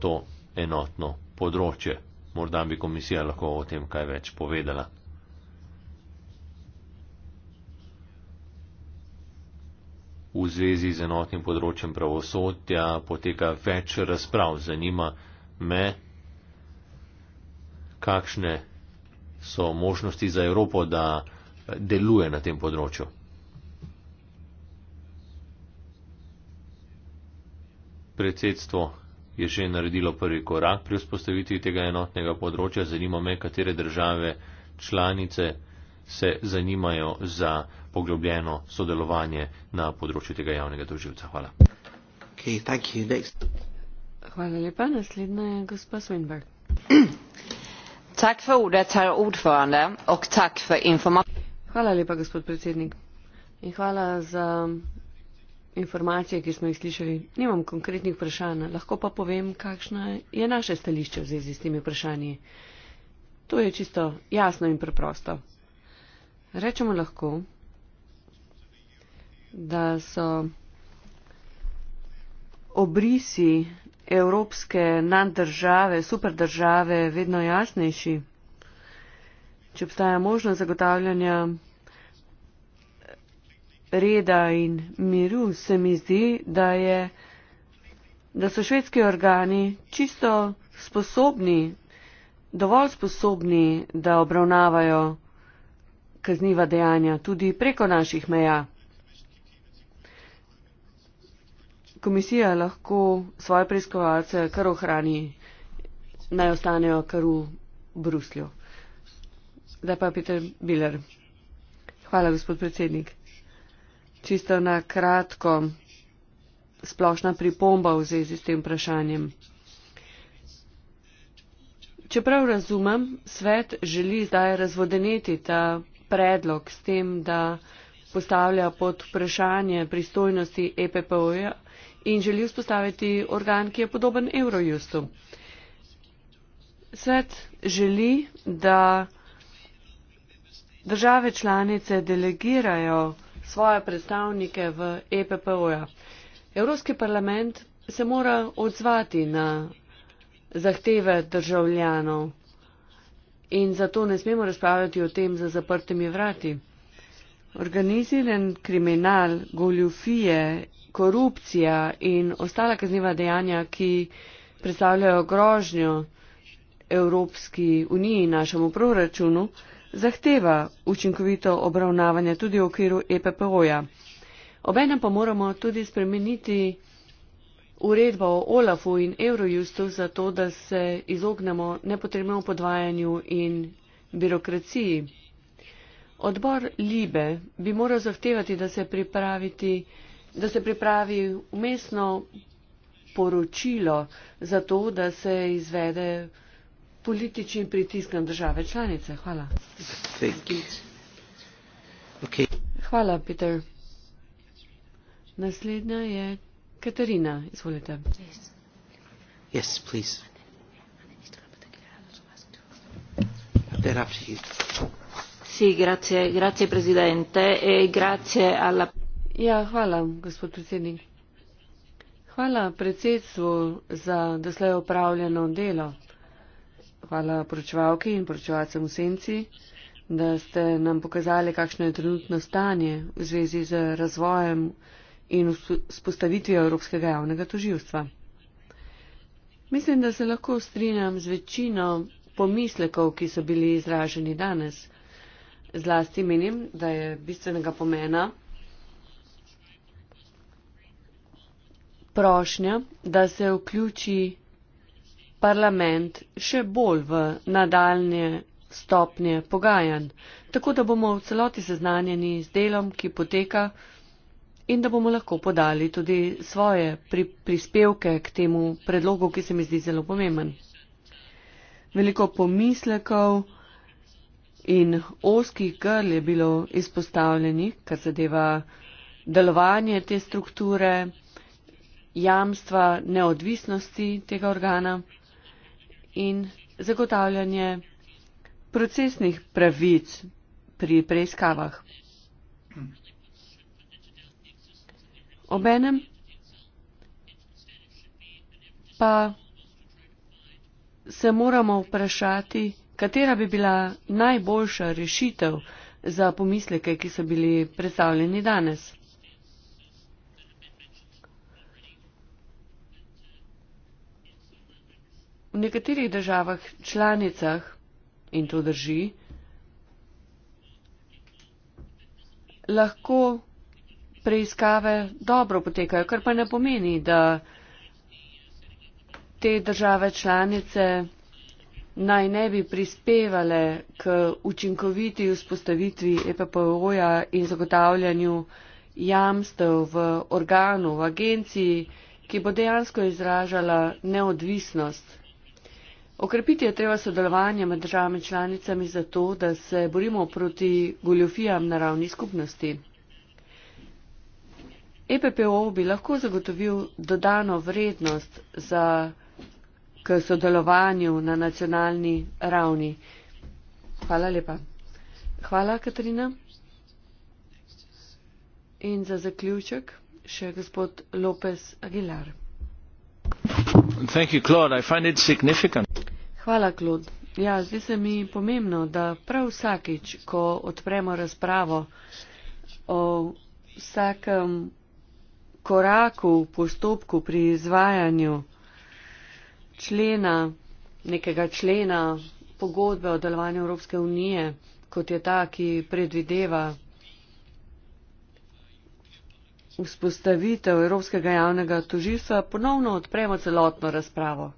to enotno področje. Morda bi komisija lahko o tem kaj več povedala. V zvezi z enotnim področjem pravosodja poteka več razprav. Zanima me, kakšne so možnosti za Evropo, da deluje na tem področju. Predsedstvo je že naredilo prvi korak pri vzpostavitvi tega enotnega področja. Zanima me, katere države članice se zanimajo za poglobljeno sodelovanje na področju tega javnega doživca. Hvala. Okay, thank you. Next. Hvala lepa. Naslednja je gospa Svinberg. tak for ordet, herr ordförande, och tak for informacijo. Hvala lepa, gospod predsednik. In hvala za informacije, ki smo jih slišali. Nimam konkretnih vprašanj, lahko pa povem, kakšno je naše stališče v zvezi s temi vprašanji. To je čisto jasno in preprosto. Rečemo lahko, da so obrisi evropske naddržave, superdržave vedno jasnejši, če obstaja možnost zagotavljanja reda in miru, se mi zdi, da, je, da so švedski organi čisto sposobni, dovolj sposobni, da obravnavajo kazniva dejanja tudi preko naših meja. Komisija lahko svoje preiskovalce kar ohrani, naj ostanejo kar v Bruslju. Zdaj pa Peter Biller. Hvala, gospod predsednik. Čisto na kratko splošna pripomba v zvezi s tem vprašanjem. Čeprav razumem, svet želi zdaj razvodeniti ta predlog s tem, da postavlja pod vprašanje pristojnosti EPPO-ja in želi vzpostaviti organ, ki je podoben Eurojustu. Svet želi, da države članice delegirajo svoje predstavnike v EPPO-ja. Evropski parlament se mora odzvati na zahteve državljanov in zato ne smemo razpravljati o tem za zaprtimi vrati. Organiziran kriminal, goljufije, korupcija in ostala kazniva dejanja, ki predstavljajo grožnjo Evropski uniji in našemu proračunu, zahteva učinkovito obravnavanje tudi v okviru EPPO-ja. Obenem pa moramo tudi spremeniti uredba o OLAF-u in Eurojustu zato, da se izognemo nepotrebnemu podvajanju in birokraciji. Odbor Libe bi moral zahtevati, da se, da se pripravi umestno poročilo za to, da se izvede političnim pritiskom države članice. Hvala. Okay. Hvala, Peter. Naslednja je Katarina, izvolite. Yes, please. Sì, grazie, grazie Presidente e grazie alla. Ja, hvala, gospod predsednik. Hvala predsedstvu za doslej opravljeno delo. Hvala poročevalki in poročevalcem v senci, da ste nam pokazali, kakšno je trenutno stanje v zvezi z razvojem in vzpostavitvi Evropskega javnega toživstva. Mislim, da se lahko strinjam z večino pomislekov, ki so bili izraženi danes. Zlasti menim, da je bistvenega pomena prošnja, da se vključi parlament še bolj v nadaljne stopnje pogajanj, tako da bomo v celoti seznanjeni z delom, ki poteka in da bomo lahko podali tudi svoje pri, prispevke k temu predlogu, ki se mi zdi zelo pomemben. Veliko pomislekov in oskih grl je bilo izpostavljenih, kar zadeva delovanje te strukture, jamstva neodvisnosti tega organa in zagotavljanje procesnih pravic pri preiskavah. Hmm obenem pa se moramo vprašati, katera bi bila najboljša rešitev za pomisleke, ki so bili predstavljeni danes. V nekaterih državah članicah, in to drži, lahko preiskave dobro potekajo, kar pa ne pomeni, da te države članice naj ne bi prispevale k učinkoviti vzpostavitvi EPPO-ja in zagotavljanju jamstev v organu, v agenciji, ki bo dejansko izražala neodvisnost. Okrepiti je treba sodelovanje med državami članicami zato, da se borimo proti goljofijam na ravni skupnosti. EPPO bi lahko zagotovil dodano vrednost za, k sodelovanju na nacionalni ravni. Hvala lepa. Hvala, Katarina. In za zaključek še gospod Lopez Aguilar. Thank you, Claude. I find it significant. Hvala, Klod. Ja, zdi se mi pomembno, da prav vsakič, ko odpremo razpravo o vsakem koraku v postopku pri izvajanju člena, nekega člena pogodbe o delovanju Evropske unije, kot je ta, ki predvideva vzpostavitev Evropskega javnega tožilstva, ponovno odpremo celotno razpravo.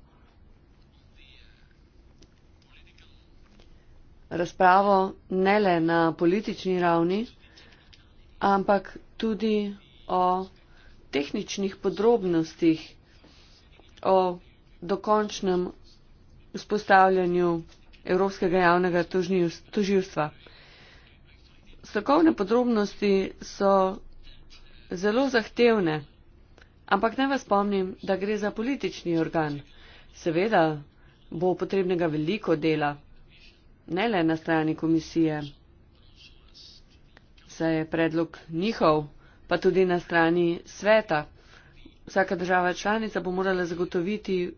Razpravo ne le na politični ravni, ampak tudi o tehničnih podrobnostih, o dokončnem vzpostavljanju Evropskega javnega tožilstva. Strokovne podrobnosti so zelo zahtevne, ampak naj vas spomnim, da gre za politični organ. Seveda bo potrebnega veliko dela, ne le na strani komisije, saj je predlog njihov pa tudi na strani sveta. Vsaka država članica bo morala zagotoviti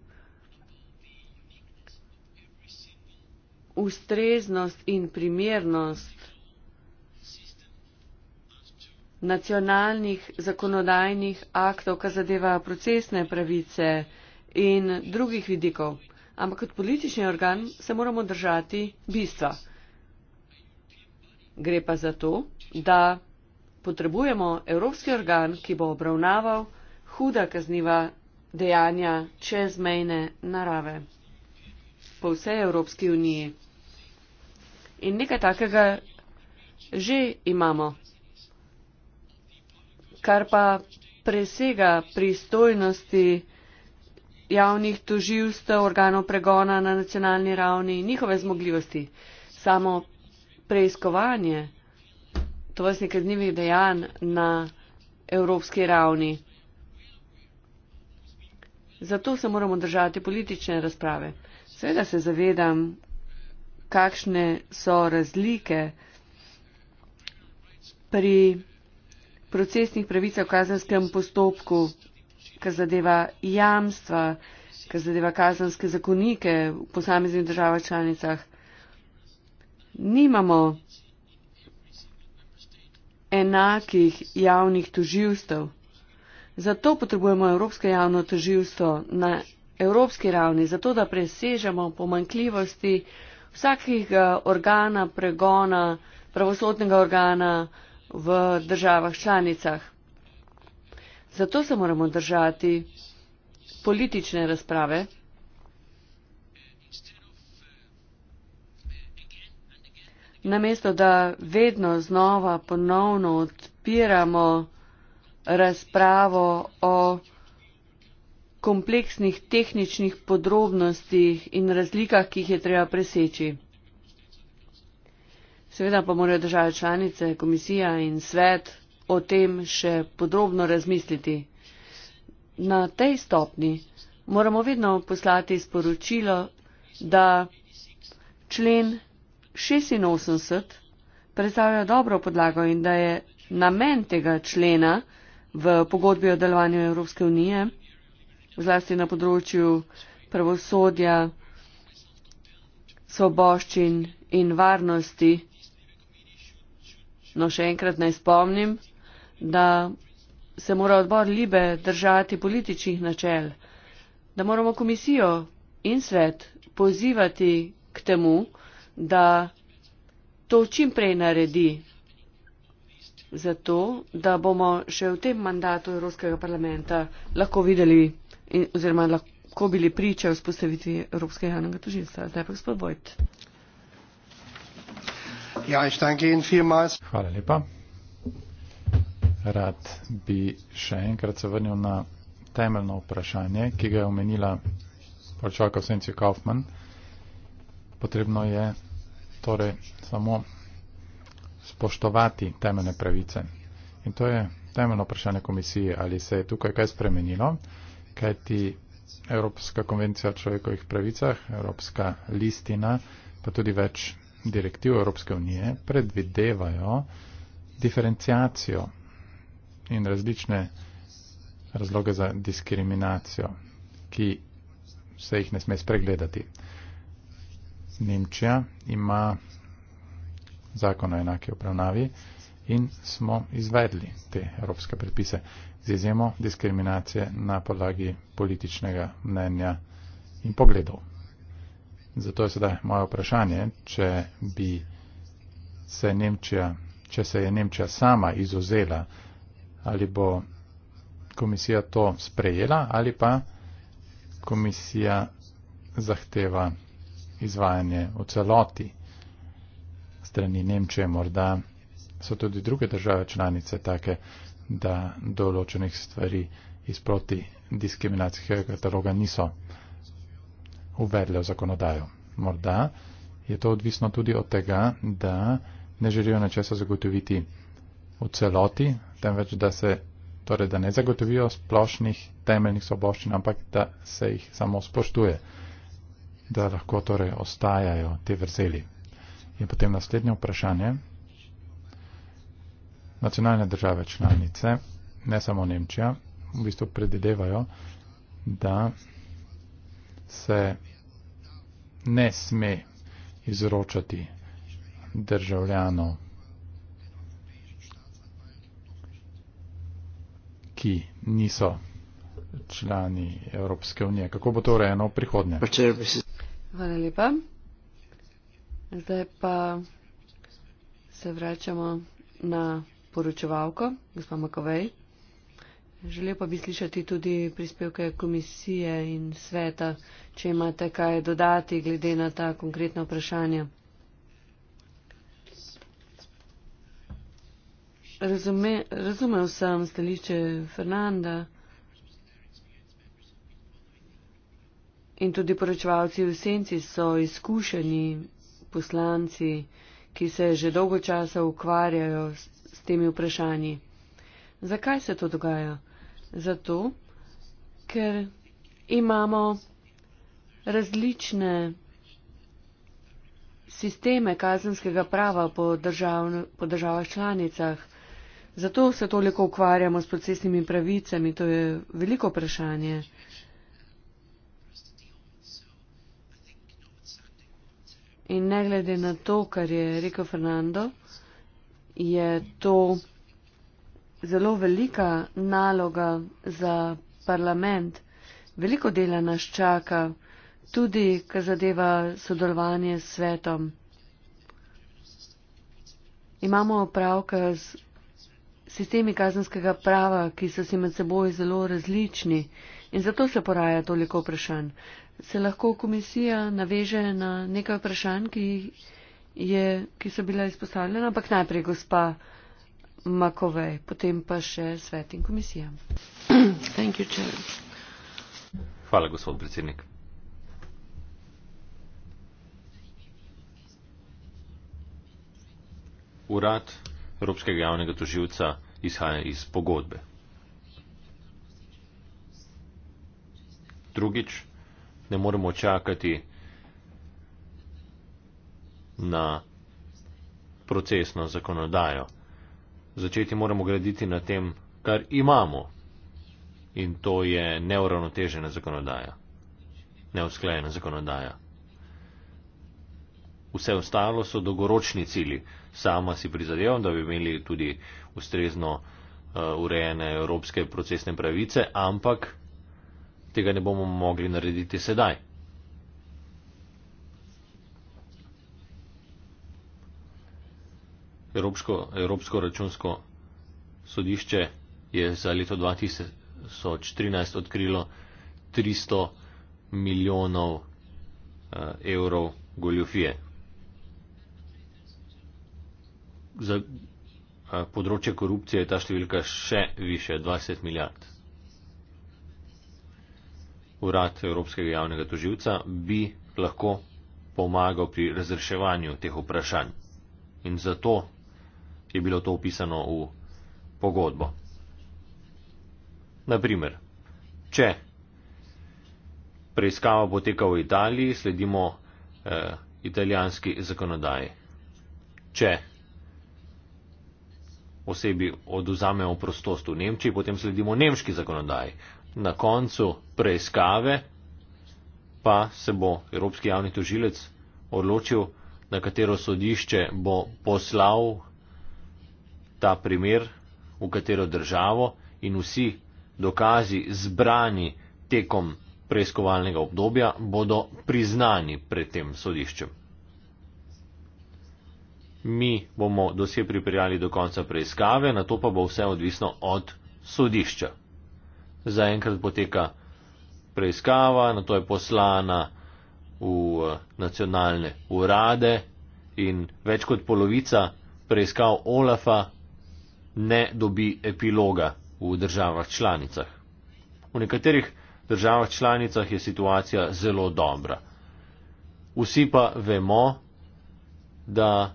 ustreznost in primernost nacionalnih zakonodajnih aktov, kar zadeva procesne pravice in drugih vidikov. Ampak kot politični organ se moramo držati bistva. Gre pa za to, da potrebujemo evropski organ, ki bo obravnaval huda kazniva dejanja čezmejne narave po vsej Evropski uniji. In nekaj takega že imamo, kar pa presega pristojnosti javnih toživstv, organov pregona na nacionalni ravni, njihove zmogljivosti. Samo preiskovanje to vrstnih kaznjivih dejanj na evropski ravni. Zato se moramo držati politične razprave. Seveda se zavedam, kakšne so razlike pri procesnih pravicah v kazenskem postopku, kar zadeva jamstva, kar zadeva kazenske zakonike v posameznih državah članicah. Nimamo enakih javnih toživstev. Zato potrebujemo Evropsko javno toživstvo na evropski ravni, zato da presežemo pomankljivosti vsakih eh, organa pregona, pravosodnega organa v državah članicah. Zato se moramo držati politične razprave. In namesto, da vedno znova ponovno odpiramo razpravo o kompleksnih tehničnih podrobnostih in razlikah, ki jih je treba preseči. Seveda pa morajo države članice, komisija in svet o tem še podrobno razmisliti. Na tej stopni moramo vedno poslati sporočilo, da člen 86 predstavlja dobro podlago in da je namen tega člena v pogodbi o delovanju Evropske unije, zlasti na področju pravosodja, svoboščin in varnosti. No, še enkrat naj spomnim, da se mora odbor Libe držati političnih načel, da moramo komisijo in svet pozivati k temu, da to čim prej naredi, zato da bomo še v tem mandatu Evropskega parlamenta lahko videli in, oziroma lahko bili priča vzpostavitvi Evropskega javnega tožilstva. Zdaj pa gospod Bojt. Ja, Hvala lepa. Rad bi še enkrat se vrnil na temeljno vprašanje, ki ga je omenila počakal Senci Kaufmann potrebno je torej samo spoštovati temeljne pravice. In to je temeljno vprašanje komisije, ali se je tukaj kaj spremenilo, kaj ti Evropska konvencija o človekovih pravicah, Evropska listina, pa tudi več direktiv Evropske unije predvidevajo diferencijacijo in različne razloge za diskriminacijo, ki se jih ne sme spregledati. Nemčija ima zakon o enake upravnavi in smo izvedli te evropske predpise z izjemo diskriminacije na podlagi političnega mnenja in pogledov. Zato je sedaj moje vprašanje, če bi se Nemčija, če se je Nemčija sama izuzela, ali bo komisija to sprejela ali pa komisija zahteva izvajanje v celoti strani Nemčije. Morda so tudi druge države članice take, da določenih stvari iz proti diskriminacijskega kataloga niso uvedle v zakonodajo. Morda je to odvisno tudi od tega, da ne želijo nečesa zagotoviti v celoti, temveč da se. Torej, da ne zagotovijo splošnih temeljnih soboščin, ampak da se jih samo spoštuje da lahko torej ostajajo te vrzeli. In potem naslednje vprašanje. Nacionalne države članice, ne samo Nemčija, v bistvu predidevajo, da se ne sme izročati državljanov, ki niso člani Evropske unije. Kako bo to urejeno v prihodnje? Hvala lepa. Zdaj pa se vračamo na poročevalko, gospod Makovej. Želel pa bi slišati tudi prispevke komisije in sveta, če imate kaj dodati glede na ta konkretna vprašanja. Razume, razumel sem stališče Fernanda. In tudi poročevalci v senci so izkušeni poslanci, ki se že dolgo časa ukvarjajo s, s temi vprašanji. Zakaj se to dogaja? Zato, ker imamo različne sisteme kazenskega prava po, držav, po državah članicah. Zato se toliko ukvarjamo s procesnimi pravicami, to je veliko vprašanje. In ne glede na to, kar je rekel Fernando, je to zelo velika naloga za parlament. Veliko dela nas čaka, tudi kar zadeva sodelovanje s svetom. Imamo opravka z sistemi kazenskega prava, ki so si med seboj zelo različni in zato se poraja toliko vprašanj se lahko komisija naveže na nekaj vprašanj, ki, je, ki so bila izpostavljena, ampak najprej gospa Makovej, potem pa še svet in komisija. <clears throat> You, Hvala, gospod predsednik. Urad Evropskega javnega toživca izhaja iz pogodbe. Drugič, ne moremo čakati na procesno zakonodajo. Začeti moramo graditi na tem, kar imamo in to je neuravnotežena zakonodaja, neusklajena zakonodaja. Vse ostalo so dolgoročni cili. Sama si prizadevam, da bi imeli tudi ustrezno uh, urejene evropske procesne pravice, ampak tega ne bomo mogli narediti sedaj. Evropsko, Evropsko računsko sodišče je za leto 2013 odkrilo 300 milijonov eh, evrov goljofije. Za eh, področje korupcije je ta številka še više, 20 milijard urad Evropskega javnega toživca bi lahko pomagal pri razreševanju teh vprašanj. In zato je bilo to upisano v pogodbo. Naprimer, če preiskava poteka v Italiji, sledimo eh, italijanski zakonodaji. Če osebi oduzamemo prostost v Nemčiji, potem sledimo nemški zakonodaji na koncu preiskave pa se bo Evropski javni tožilec odločil, na katero sodišče bo poslal ta primer, v katero državo in vsi dokazi zbrani tekom preiskovalnega obdobja bodo priznani pred tem sodiščem. Mi bomo dosje pripeljali do konca preiskave, na to pa bo vse odvisno od sodišča zaenkrat poteka preiskava, na to je poslana v eh, nacionalne urade in več kot polovica preiskav Olafa ne dobi epiloga v državah članicah. V nekaterih državah članicah je situacija zelo dobra. Vsi pa vemo, da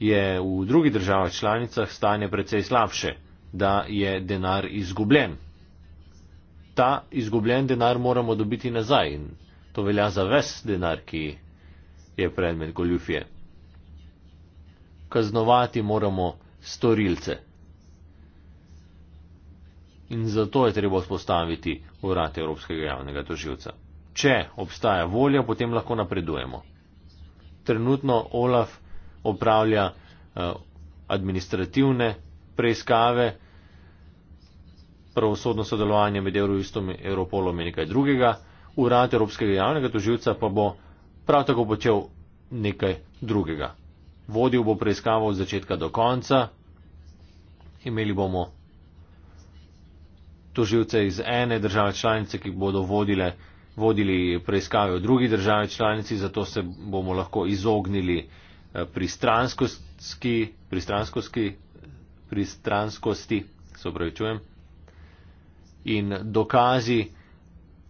je v drugih državah članicah stanje precej slabše, da je denar izgubljen ta izgubljen denar moramo dobiti nazaj in to velja za ves denar, ki je predmet goljufije. Kaznovati moramo storilce. In zato je treba vzpostaviti urad Evropskega javnega toživca. Če obstaja volja, potem lahko napredujemo. Trenutno Olaf opravlja eh, administrativne preiskave, pravosodno sodelovanje med Eurovistom in Europolom in nekaj drugega. Urad Evropskega javnega tožilca pa bo prav tako počel nekaj drugega. Vodil bo preiskavo od začetka do konca. Imeli bomo tožilce iz ene države članice, ki bodo vodile, vodili preiskave v drugi države članici, zato se bomo lahko izognili eh, pristranskosti, pristranskosti, pristranskosti, se upravičujem, in dokazi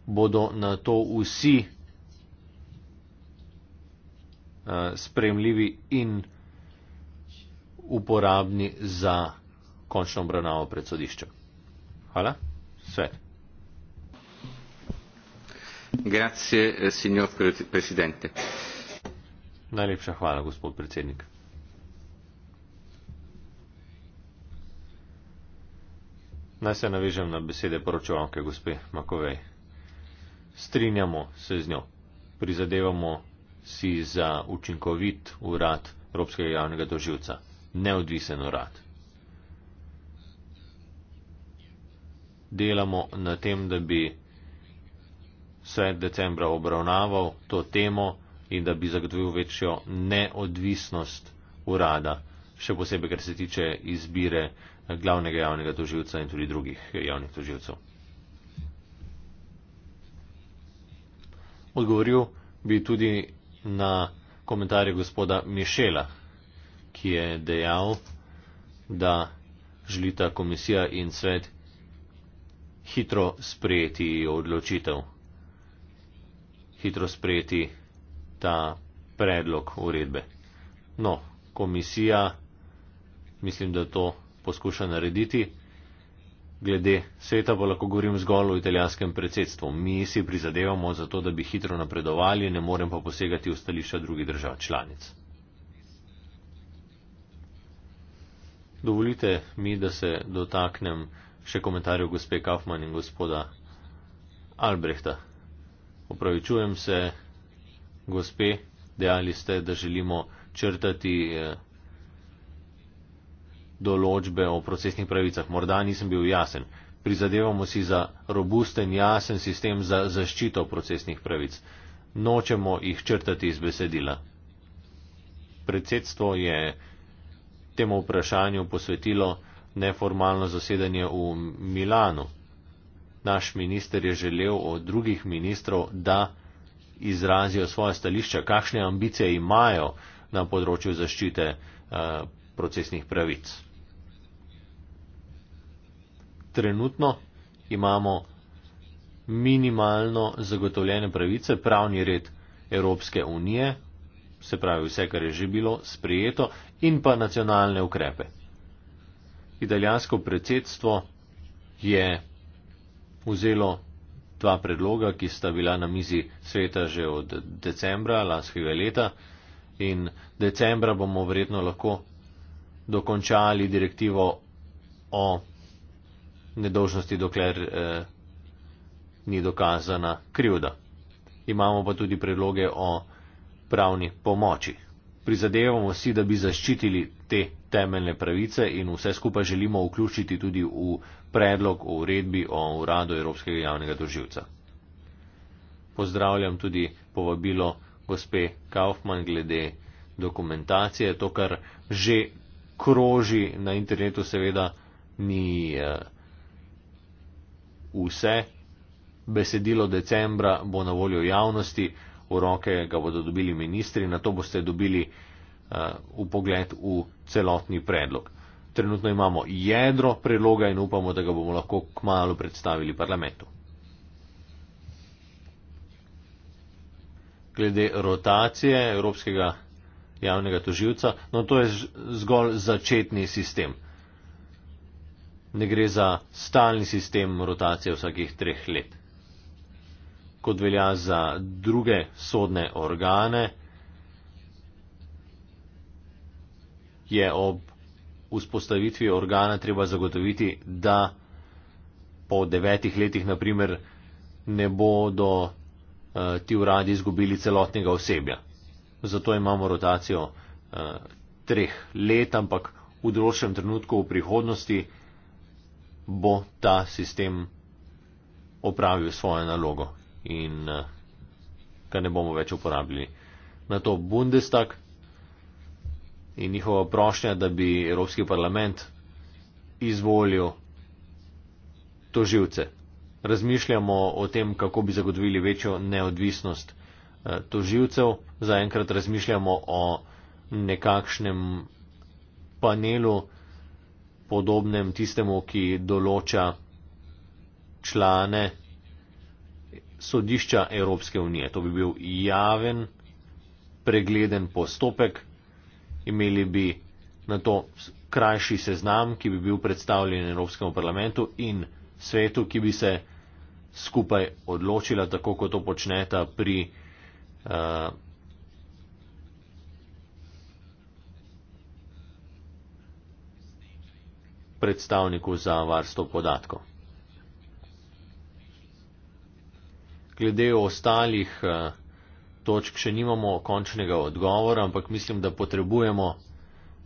bodo na to vsi eh, spremljivi in uporabni za končno obravnavo pred sodiščem. Hvala. Svet. Grazie, eh, signor presidente. Najlepša hvala, gospod predsednik. Naj se navežem na besede poročevalke gospe Makovej. Strinjamo se z njo. Prizadevamo si za učinkovit urad Evropskega javnega doživca. Neodvisen urad. Delamo na tem, da bi svet decembra obravnaval to temo in da bi zagotovil večjo neodvisnost urada, še posebej, ker se tiče izbire glavnega javnega toživca in tudi drugih javnih toživcev. Odgovoril bi tudi na komentarje gospoda Mišela, ki je dejal, da želita komisija in svet hitro sprejeti odločitev, hitro sprejeti ta predlog uredbe. No, komisija, mislim, da to poskuša narediti. Glede sveta pa lahko govorim zgolj o italijanskem predsedstvu. Mi si prizadevamo za to, da bi hitro napredovali, ne morem pa posegati v stališča drugih držav članic. Dovolite mi, da se dotaknem še komentarjev gospe Kaufmann in gospoda Albrehta. Opravičujem se, gospe, dejali ste, da želimo črtati. Eh, določbe o procesnih pravicah. Morda nisem bil jasen. Prizadevamo si za robusten, jasen sistem za zaščito procesnih pravic. Nočemo jih črtati iz besedila. Predsedstvo je temu vprašanju posvetilo neformalno zasedanje v Milanu. Naš minister je želel od drugih ministrov, da izrazijo svoje stališča, kakšne ambicije imajo na področju zaščite uh, procesnih pravic trenutno imamo minimalno zagotovljene pravice, pravni red Evropske unije, se pravi vse, kar je že bilo sprijeto, in pa nacionalne ukrepe. Italijansko predsedstvo je vzelo dva predloga, ki sta bila na mizi sveta že od decembra lanskega leta in decembra bomo verjetno lahko dokončali direktivo o nedožnosti, dokler eh, ni dokazana krivda. Imamo pa tudi predloge o pravni pomoči. Prizadevamo si, da bi zaščitili te temeljne pravice in vse skupaj želimo vključiti tudi v predlog o uredbi o uradu Evropskega javnega doživca. Pozdravljam tudi povabilo gospe Kaufmann glede dokumentacije. To, kar že kroži na internetu, seveda ni. Eh, vse. Besedilo decembra bo na voljo javnosti, v roke ga bodo dobili ministri, na to boste dobili uh, eh, v pogled v celotni predlog. Trenutno imamo jedro predloga in upamo, da ga bomo lahko kmalo predstavili parlamentu. Glede rotacije Evropskega javnega toživca, no to je zgolj začetni sistem ne gre za stalni sistem rotacije vsakih treh let. Kot velja za druge sodne organe, je ob vzpostavitvi organa treba zagotoviti, da po devetih letih, naprimer, ne bodo eh, ti uradi izgubili celotnega osebja. Zato imamo rotacijo eh, treh let, ampak v določenem trenutku v prihodnosti bo ta sistem opravil svojo nalogo in eh, ga ne bomo več uporabljali. Na to Bundestag in njihova prošnja, da bi Evropski parlament izvolil toživce. Razmišljamo o tem, kako bi zagotovili večjo neodvisnost eh, toživcev. Zaenkrat razmišljamo o nekakšnem panelu, podobnem tistemu, ki določa člane sodišča Evropske unije. To bi bil javen, pregleden postopek. Imeli bi na to krajši seznam, ki bi bil predstavljen Evropskemu parlamentu in svetu, ki bi se skupaj odločila, tako kot to počneta pri uh, predstavniku za varstvo podatkov. Glede ostalih eh, točk še nimamo končnega odgovora, ampak mislim, da potrebujemo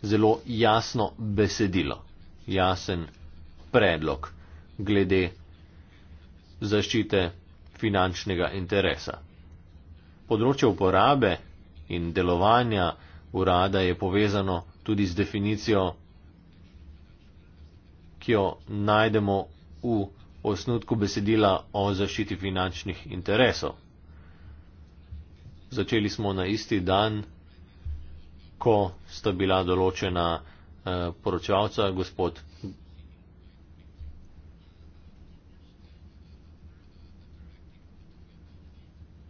zelo jasno besedilo, jasen predlog glede zaščite finančnega interesa. Področje uporabe in delovanja urada je povezano tudi z definicijo ki jo najdemo v osnutku besedila o zaščiti finančnih interesov. Začeli smo na isti dan, ko sta bila določena eh, poročavca, gospod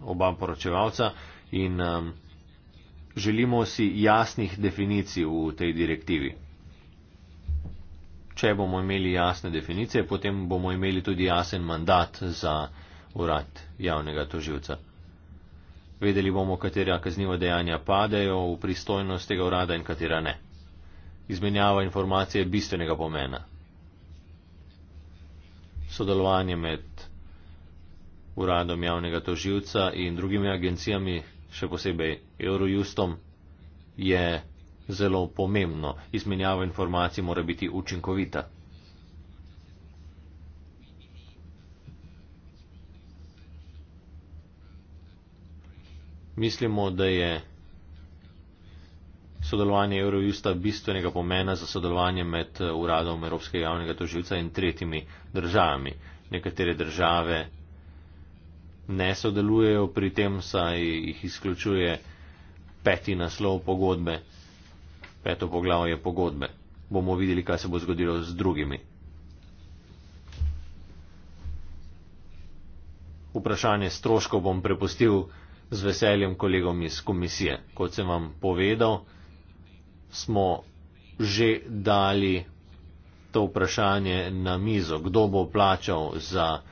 oba poročevalca in um, želimo si jasnih definicij v tej direktivi če bomo imeli jasne definicije, potem bomo imeli tudi jasen mandat za urad javnega toživca. Vedeli bomo, katera kaznjiva dejanja padejo v pristojnost tega urada in katera ne. Izmenjava informacije je bistvenega pomena. Sodelovanje med uradom javnega toživca in drugimi agencijami, še posebej Eurojustom, je zelo pomembno. Izmenjava informacij mora biti učinkovita. Mislimo, da je sodelovanje Eurojusta bistvenega pomena za sodelovanje med eh, uradom Evropskega javnega toživca in tretjimi državami. Nekatere države ne sodelujejo pri tem, saj jih izključuje peti naslov pogodbe peto poglavje pogodbe. Bomo videli, kaj se bo zgodilo z drugimi. Vprašanje stroškov bom prepustil z veseljem kolegom iz komisije. Kot sem vam povedal, smo že dali to vprašanje na mizo, kdo bo plačal za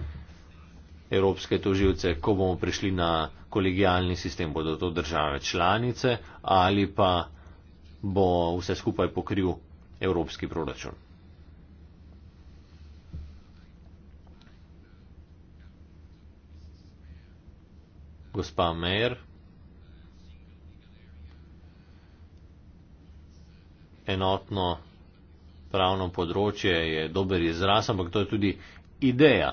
evropske toživce, ko bomo prišli na kolegijalni sistem, bodo to države članice ali pa bo vse skupaj pokril evropski proračun. Gospa Mejer, enotno pravno področje je dober izraz, ampak to je tudi ideja,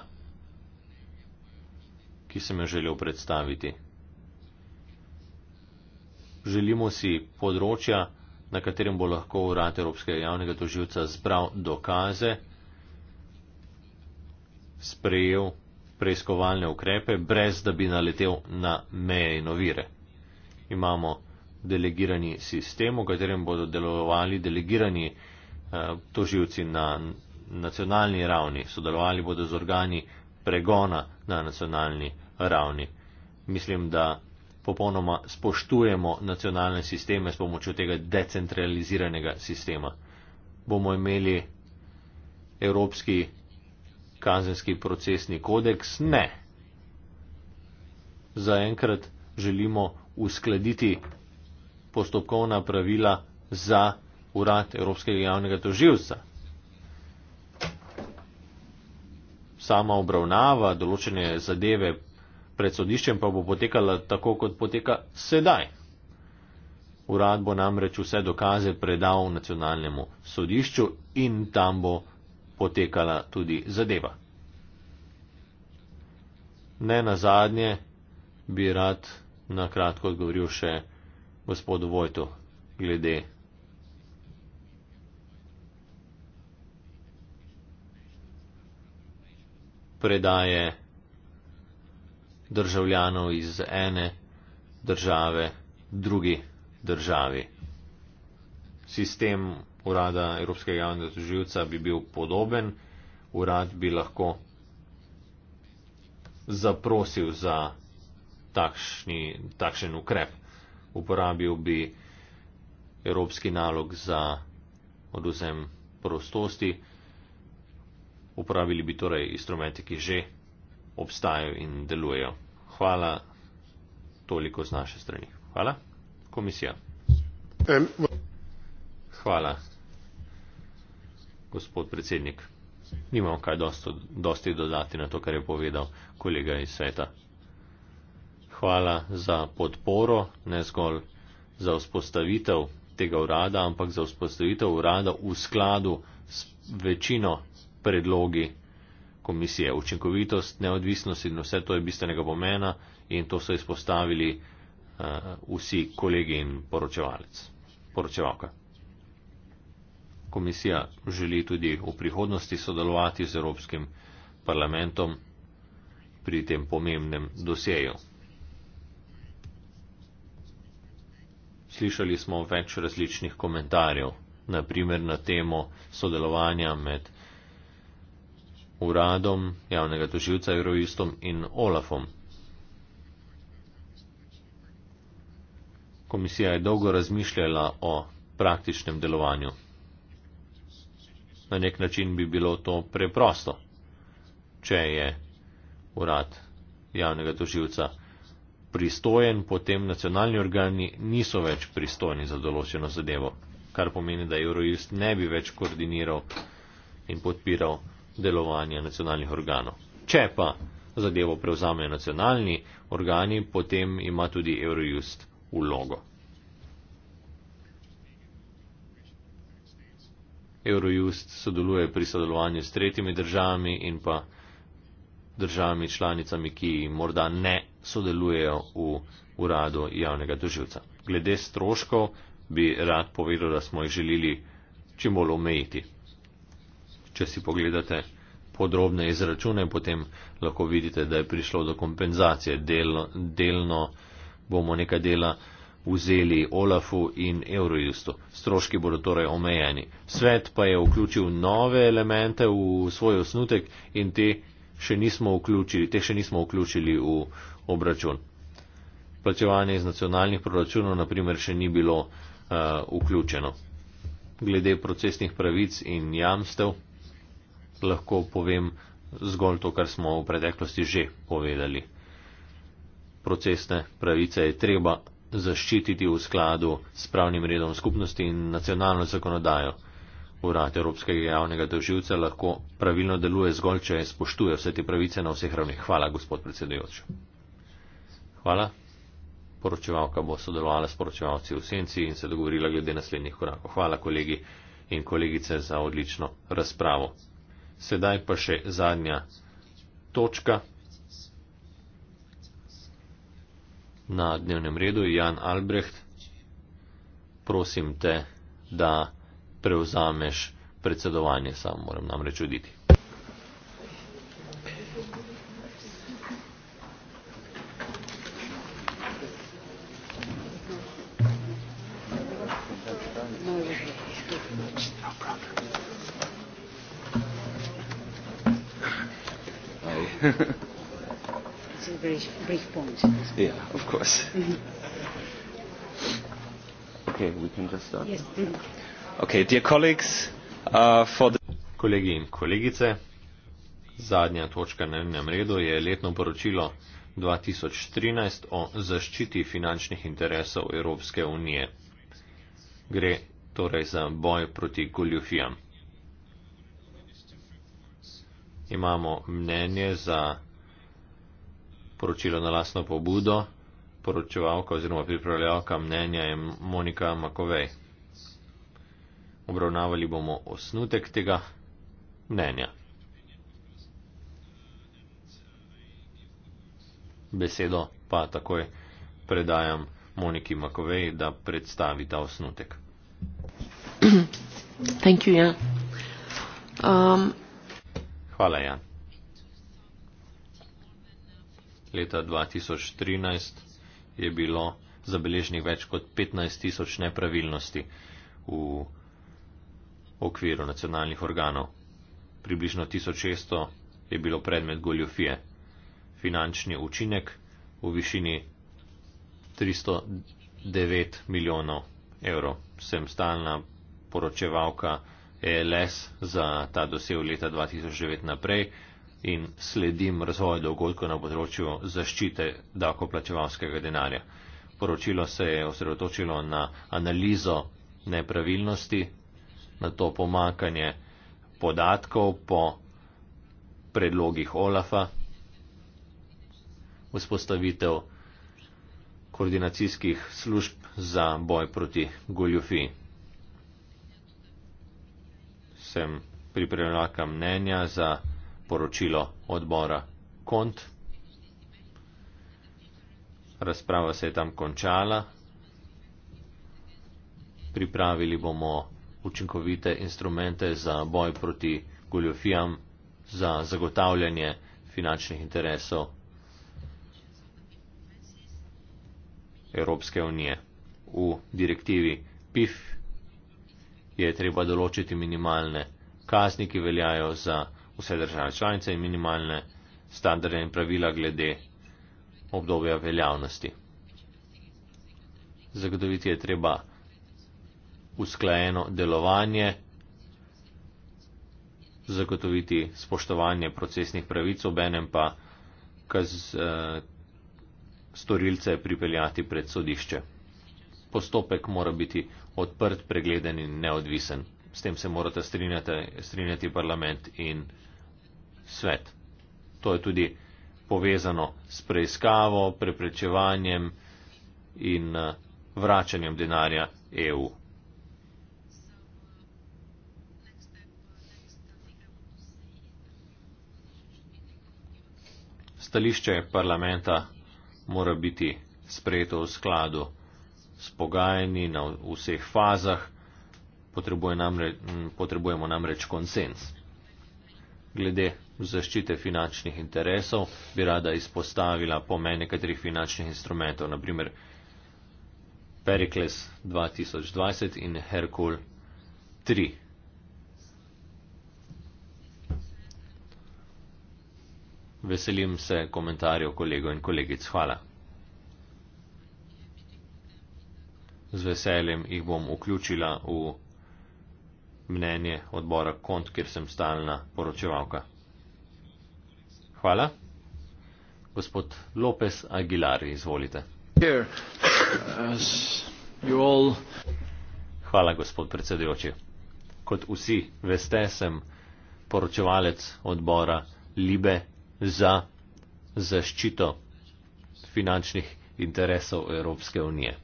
ki sem jo želel predstaviti. Želimo si področja, na katerem bo lahko urad Evropskega javnega toživca zbral dokaze, sprejel preiskovalne ukrepe, brez da bi naletel na meje in ovire. Imamo delegirani sistem, v katerem bodo delovali delegirani eh, toživci na nacionalni ravni, sodelovali bodo z organi pregona na nacionalni ravni. Mislim, da popolnoma spoštujemo nacionalne sisteme s pomočjo tega decentraliziranega sistema. Bomo imeli Evropski kazenski procesni kodeks? Ne. Zaenkrat želimo uskladiti postopkovna pravila za urad Evropskega javnega toživca. Sama obravnava določene zadeve pred sodiščem pa bo potekala tako, kot poteka sedaj. Urad bo namreč vse dokaze predal nacionalnemu sodišču in tam bo potekala tudi zadeva. Ne na zadnje bi rad na kratko odgovoril še gospodu Vojtu glede predaje državljanov iz ene države drugi državi. Sistem urada Evropskega javnega tožilca bi bil podoben, urad bi lahko zaprosil za takšni, takšen ukrep. Uporabil bi Evropski nalog za oduzem prostosti, uporabili bi torej instrumente, ki že obstajajo in delujejo. Hvala toliko z naše strani. Hvala. Komisija. Hvala. Gospod predsednik. Nimam kaj dosti, dosti dodati na to, kar je povedal kolega iz sveta. Hvala za podporo, ne zgolj za vzpostavitev tega urada, ampak za vzpostavitev urada v skladu s večino predlogi komisije. Učinkovitost, neodvisnost in vse to je bistvenega pomena in to so izpostavili uh, vsi kolegi in poročevalec, poročevalka. Komisija želi tudi v prihodnosti sodelovati z Evropskim parlamentom pri tem pomembnem dosjeju. Slišali smo več različnih komentarjev, naprimer na temo sodelovanja med uradom javnega toživca Euroistom in Olafom. Komisija je dolgo razmišljala o praktičnem delovanju. Na nek način bi bilo to preprosto, če je urad javnega toživca pristojen, potem nacionalni organi niso več pristojni za določeno zadevo, kar pomeni, da Euroist ne bi več koordiniral in podpiral delovanja nacionalnih organov. Če pa zadevo prevzamejo nacionalni organi, potem ima tudi Eurojust vlogo. Eurojust sodeluje pri sodelovanju s tretjimi državami in pa državami članicami, ki morda ne sodelujejo v uradu javnega doživca. Glede stroškov bi rad povedal, da smo jih želeli čim bolj omejiti če si pogledate podrobne izračune, potem lahko vidite, da je prišlo do kompenzacije. Delno, delno bomo nekaj dela vzeli Olafu in Eurojustu. Stroški bodo torej omejeni. Svet pa je vključil nove elemente v svoj osnutek in te še nismo vključili, te še nismo vključili v obračun. Plačevanje iz nacionalnih proračunov, naprimer, še ni bilo uh, vključeno. Glede procesnih pravic in jamstev lahko povem zgolj to, kar smo v preteklosti že povedali. Procesne pravice je treba zaščititi v skladu s pravnim redom skupnosti in nacionalno zakonodajo. Urad Evropskega javnega doživca lahko pravilno deluje zgolj, če spoštuje vse te pravice na vseh ravnih. Hvala, gospod predsedujoč. Hvala. Poročevalka bo sodelovala s poročevalci v senci in se dogovorila glede naslednjih korakov. Hvala kolegi in kolegice za odlično razpravo. Sedaj pa še zadnja točka na dnevnem redu. Jan Albrecht, prosim te, da prevzameš predsedovanje, sam moram namreč oditi. it's a very brief point. Yeah, of course. Mm-hmm. okay, we can just start. Yes. Mm-hmm. Okay, dear colleagues, uh, for the. Kolegi in kolegice, zadnja točka na enem redu je letno poročilo 2013 o zaščiti finančnih interesov Evropske unije. Gre torej za boj proti goljufijam imamo mnenje za poročilo na lastno pobudo, poročevalka oziroma pripravljalka mnenja je Monika Makovej. Obravnavali bomo osnutek tega mnenja. Besedo pa takoj predajam Moniki Makovej, da predstavi ta osnutek. Thank you, yeah. Ja. um, Hvala, Jan. Leta 2013 je bilo zabeleženih več kot 15 tisoč nepravilnosti v okviru nacionalnih organov. Približno 1600 je bilo predmet goljofije. Finančni učinek v višini 309 milijonov evrov. Sem stalna poročevalka. ELS za ta dosev leta 2009 naprej in sledim razvoju dogodkov na področju zaščite davkoplačevalskega denarja. Poročilo se je osredotočilo na analizo nepravilnosti, na to pomakanje podatkov po predlogih OLAFA, vzpostavitev koordinacijskih služb za boj proti goljufiji sem pripravljaka mnenja za poročilo odbora KONT. Razprava se je tam končala. Pripravili bomo učinkovite instrumente za boj proti goljofijam, za zagotavljanje finančnih interesov Evropske unije v direktivi PIF 2021-2022 je treba določiti minimalne kazni, ki veljajo za vse države članice in minimalne standarde in pravila glede obdobja veljavnosti. Zagotoviti je treba usklajeno delovanje, zagotoviti spoštovanje procesnih pravic, obenem pa kaz, eh, storilce pripeljati pred sodišče. Postopek mora biti odprt, pregleden in neodvisen. S tem se morate strinjati, strinjati parlament in svet. To je tudi povezano s preiskavo, preprečevanjem in eh, vračanjem denarja EU. Stališče parlamenta mora biti sprejeto v skladu s pogajanji na vseh fazah, potrebuje namre, potrebujemo namreč konsens. Glede zaščite finančnih interesov bi rada izpostavila pomen nekaterih finančnih instrumentov, naprimer Pericles 2020 in Hercule 3. Veselim se komentarjev kolegov in kolegic. Hvala. z veseljem jih bom vključila v mnenje odbora KONT, kjer sem stalna poročevalka. Hvala. Gospod Lopes Aguilari, izvolite. Hvala, gospod predsedujoči. Kot vsi veste, sem poročevalec odbora Libe za zaščito finančnih interesov Evropske unije.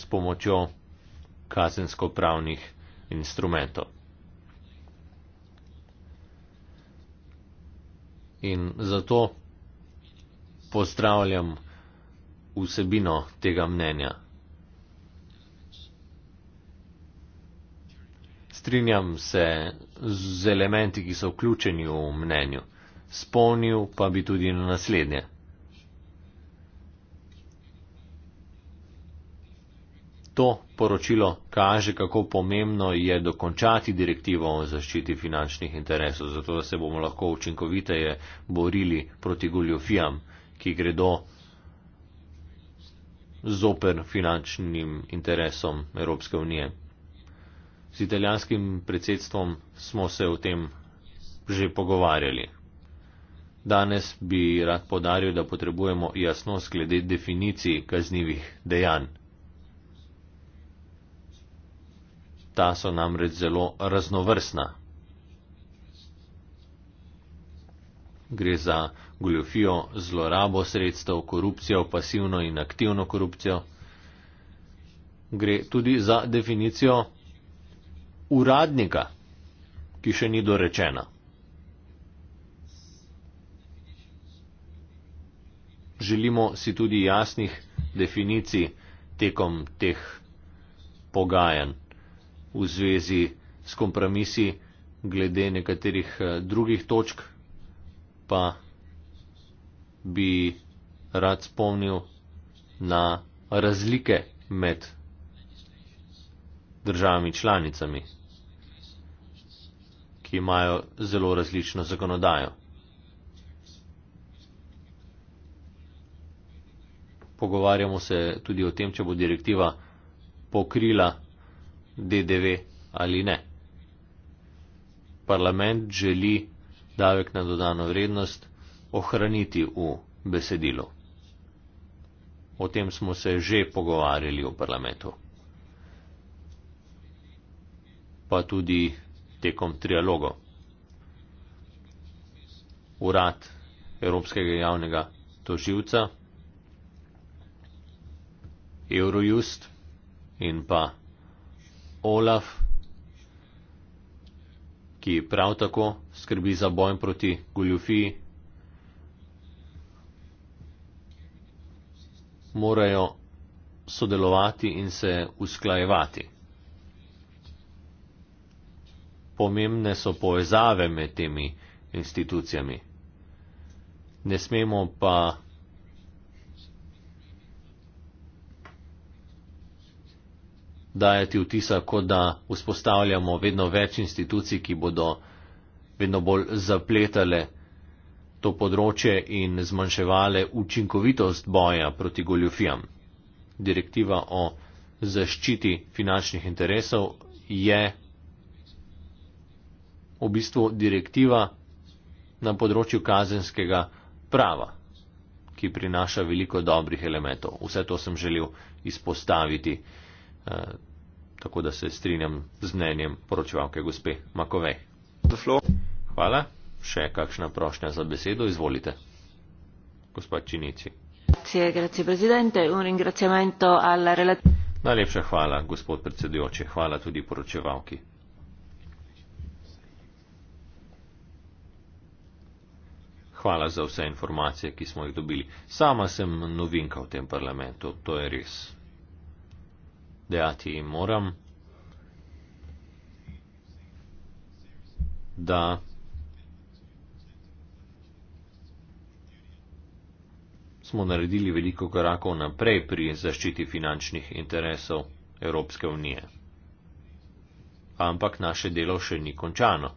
s pomočjo kazensko-pravnih instrumentov. In zato pozdravljam vsebino tega mnenja. Strinjam se z elementi, ki so vključeni v mnenju, spomnil pa bi tudi na naslednje. to poročilo kaže, kako pomembno je dokončati direktivo o zaščiti finančnih interesov, zato da se bomo lahko učinkoviteje borili proti goljofijam, ki gredo zoper finančnim interesom Evropske unije. Z italijanskim predsedstvom smo se o tem že pogovarjali. Danes bi rad podaril, da potrebujemo jasnost glede definicij kaznjivih dejanj. ta so namreč zelo raznovrstna. Gre za goljofijo, zlorabo sredstev, korupcijo, pasivno in aktivno korupcijo. Gre tudi za definicijo uradnika, ki še ni dorečena. Želimo si tudi jasnih definicij tekom teh pogajanj v zvezi s kompromisi glede nekaterih eh, drugih točk, pa bi rad spomnil na razlike med državami članicami, ki imajo zelo različno zakonodajo. Pogovarjamo se tudi o tem, če bo direktiva pokrila DDV ali ne. Parlament želi davek na dodano vrednost ohraniti v besedilu. O tem smo se že pogovarjali v parlamentu. Pa tudi tekom trialogo. Urad Evropskega javnega toživca, Eurojust in pa Olaf, ki prav tako skrbi za boj proti goljufiji, morajo sodelovati in se usklajevati. Pomembne so povezave med temi institucijami. Ne smemo pa dajati vtisa, kot da vzpostavljamo vedno več institucij, ki bodo vedno bolj zapletale to področje in zmanjševale učinkovitost boja proti goljofijam. Direktiva o zaščiti finančnih interesov je v bistvu direktiva na področju kazenskega prava, ki prinaša veliko dobrih elementov. Vse to sem želel izpostaviti. Uh, tako da se strinjam z mnenjem poročevalke gospe Makovej. Hvala. Še kakšna prošnja za besedo, izvolite. Gospod Činici. Grazie, grazie, presidente. Un ringraziamento alla relativa. Najlepša hvala, gospod predsedujoči. Hvala tudi poročevalki. Hvala za vse informacije, ki smo jih dobili. Sama sem novinka v tem parlamentu, to je res dejati jim moram, da smo naredili veliko korakov naprej pri zaščiti finančnih interesov Evropske unije. Ampak naše delo še ni končano.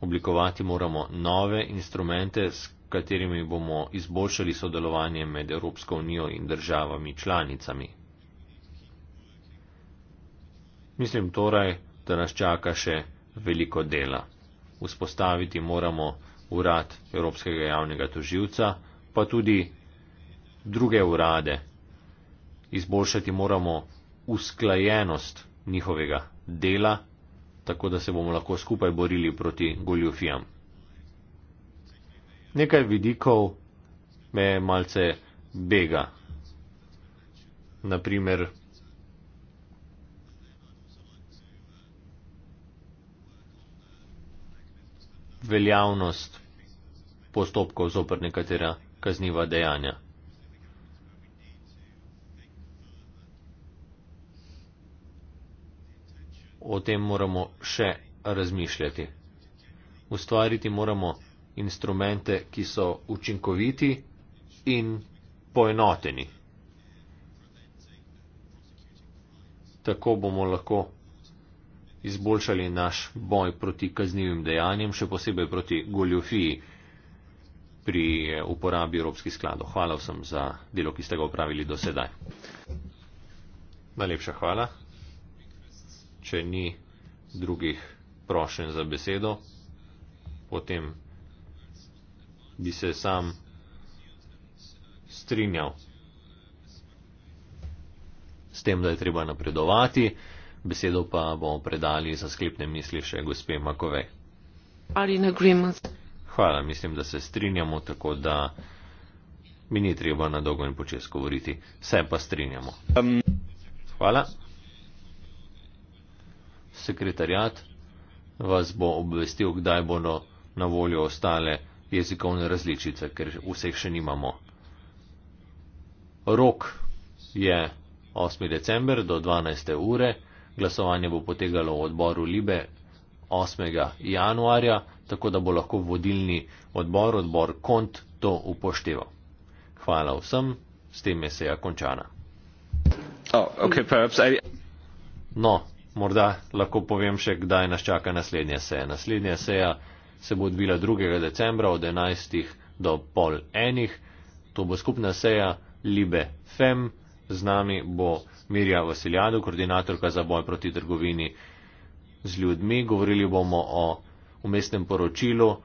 Oblikovati moramo nove instrumente, s katerimi bomo izboljšali sodelovanje med Evropsko unijo in državami članicami. Mislim torej, da nas čaka še veliko dela. Vzpostaviti moramo urad Evropskega javnega toživca, pa tudi druge urade. Izboljšati moramo usklajenost njihovega dela, tako da se bomo lahko skupaj borili proti goljufijam. Nekaj vidikov me malce bega. Naprimer, veljavnost postopkov zoper nekatera kazniva dejanja. O tem moramo še razmišljati. Ustvariti moramo instrumente, ki so učinkoviti in poenoteni. Tako bomo lahko izboljšali naš boj proti kaznjivim dejanjem, še posebej proti goljofiji pri eh, uporabi evropskih skladov. Hvala vsem za delo, ki ste ga upravili do sedaj. Najlepša hvala. Če ni drugih prošen za besedo, potem bi se sam strinjal s tem, da je treba napredovati. Besedo pa bomo predali za sklepne misli še gospe Makove. Hvala, mislim, da se strinjamo, tako da mi ni treba na dolgo in počes govoriti. Vse pa strinjamo. Um. Hvala. Sekretarjat vas bo obvestil, kdaj bodo na voljo ostale jezikovne različice, ker vseh še nimamo. Rok je 8. december do 12. ure. Glasovanje bo potekalo v odboru Libe 8. januarja, tako da bo lahko vodilni odbor, odbor Kont, to upošteval. Hvala vsem, s tem je seja končana. Oh, okay, I... No, morda lahko povem še, kdaj nas čaka naslednja seja. Naslednja seja se bo odvila 2. decembra od 11. do pol enih. To bo skupna seja Libe Fem, z nami bo. Mirja Vasiljadov, koordinatorka za boj proti trgovini z ljudmi. Govorili bomo o umestnem poročilu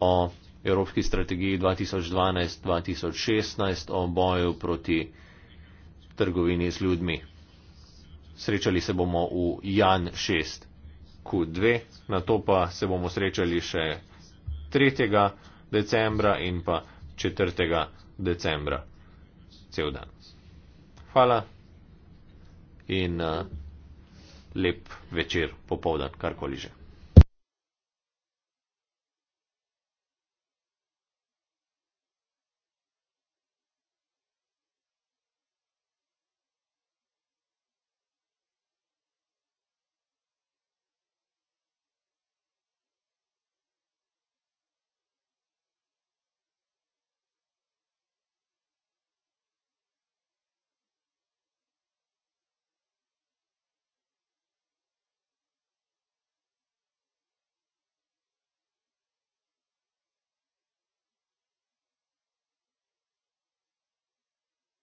o Evropski strategiji 2012-2016 o boju proti trgovini z ljudmi. Srečali se bomo v Jan 6 Q2, na to pa se bomo srečali še 3. decembra in pa 4. decembra. Cel dan hvala in uh, lep večer, popovdan, karkoli že.